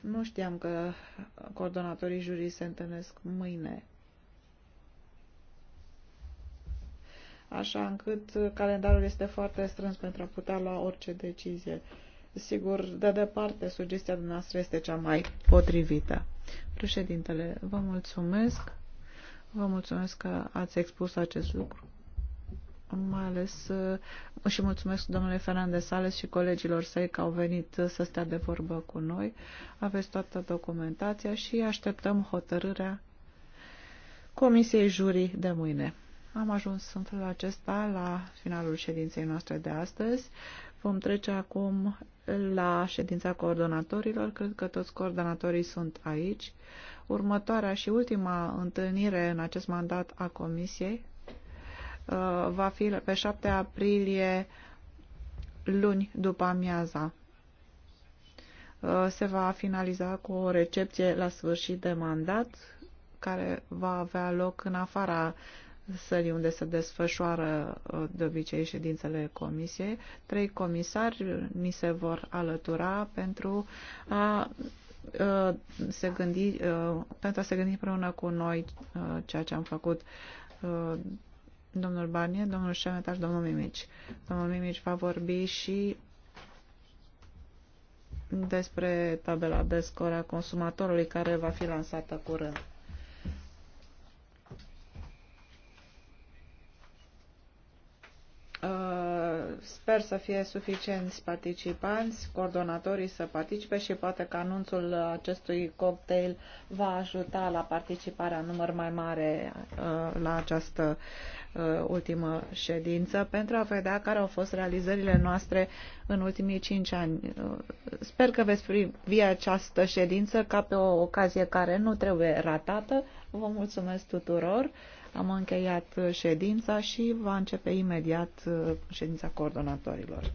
Nu știam că coordonatorii jurii se întâlnesc mâine. Așa încât calendarul este foarte strâns pentru a putea lua orice decizie. Sigur, de departe, sugestia dumneavoastră este cea mai potrivită. Președintele, vă mulțumesc. Vă mulțumesc că ați expus acest lucru. Mai ales uh, și mulțumesc domnule Fernandez Sales și colegilor săi că au venit uh, să stea de vorbă cu noi. Aveți toată documentația și așteptăm hotărârea Comisiei Jurii de mâine. Am ajuns în felul acesta la finalul ședinței noastre de astăzi. Vom trece acum la ședința coordonatorilor. Cred că toți coordonatorii sunt aici. Următoarea și ultima întâlnire în acest mandat a Comisiei uh, va fi pe 7 aprilie, luni după amiaza. Uh, se va finaliza cu o recepție la sfârșit de mandat care va avea loc în afara sării unde se desfășoară uh, de obicei ședințele comisiei, trei comisari ni se vor alătura pentru a uh, se gândi, uh, pentru a se gândi împreună cu noi ceea ce am făcut domnul Barnier, domnul Șemeta și domnul Mimici. Domnul Mimici va vorbi și despre tabela de score a consumatorului care va fi lansată curând. Sper să fie suficienți participanți, coordonatorii să participe și poate că anunțul acestui cocktail va ajuta la participarea număr mai mare uh, la această uh, ultimă ședință pentru a vedea care au fost realizările noastre în ultimii cinci ani. Uh, sper că veți privi această ședință ca pe o ocazie care nu trebuie ratată. Vă mulțumesc tuturor! Am încheiat ședința și va începe imediat uh, ședința coordonatorilor.